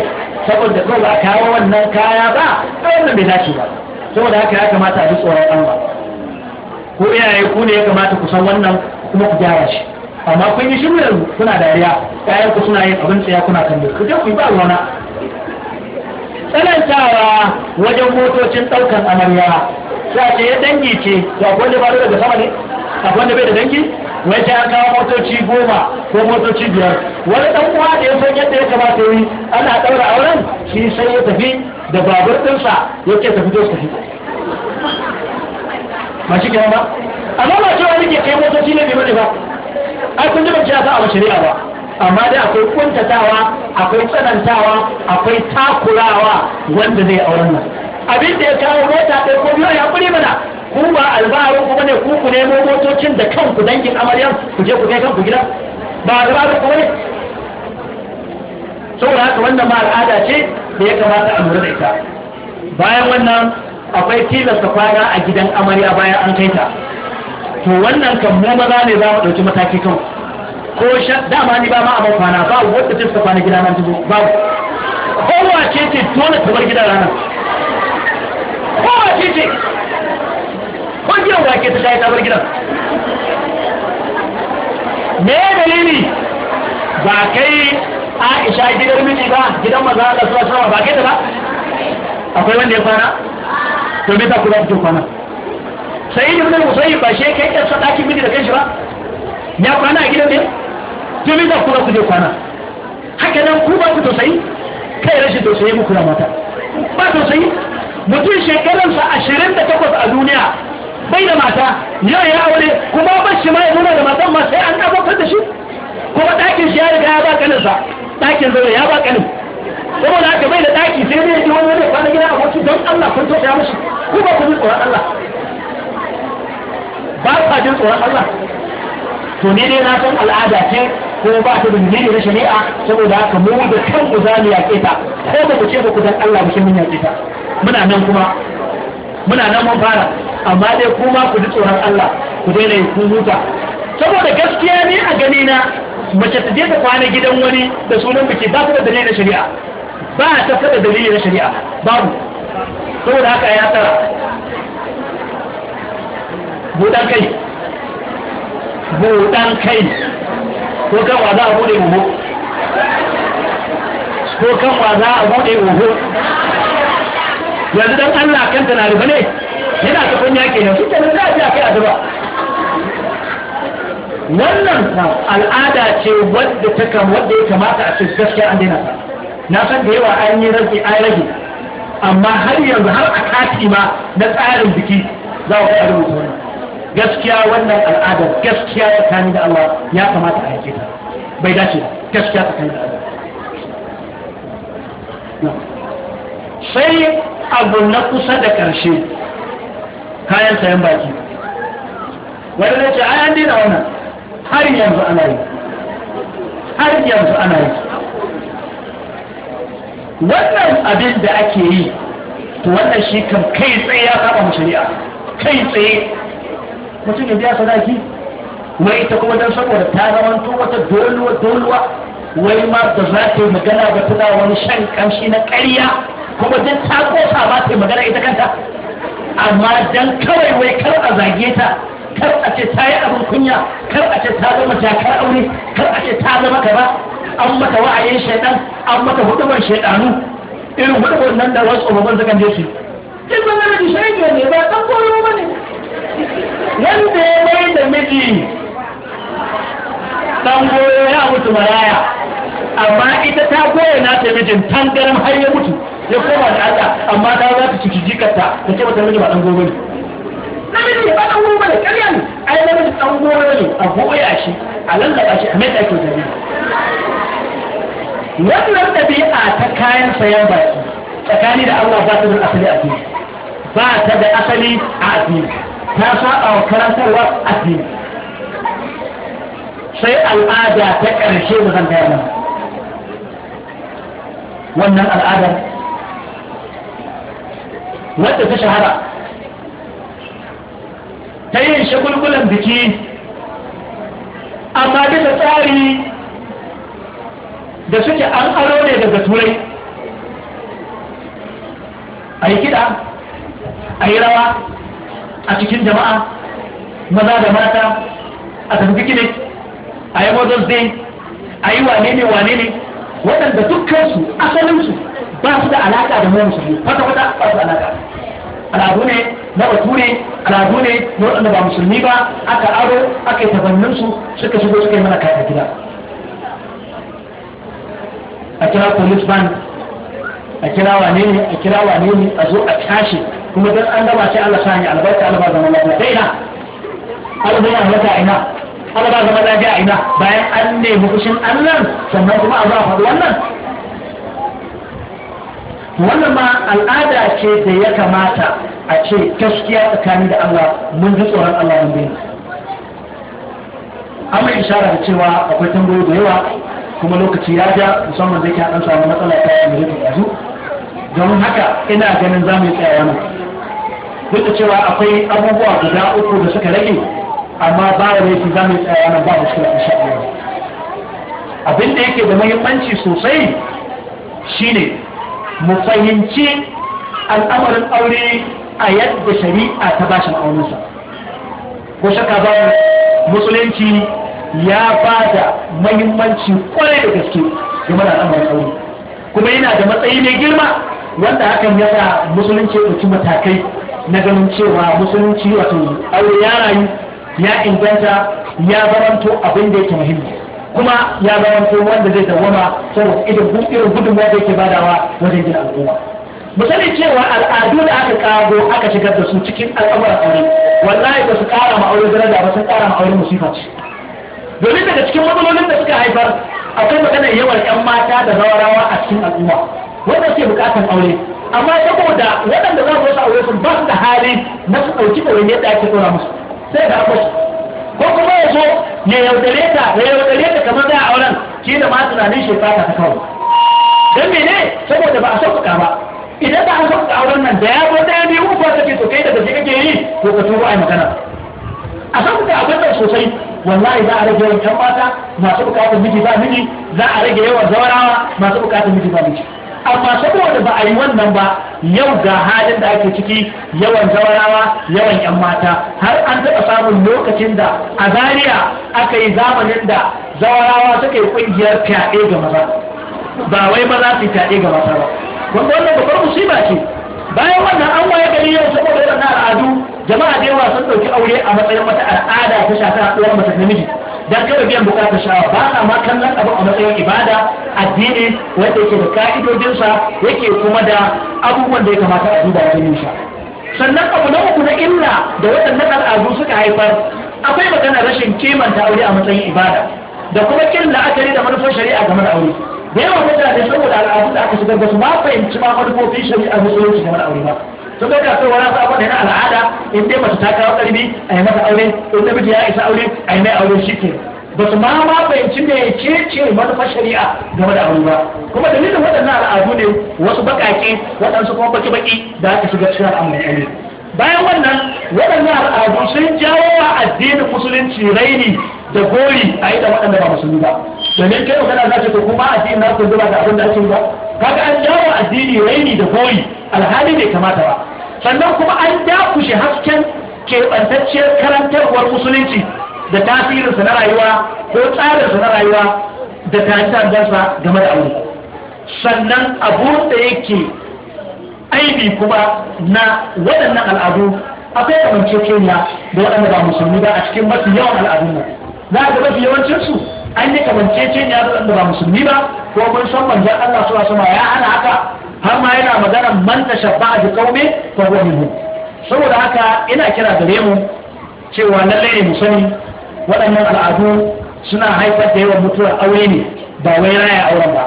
Speaker 1: saboda ko ba kawo wannan kaya ba wannan bai dace ba saboda haka ya kamata a ji tsoron Allah ko iyaye ku ne ya kamata ku san wannan kuma ku gyara shi amma kun yi shiru yanzu kuna dariya ƴaƴan ku suna yin abin tsaya kuna kallo ku je ku ba ruwana tsanantawa wajen motocin ɗaukan amarya za ce ya dangi ce to akwai wanda ba daga sama ne a wanda bai da dangi wai sai an kawo motoci goma ko motoci biyar wani ɗan uwa da ya san yadda ya kamata yi ana ɗaura auren shi sai ya tafi da babur ɗinsa yake tafi to tafi
Speaker 3: ba shi kenan ba amma ba cewa ke kai motoci ne bai ba ai kun ji ban ya sa
Speaker 1: a shari'a ba amma dai akwai kuntatawa akwai tsanantawa akwai takurawa wanda zai auren nan abin da ya kawo mota ɗaya ko biyu ya kuri mana ku ba albarin ku bane ku ku nemo motocin da kanku dangin amaryan ku je ku kai kanku gida ba albarin ku bane saboda haka wannan ma al'ada ce da ya kamata a lura da ita bayan wannan akwai tilasta kwana a gidan amarya bayan an kai ta to wannan kan mu maza ne za mu ɗauki mataki kan ko dama ni ba ma a kwana ba wanda ta fi kwana gida nan jibo ba kowa ce ce dole ta bar gida ranar
Speaker 3: kowa ce ce
Speaker 1: ko wake ta shayi ta bar gidan me dalili ba kai aisha gidan miji ba gidan maza da suwa sama ba kai ta ba akwai wanda ya kwana to me ta kula da kwana sai ibn musayyib ba shi kai kansa ɗakin miji da shi ba ya kwana a gidan ne to za ku ba ku je kwana haka nan ku ba ku tausayi kai rashin tausayi muku na mata ba tausayi mutum shekaransa ashirin da takwas a duniya bai da mata ya ya aure kuma ba shi ma ya nuna da matan ma sai an abokan da shi kuma ɗakin shi ya riga ya ba kaninsa ɗakin zaune ya ba kanin Kuma saboda aka bai da ɗaki sai dai ya ji wani wani kwanan gida abokin don Allah kun tausaya mashi ku ba ku ji tsoron Allah
Speaker 3: ba sa jin tsoron Allah to ne dai na san al'ada ce
Speaker 1: ko ba ta da ne na shari'a saboda haka mu da kan ku za mu yaƙe ta ko ba ku ce ba ku san Allah ba mun yaƙe ta muna nan kuma muna nan mun fara amma dai kuma ku ji tsoron Allah ku daina yin kunuta saboda gaskiya ne a gani na mace ta je ta kwana gidan wani da sunan biki ba ta da dalilin shari'a ba ta da dalilin shari'a babu saboda haka ya tsara buɗan kai buɗan kai ko kan wa za a buɗe uhu ko kan wa za a buɗe uhu yanzu don Allah kanta na rufe ne yana ta kunya ke nan shi nan za a a kai a zuba wannan al'ada ce wadda ta kam wadda ya kamata a cikin gaskiya an daina na san da yawa an yi rage an rage amma har yanzu har a kati ma na tsarin biki za ku rubuta wannan gaskiya wannan al'adar gaskiya ya kani da Allah ya kamata a yake ta bai dace gaskiya ta kani da Allah sai abu na kusa da ƙarshe kayan sayan baki wani na ce ayan dina wannan har yanzu ana yi har yanzu ana yi wannan abin da ake yi to wannan shi kan kai tsaye ya saba mu shari'a kai tsaye mutum ya biya sadaki wai ita kuma don saboda ta zamanto wata doluwa doluwa wai ma da za ta yi magana ba tana wani shan kamshi na ƙarya kuma don ta kosa ba ta yi magana ita kanta amma dan kawai wai kar a zage ta kar a ce ta yi abin kunya kar a ce ta zama jakar aure kar a ce ta zama gaba an mata wa'ayin shaidan an mata hudubar shaidanu irin hudubar nan da wasu umarban zakan je su in ban gana ne ba ɗan koyo ba ne wanda ya mai da miji ɗan goyo ya mutu maraya amma ita ta goya na ta mijin tangaran har ya mutu ya koma da aka amma ta za ta ciki jikarta ta ce mata miji ba ɗan goyo ne namiji ba ɗan goyo da ƙarya ne ai namiji dan goyo ne a goya shi a lallaba shi a mai da ake wannan ɗabi'a ta kayan sayan baki tsakani da Allah ba ta da asali a ba ta da asali a addini ta saba wa karantarwa addini sai al'ada ta ƙarshe da zan gaya wannan al'adar wadda ta shahara ta yin shagulgulan biki amma bisa tsari da suke an aro ne daga turai a yi kiɗa a yi rawa a cikin jama'a maza da mata a tafi bikini a yi mazan zai a yi wane ne wane ne waɗanda dukkansu asalinsu ba su da alaƙa da mu musulmi kwata kwata ba su da alaƙa al'adu ne na batu ne, al'adu ne na waɗanda ba musulmi ba aka aro aka yi tabanninsu suka shigo suka yi mana kayan gida a kira police band a kira wane ne a kira wane ne a zo a tashi kuma dan an gama sai Allah sani albarka Allah ba zama lafiya sai ina Allah ba zama lafiya ina Allah ba zama lafiya ina bayan an nemi fushin Allah sannan kuma a zo a faɗi wannan wannan ma al'ada ce da ya kamata a ce gaskiya tsakani da Allah mun ji tsoron Allah mun bayyana amma ishara da cewa akwai tambayoyi da yawa kuma lokaci ya ja musamman da yake an samu matsala ta yanzu yanzu don haka ina ganin za mu yi tsayawa nan duk da cewa akwai abubuwa guda uku da suka rage amma ba wa laifi za mu yi tsayawa nan ba mushkila insha Allah abin da yake da muhimmanci sosai shine mu fahimci al'amarin aure a yadda shari'a ta bashin aurensa ko shaka ba musulunci ya ba da mahimmanci kwarai da gaske game da al'amuran aure kuma yana da matsayi mai girma wanda hakan ya sa musulunci ɗauki matakai na ganin cewa musulunci wato aure ya rayu ya inganta ya zamanto abin da yake muhimmi kuma ya zamanto wanda zai dawama saboda irin gudunmawa da yake badawa wajen gina al'umma misali cewa al'adu da aka kago aka shigar da su cikin al'amuran aure wallahi ba su kara ma aure daraja ba sun kara ma aure musifa ce domin daga cikin matsalolin da suka haifar akwai maganar yawan 'yan mata da zawarawa a cikin al'umma wanda suke bukatar aure amma saboda waɗanda za su aure sun ba su da hali na su ɗauki ɗaurin yadda ake ɗora musu sai da su ko kuma ya zo ya yaudare ta ya yaudare ta kamar za a auren shi da ma tunanin shekara ta kawo don mene saboda ba a sauƙaƙa ba idan ba a sauƙa auren nan da ya zo ɗaya biyu uku ta ke to kai da gaske kake yi to ka tuba a magana a samu da akwai mai sosai wallahi za a rage yawan mata masu bukatar miji ba miji za a rage yawan zawarawa masu bukatar miji ba miji amma saboda ba a yi wannan ba yau ga halin da ake ciki yawan zawarawa yawan yan mata har an taɓa samun lokacin da a zariya aka yi zamanin da zawarawa suka yi ƙungiyar fyaɗe ga maza ba wai maza su fyaɗe ga maza ba wanda wannan babbar musiba ce bayan wannan an waye gari yau saboda waɗannan al'adu jama'a da yawa sun ɗauki aure a matsayin wata al'ada ta shafi haɗuwar mace namiji dan kawai biyan bukatar shawa ba a ma kallon abu a matsayin ibada addini wanda yake da ka'idodinsa yake kuma da abubuwan da ya kamata a duba wajen sha sannan abu na uku na illa da waɗannan al'adu suka haifar akwai maganar rashin kimanta aure a matsayin ibada da kuma kin la'akari da manufar shari'a game da aure da yawa mutane saboda al'adu da aka shigar ba su ma fahimci ma manufofin shari'a musulunci game da aure ba to ga da so wani abin da na al'ada in dai mace ta kawo karbi a yi masa aure in da namiji ya isa aure a yi mai aure shi ke ba su ma ma da ya ce ce manufa shari'a game da aure ba kuma dalilin waɗannan al'adu ne wasu baƙaƙe waɗansu kuma baki-baki da aka shiga cikin al'amuran aure bayan wannan waɗannan al'adu sun jawo wa addinin musulunci raini da gori a yi da waɗanda ba musulmi ba domin kai magana za ta kuma addinin na kun zuba da abin da ake ba kaga an jawo addini raini da gori alhali bai kamata ba sannan kuma an dakushe hasken keɓantacciyar karantarwar musulunci da tasirinsa na rayuwa ko tsarinsa na rayuwa da tarihantarsa game da abu sannan abu da yake aibi kuma na waɗannan al'adu akwai kamanceceniya da waɗanda ba musulmi ba a cikin mafi yawan al'adun nan za a ga mafi yawancinsu an yi kamanceceniya da waɗanda ba musulmi ba ko mun san manzan Allah su wasu ya hana haka har ma yana magana man tashabbaha bi qaumin fa huwa saboda haka ina kira gare mu cewa lallai ne mu sani waɗannan al'adu suna haifar da yawan mutuwar aure ne ba wai raya auren ba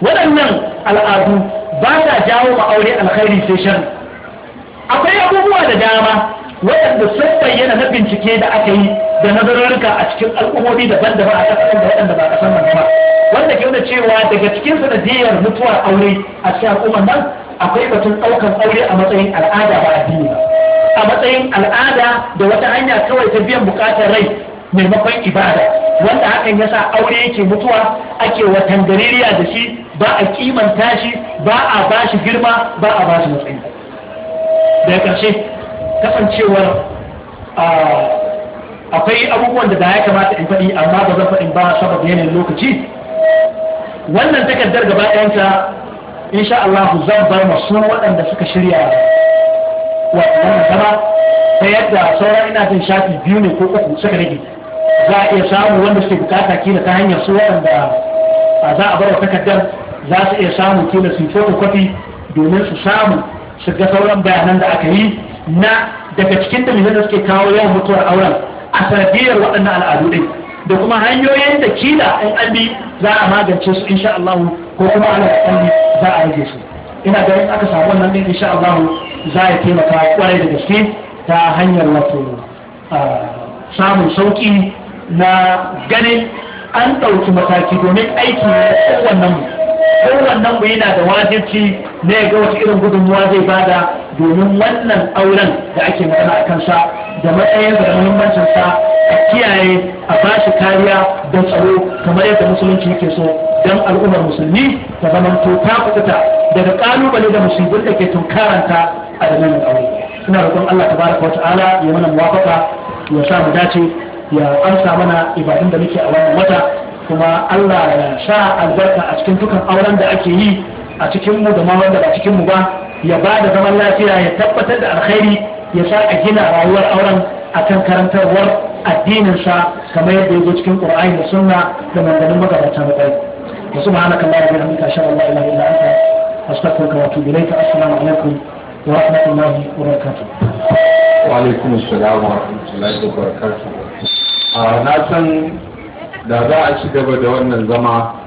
Speaker 1: waɗannan al'adu ba ta jawo ma aure alkhairi sai shan akwai abubuwa da dama waɗanda sun bayyana na bincike da aka yi da nazararruka a cikin al'ummomi daban-daban a ƙasashen da waɗanda ba a san nan ba wanda ke nuna cewa daga cikin sanadiyar mutuwar aure a cikin al'ummar nan akwai batun ɗaukar aure a matsayin al'ada ba addini ba a matsayin al'ada da wata hanya kawai ta biyan buƙatar rai maimakon ibada wanda hakan yasa aure yake mutuwa ake watan gaririya da shi ba a kimanta shi ba a bashi girma ba a bashi matsayi ya ƙarshe kasancewar akwai abubuwan da ya kamata in faɗi amma ba zan faɗin ba saboda yanayin lokaci wannan takardar gaba ɗayanta insha Allah zan bar masu waɗanda suka shirya wannan zama ta yadda sauran ina jin shafi biyu ne ko uku suka rage za a iya samu wanda suke bukata kila ta hanyar su waɗanda za a bar takardar za su iya samu kila su photocopy domin su samu su ga sauran bayanan da aka yi na daga cikin dalilan da suke kawo yawan mutuwar auren a sanadiyar waɗannan al'adu ɗin da kuma hanyoyin da kila in an bi za a magance su insha Allah ko kuma ana kalli za a rage su ina ganin aka samu wannan din insha Allah za a taimaka kwarai da gaske ta hanyar wato samun sauki na ganin an ɗauki mataki domin aiki na kowannen mu wannan mu yana da wajibci ne ga wasu irin gudunmuwa zai bada domin wannan auren da ake magana a kansa da matsayin da muhimmancin sa a kiyaye a bashi kariya da tsaro kamar yadda musulunci yake so dan al'ummar musulmi ta zaman to ta kuta daga kalubale da musibin da ke tunkaranta a dalilin aure ina roƙon Allah tabaraka wa ta'ala ya mana muwafaka ya sa mu dace ya amsa mana ibadun da muke a wannan wata kuma Allah ya sa albarka a cikin dukan auren da ake yi a cikin mu da ma wanda ba cikin mu ba ya ba da zaman lafiya ya tabbatar da alkhairi ya sa a gina rayuwar auren akan karantarwar addininsa kamar yadda ya zo cikin Qur'ani da Sunna da manganin magabata na bai wa subhanaka allahumma wa bihamdika ashhadu an la ilaha illa anta astaghfiruka wa atubu ilayka assalamu alaikum wa rahmatullahi wa barakatuh wa alaikum assalam wa
Speaker 3: rahmatullahi wa barakatuh ah, na san da za a ci gaba da wannan zama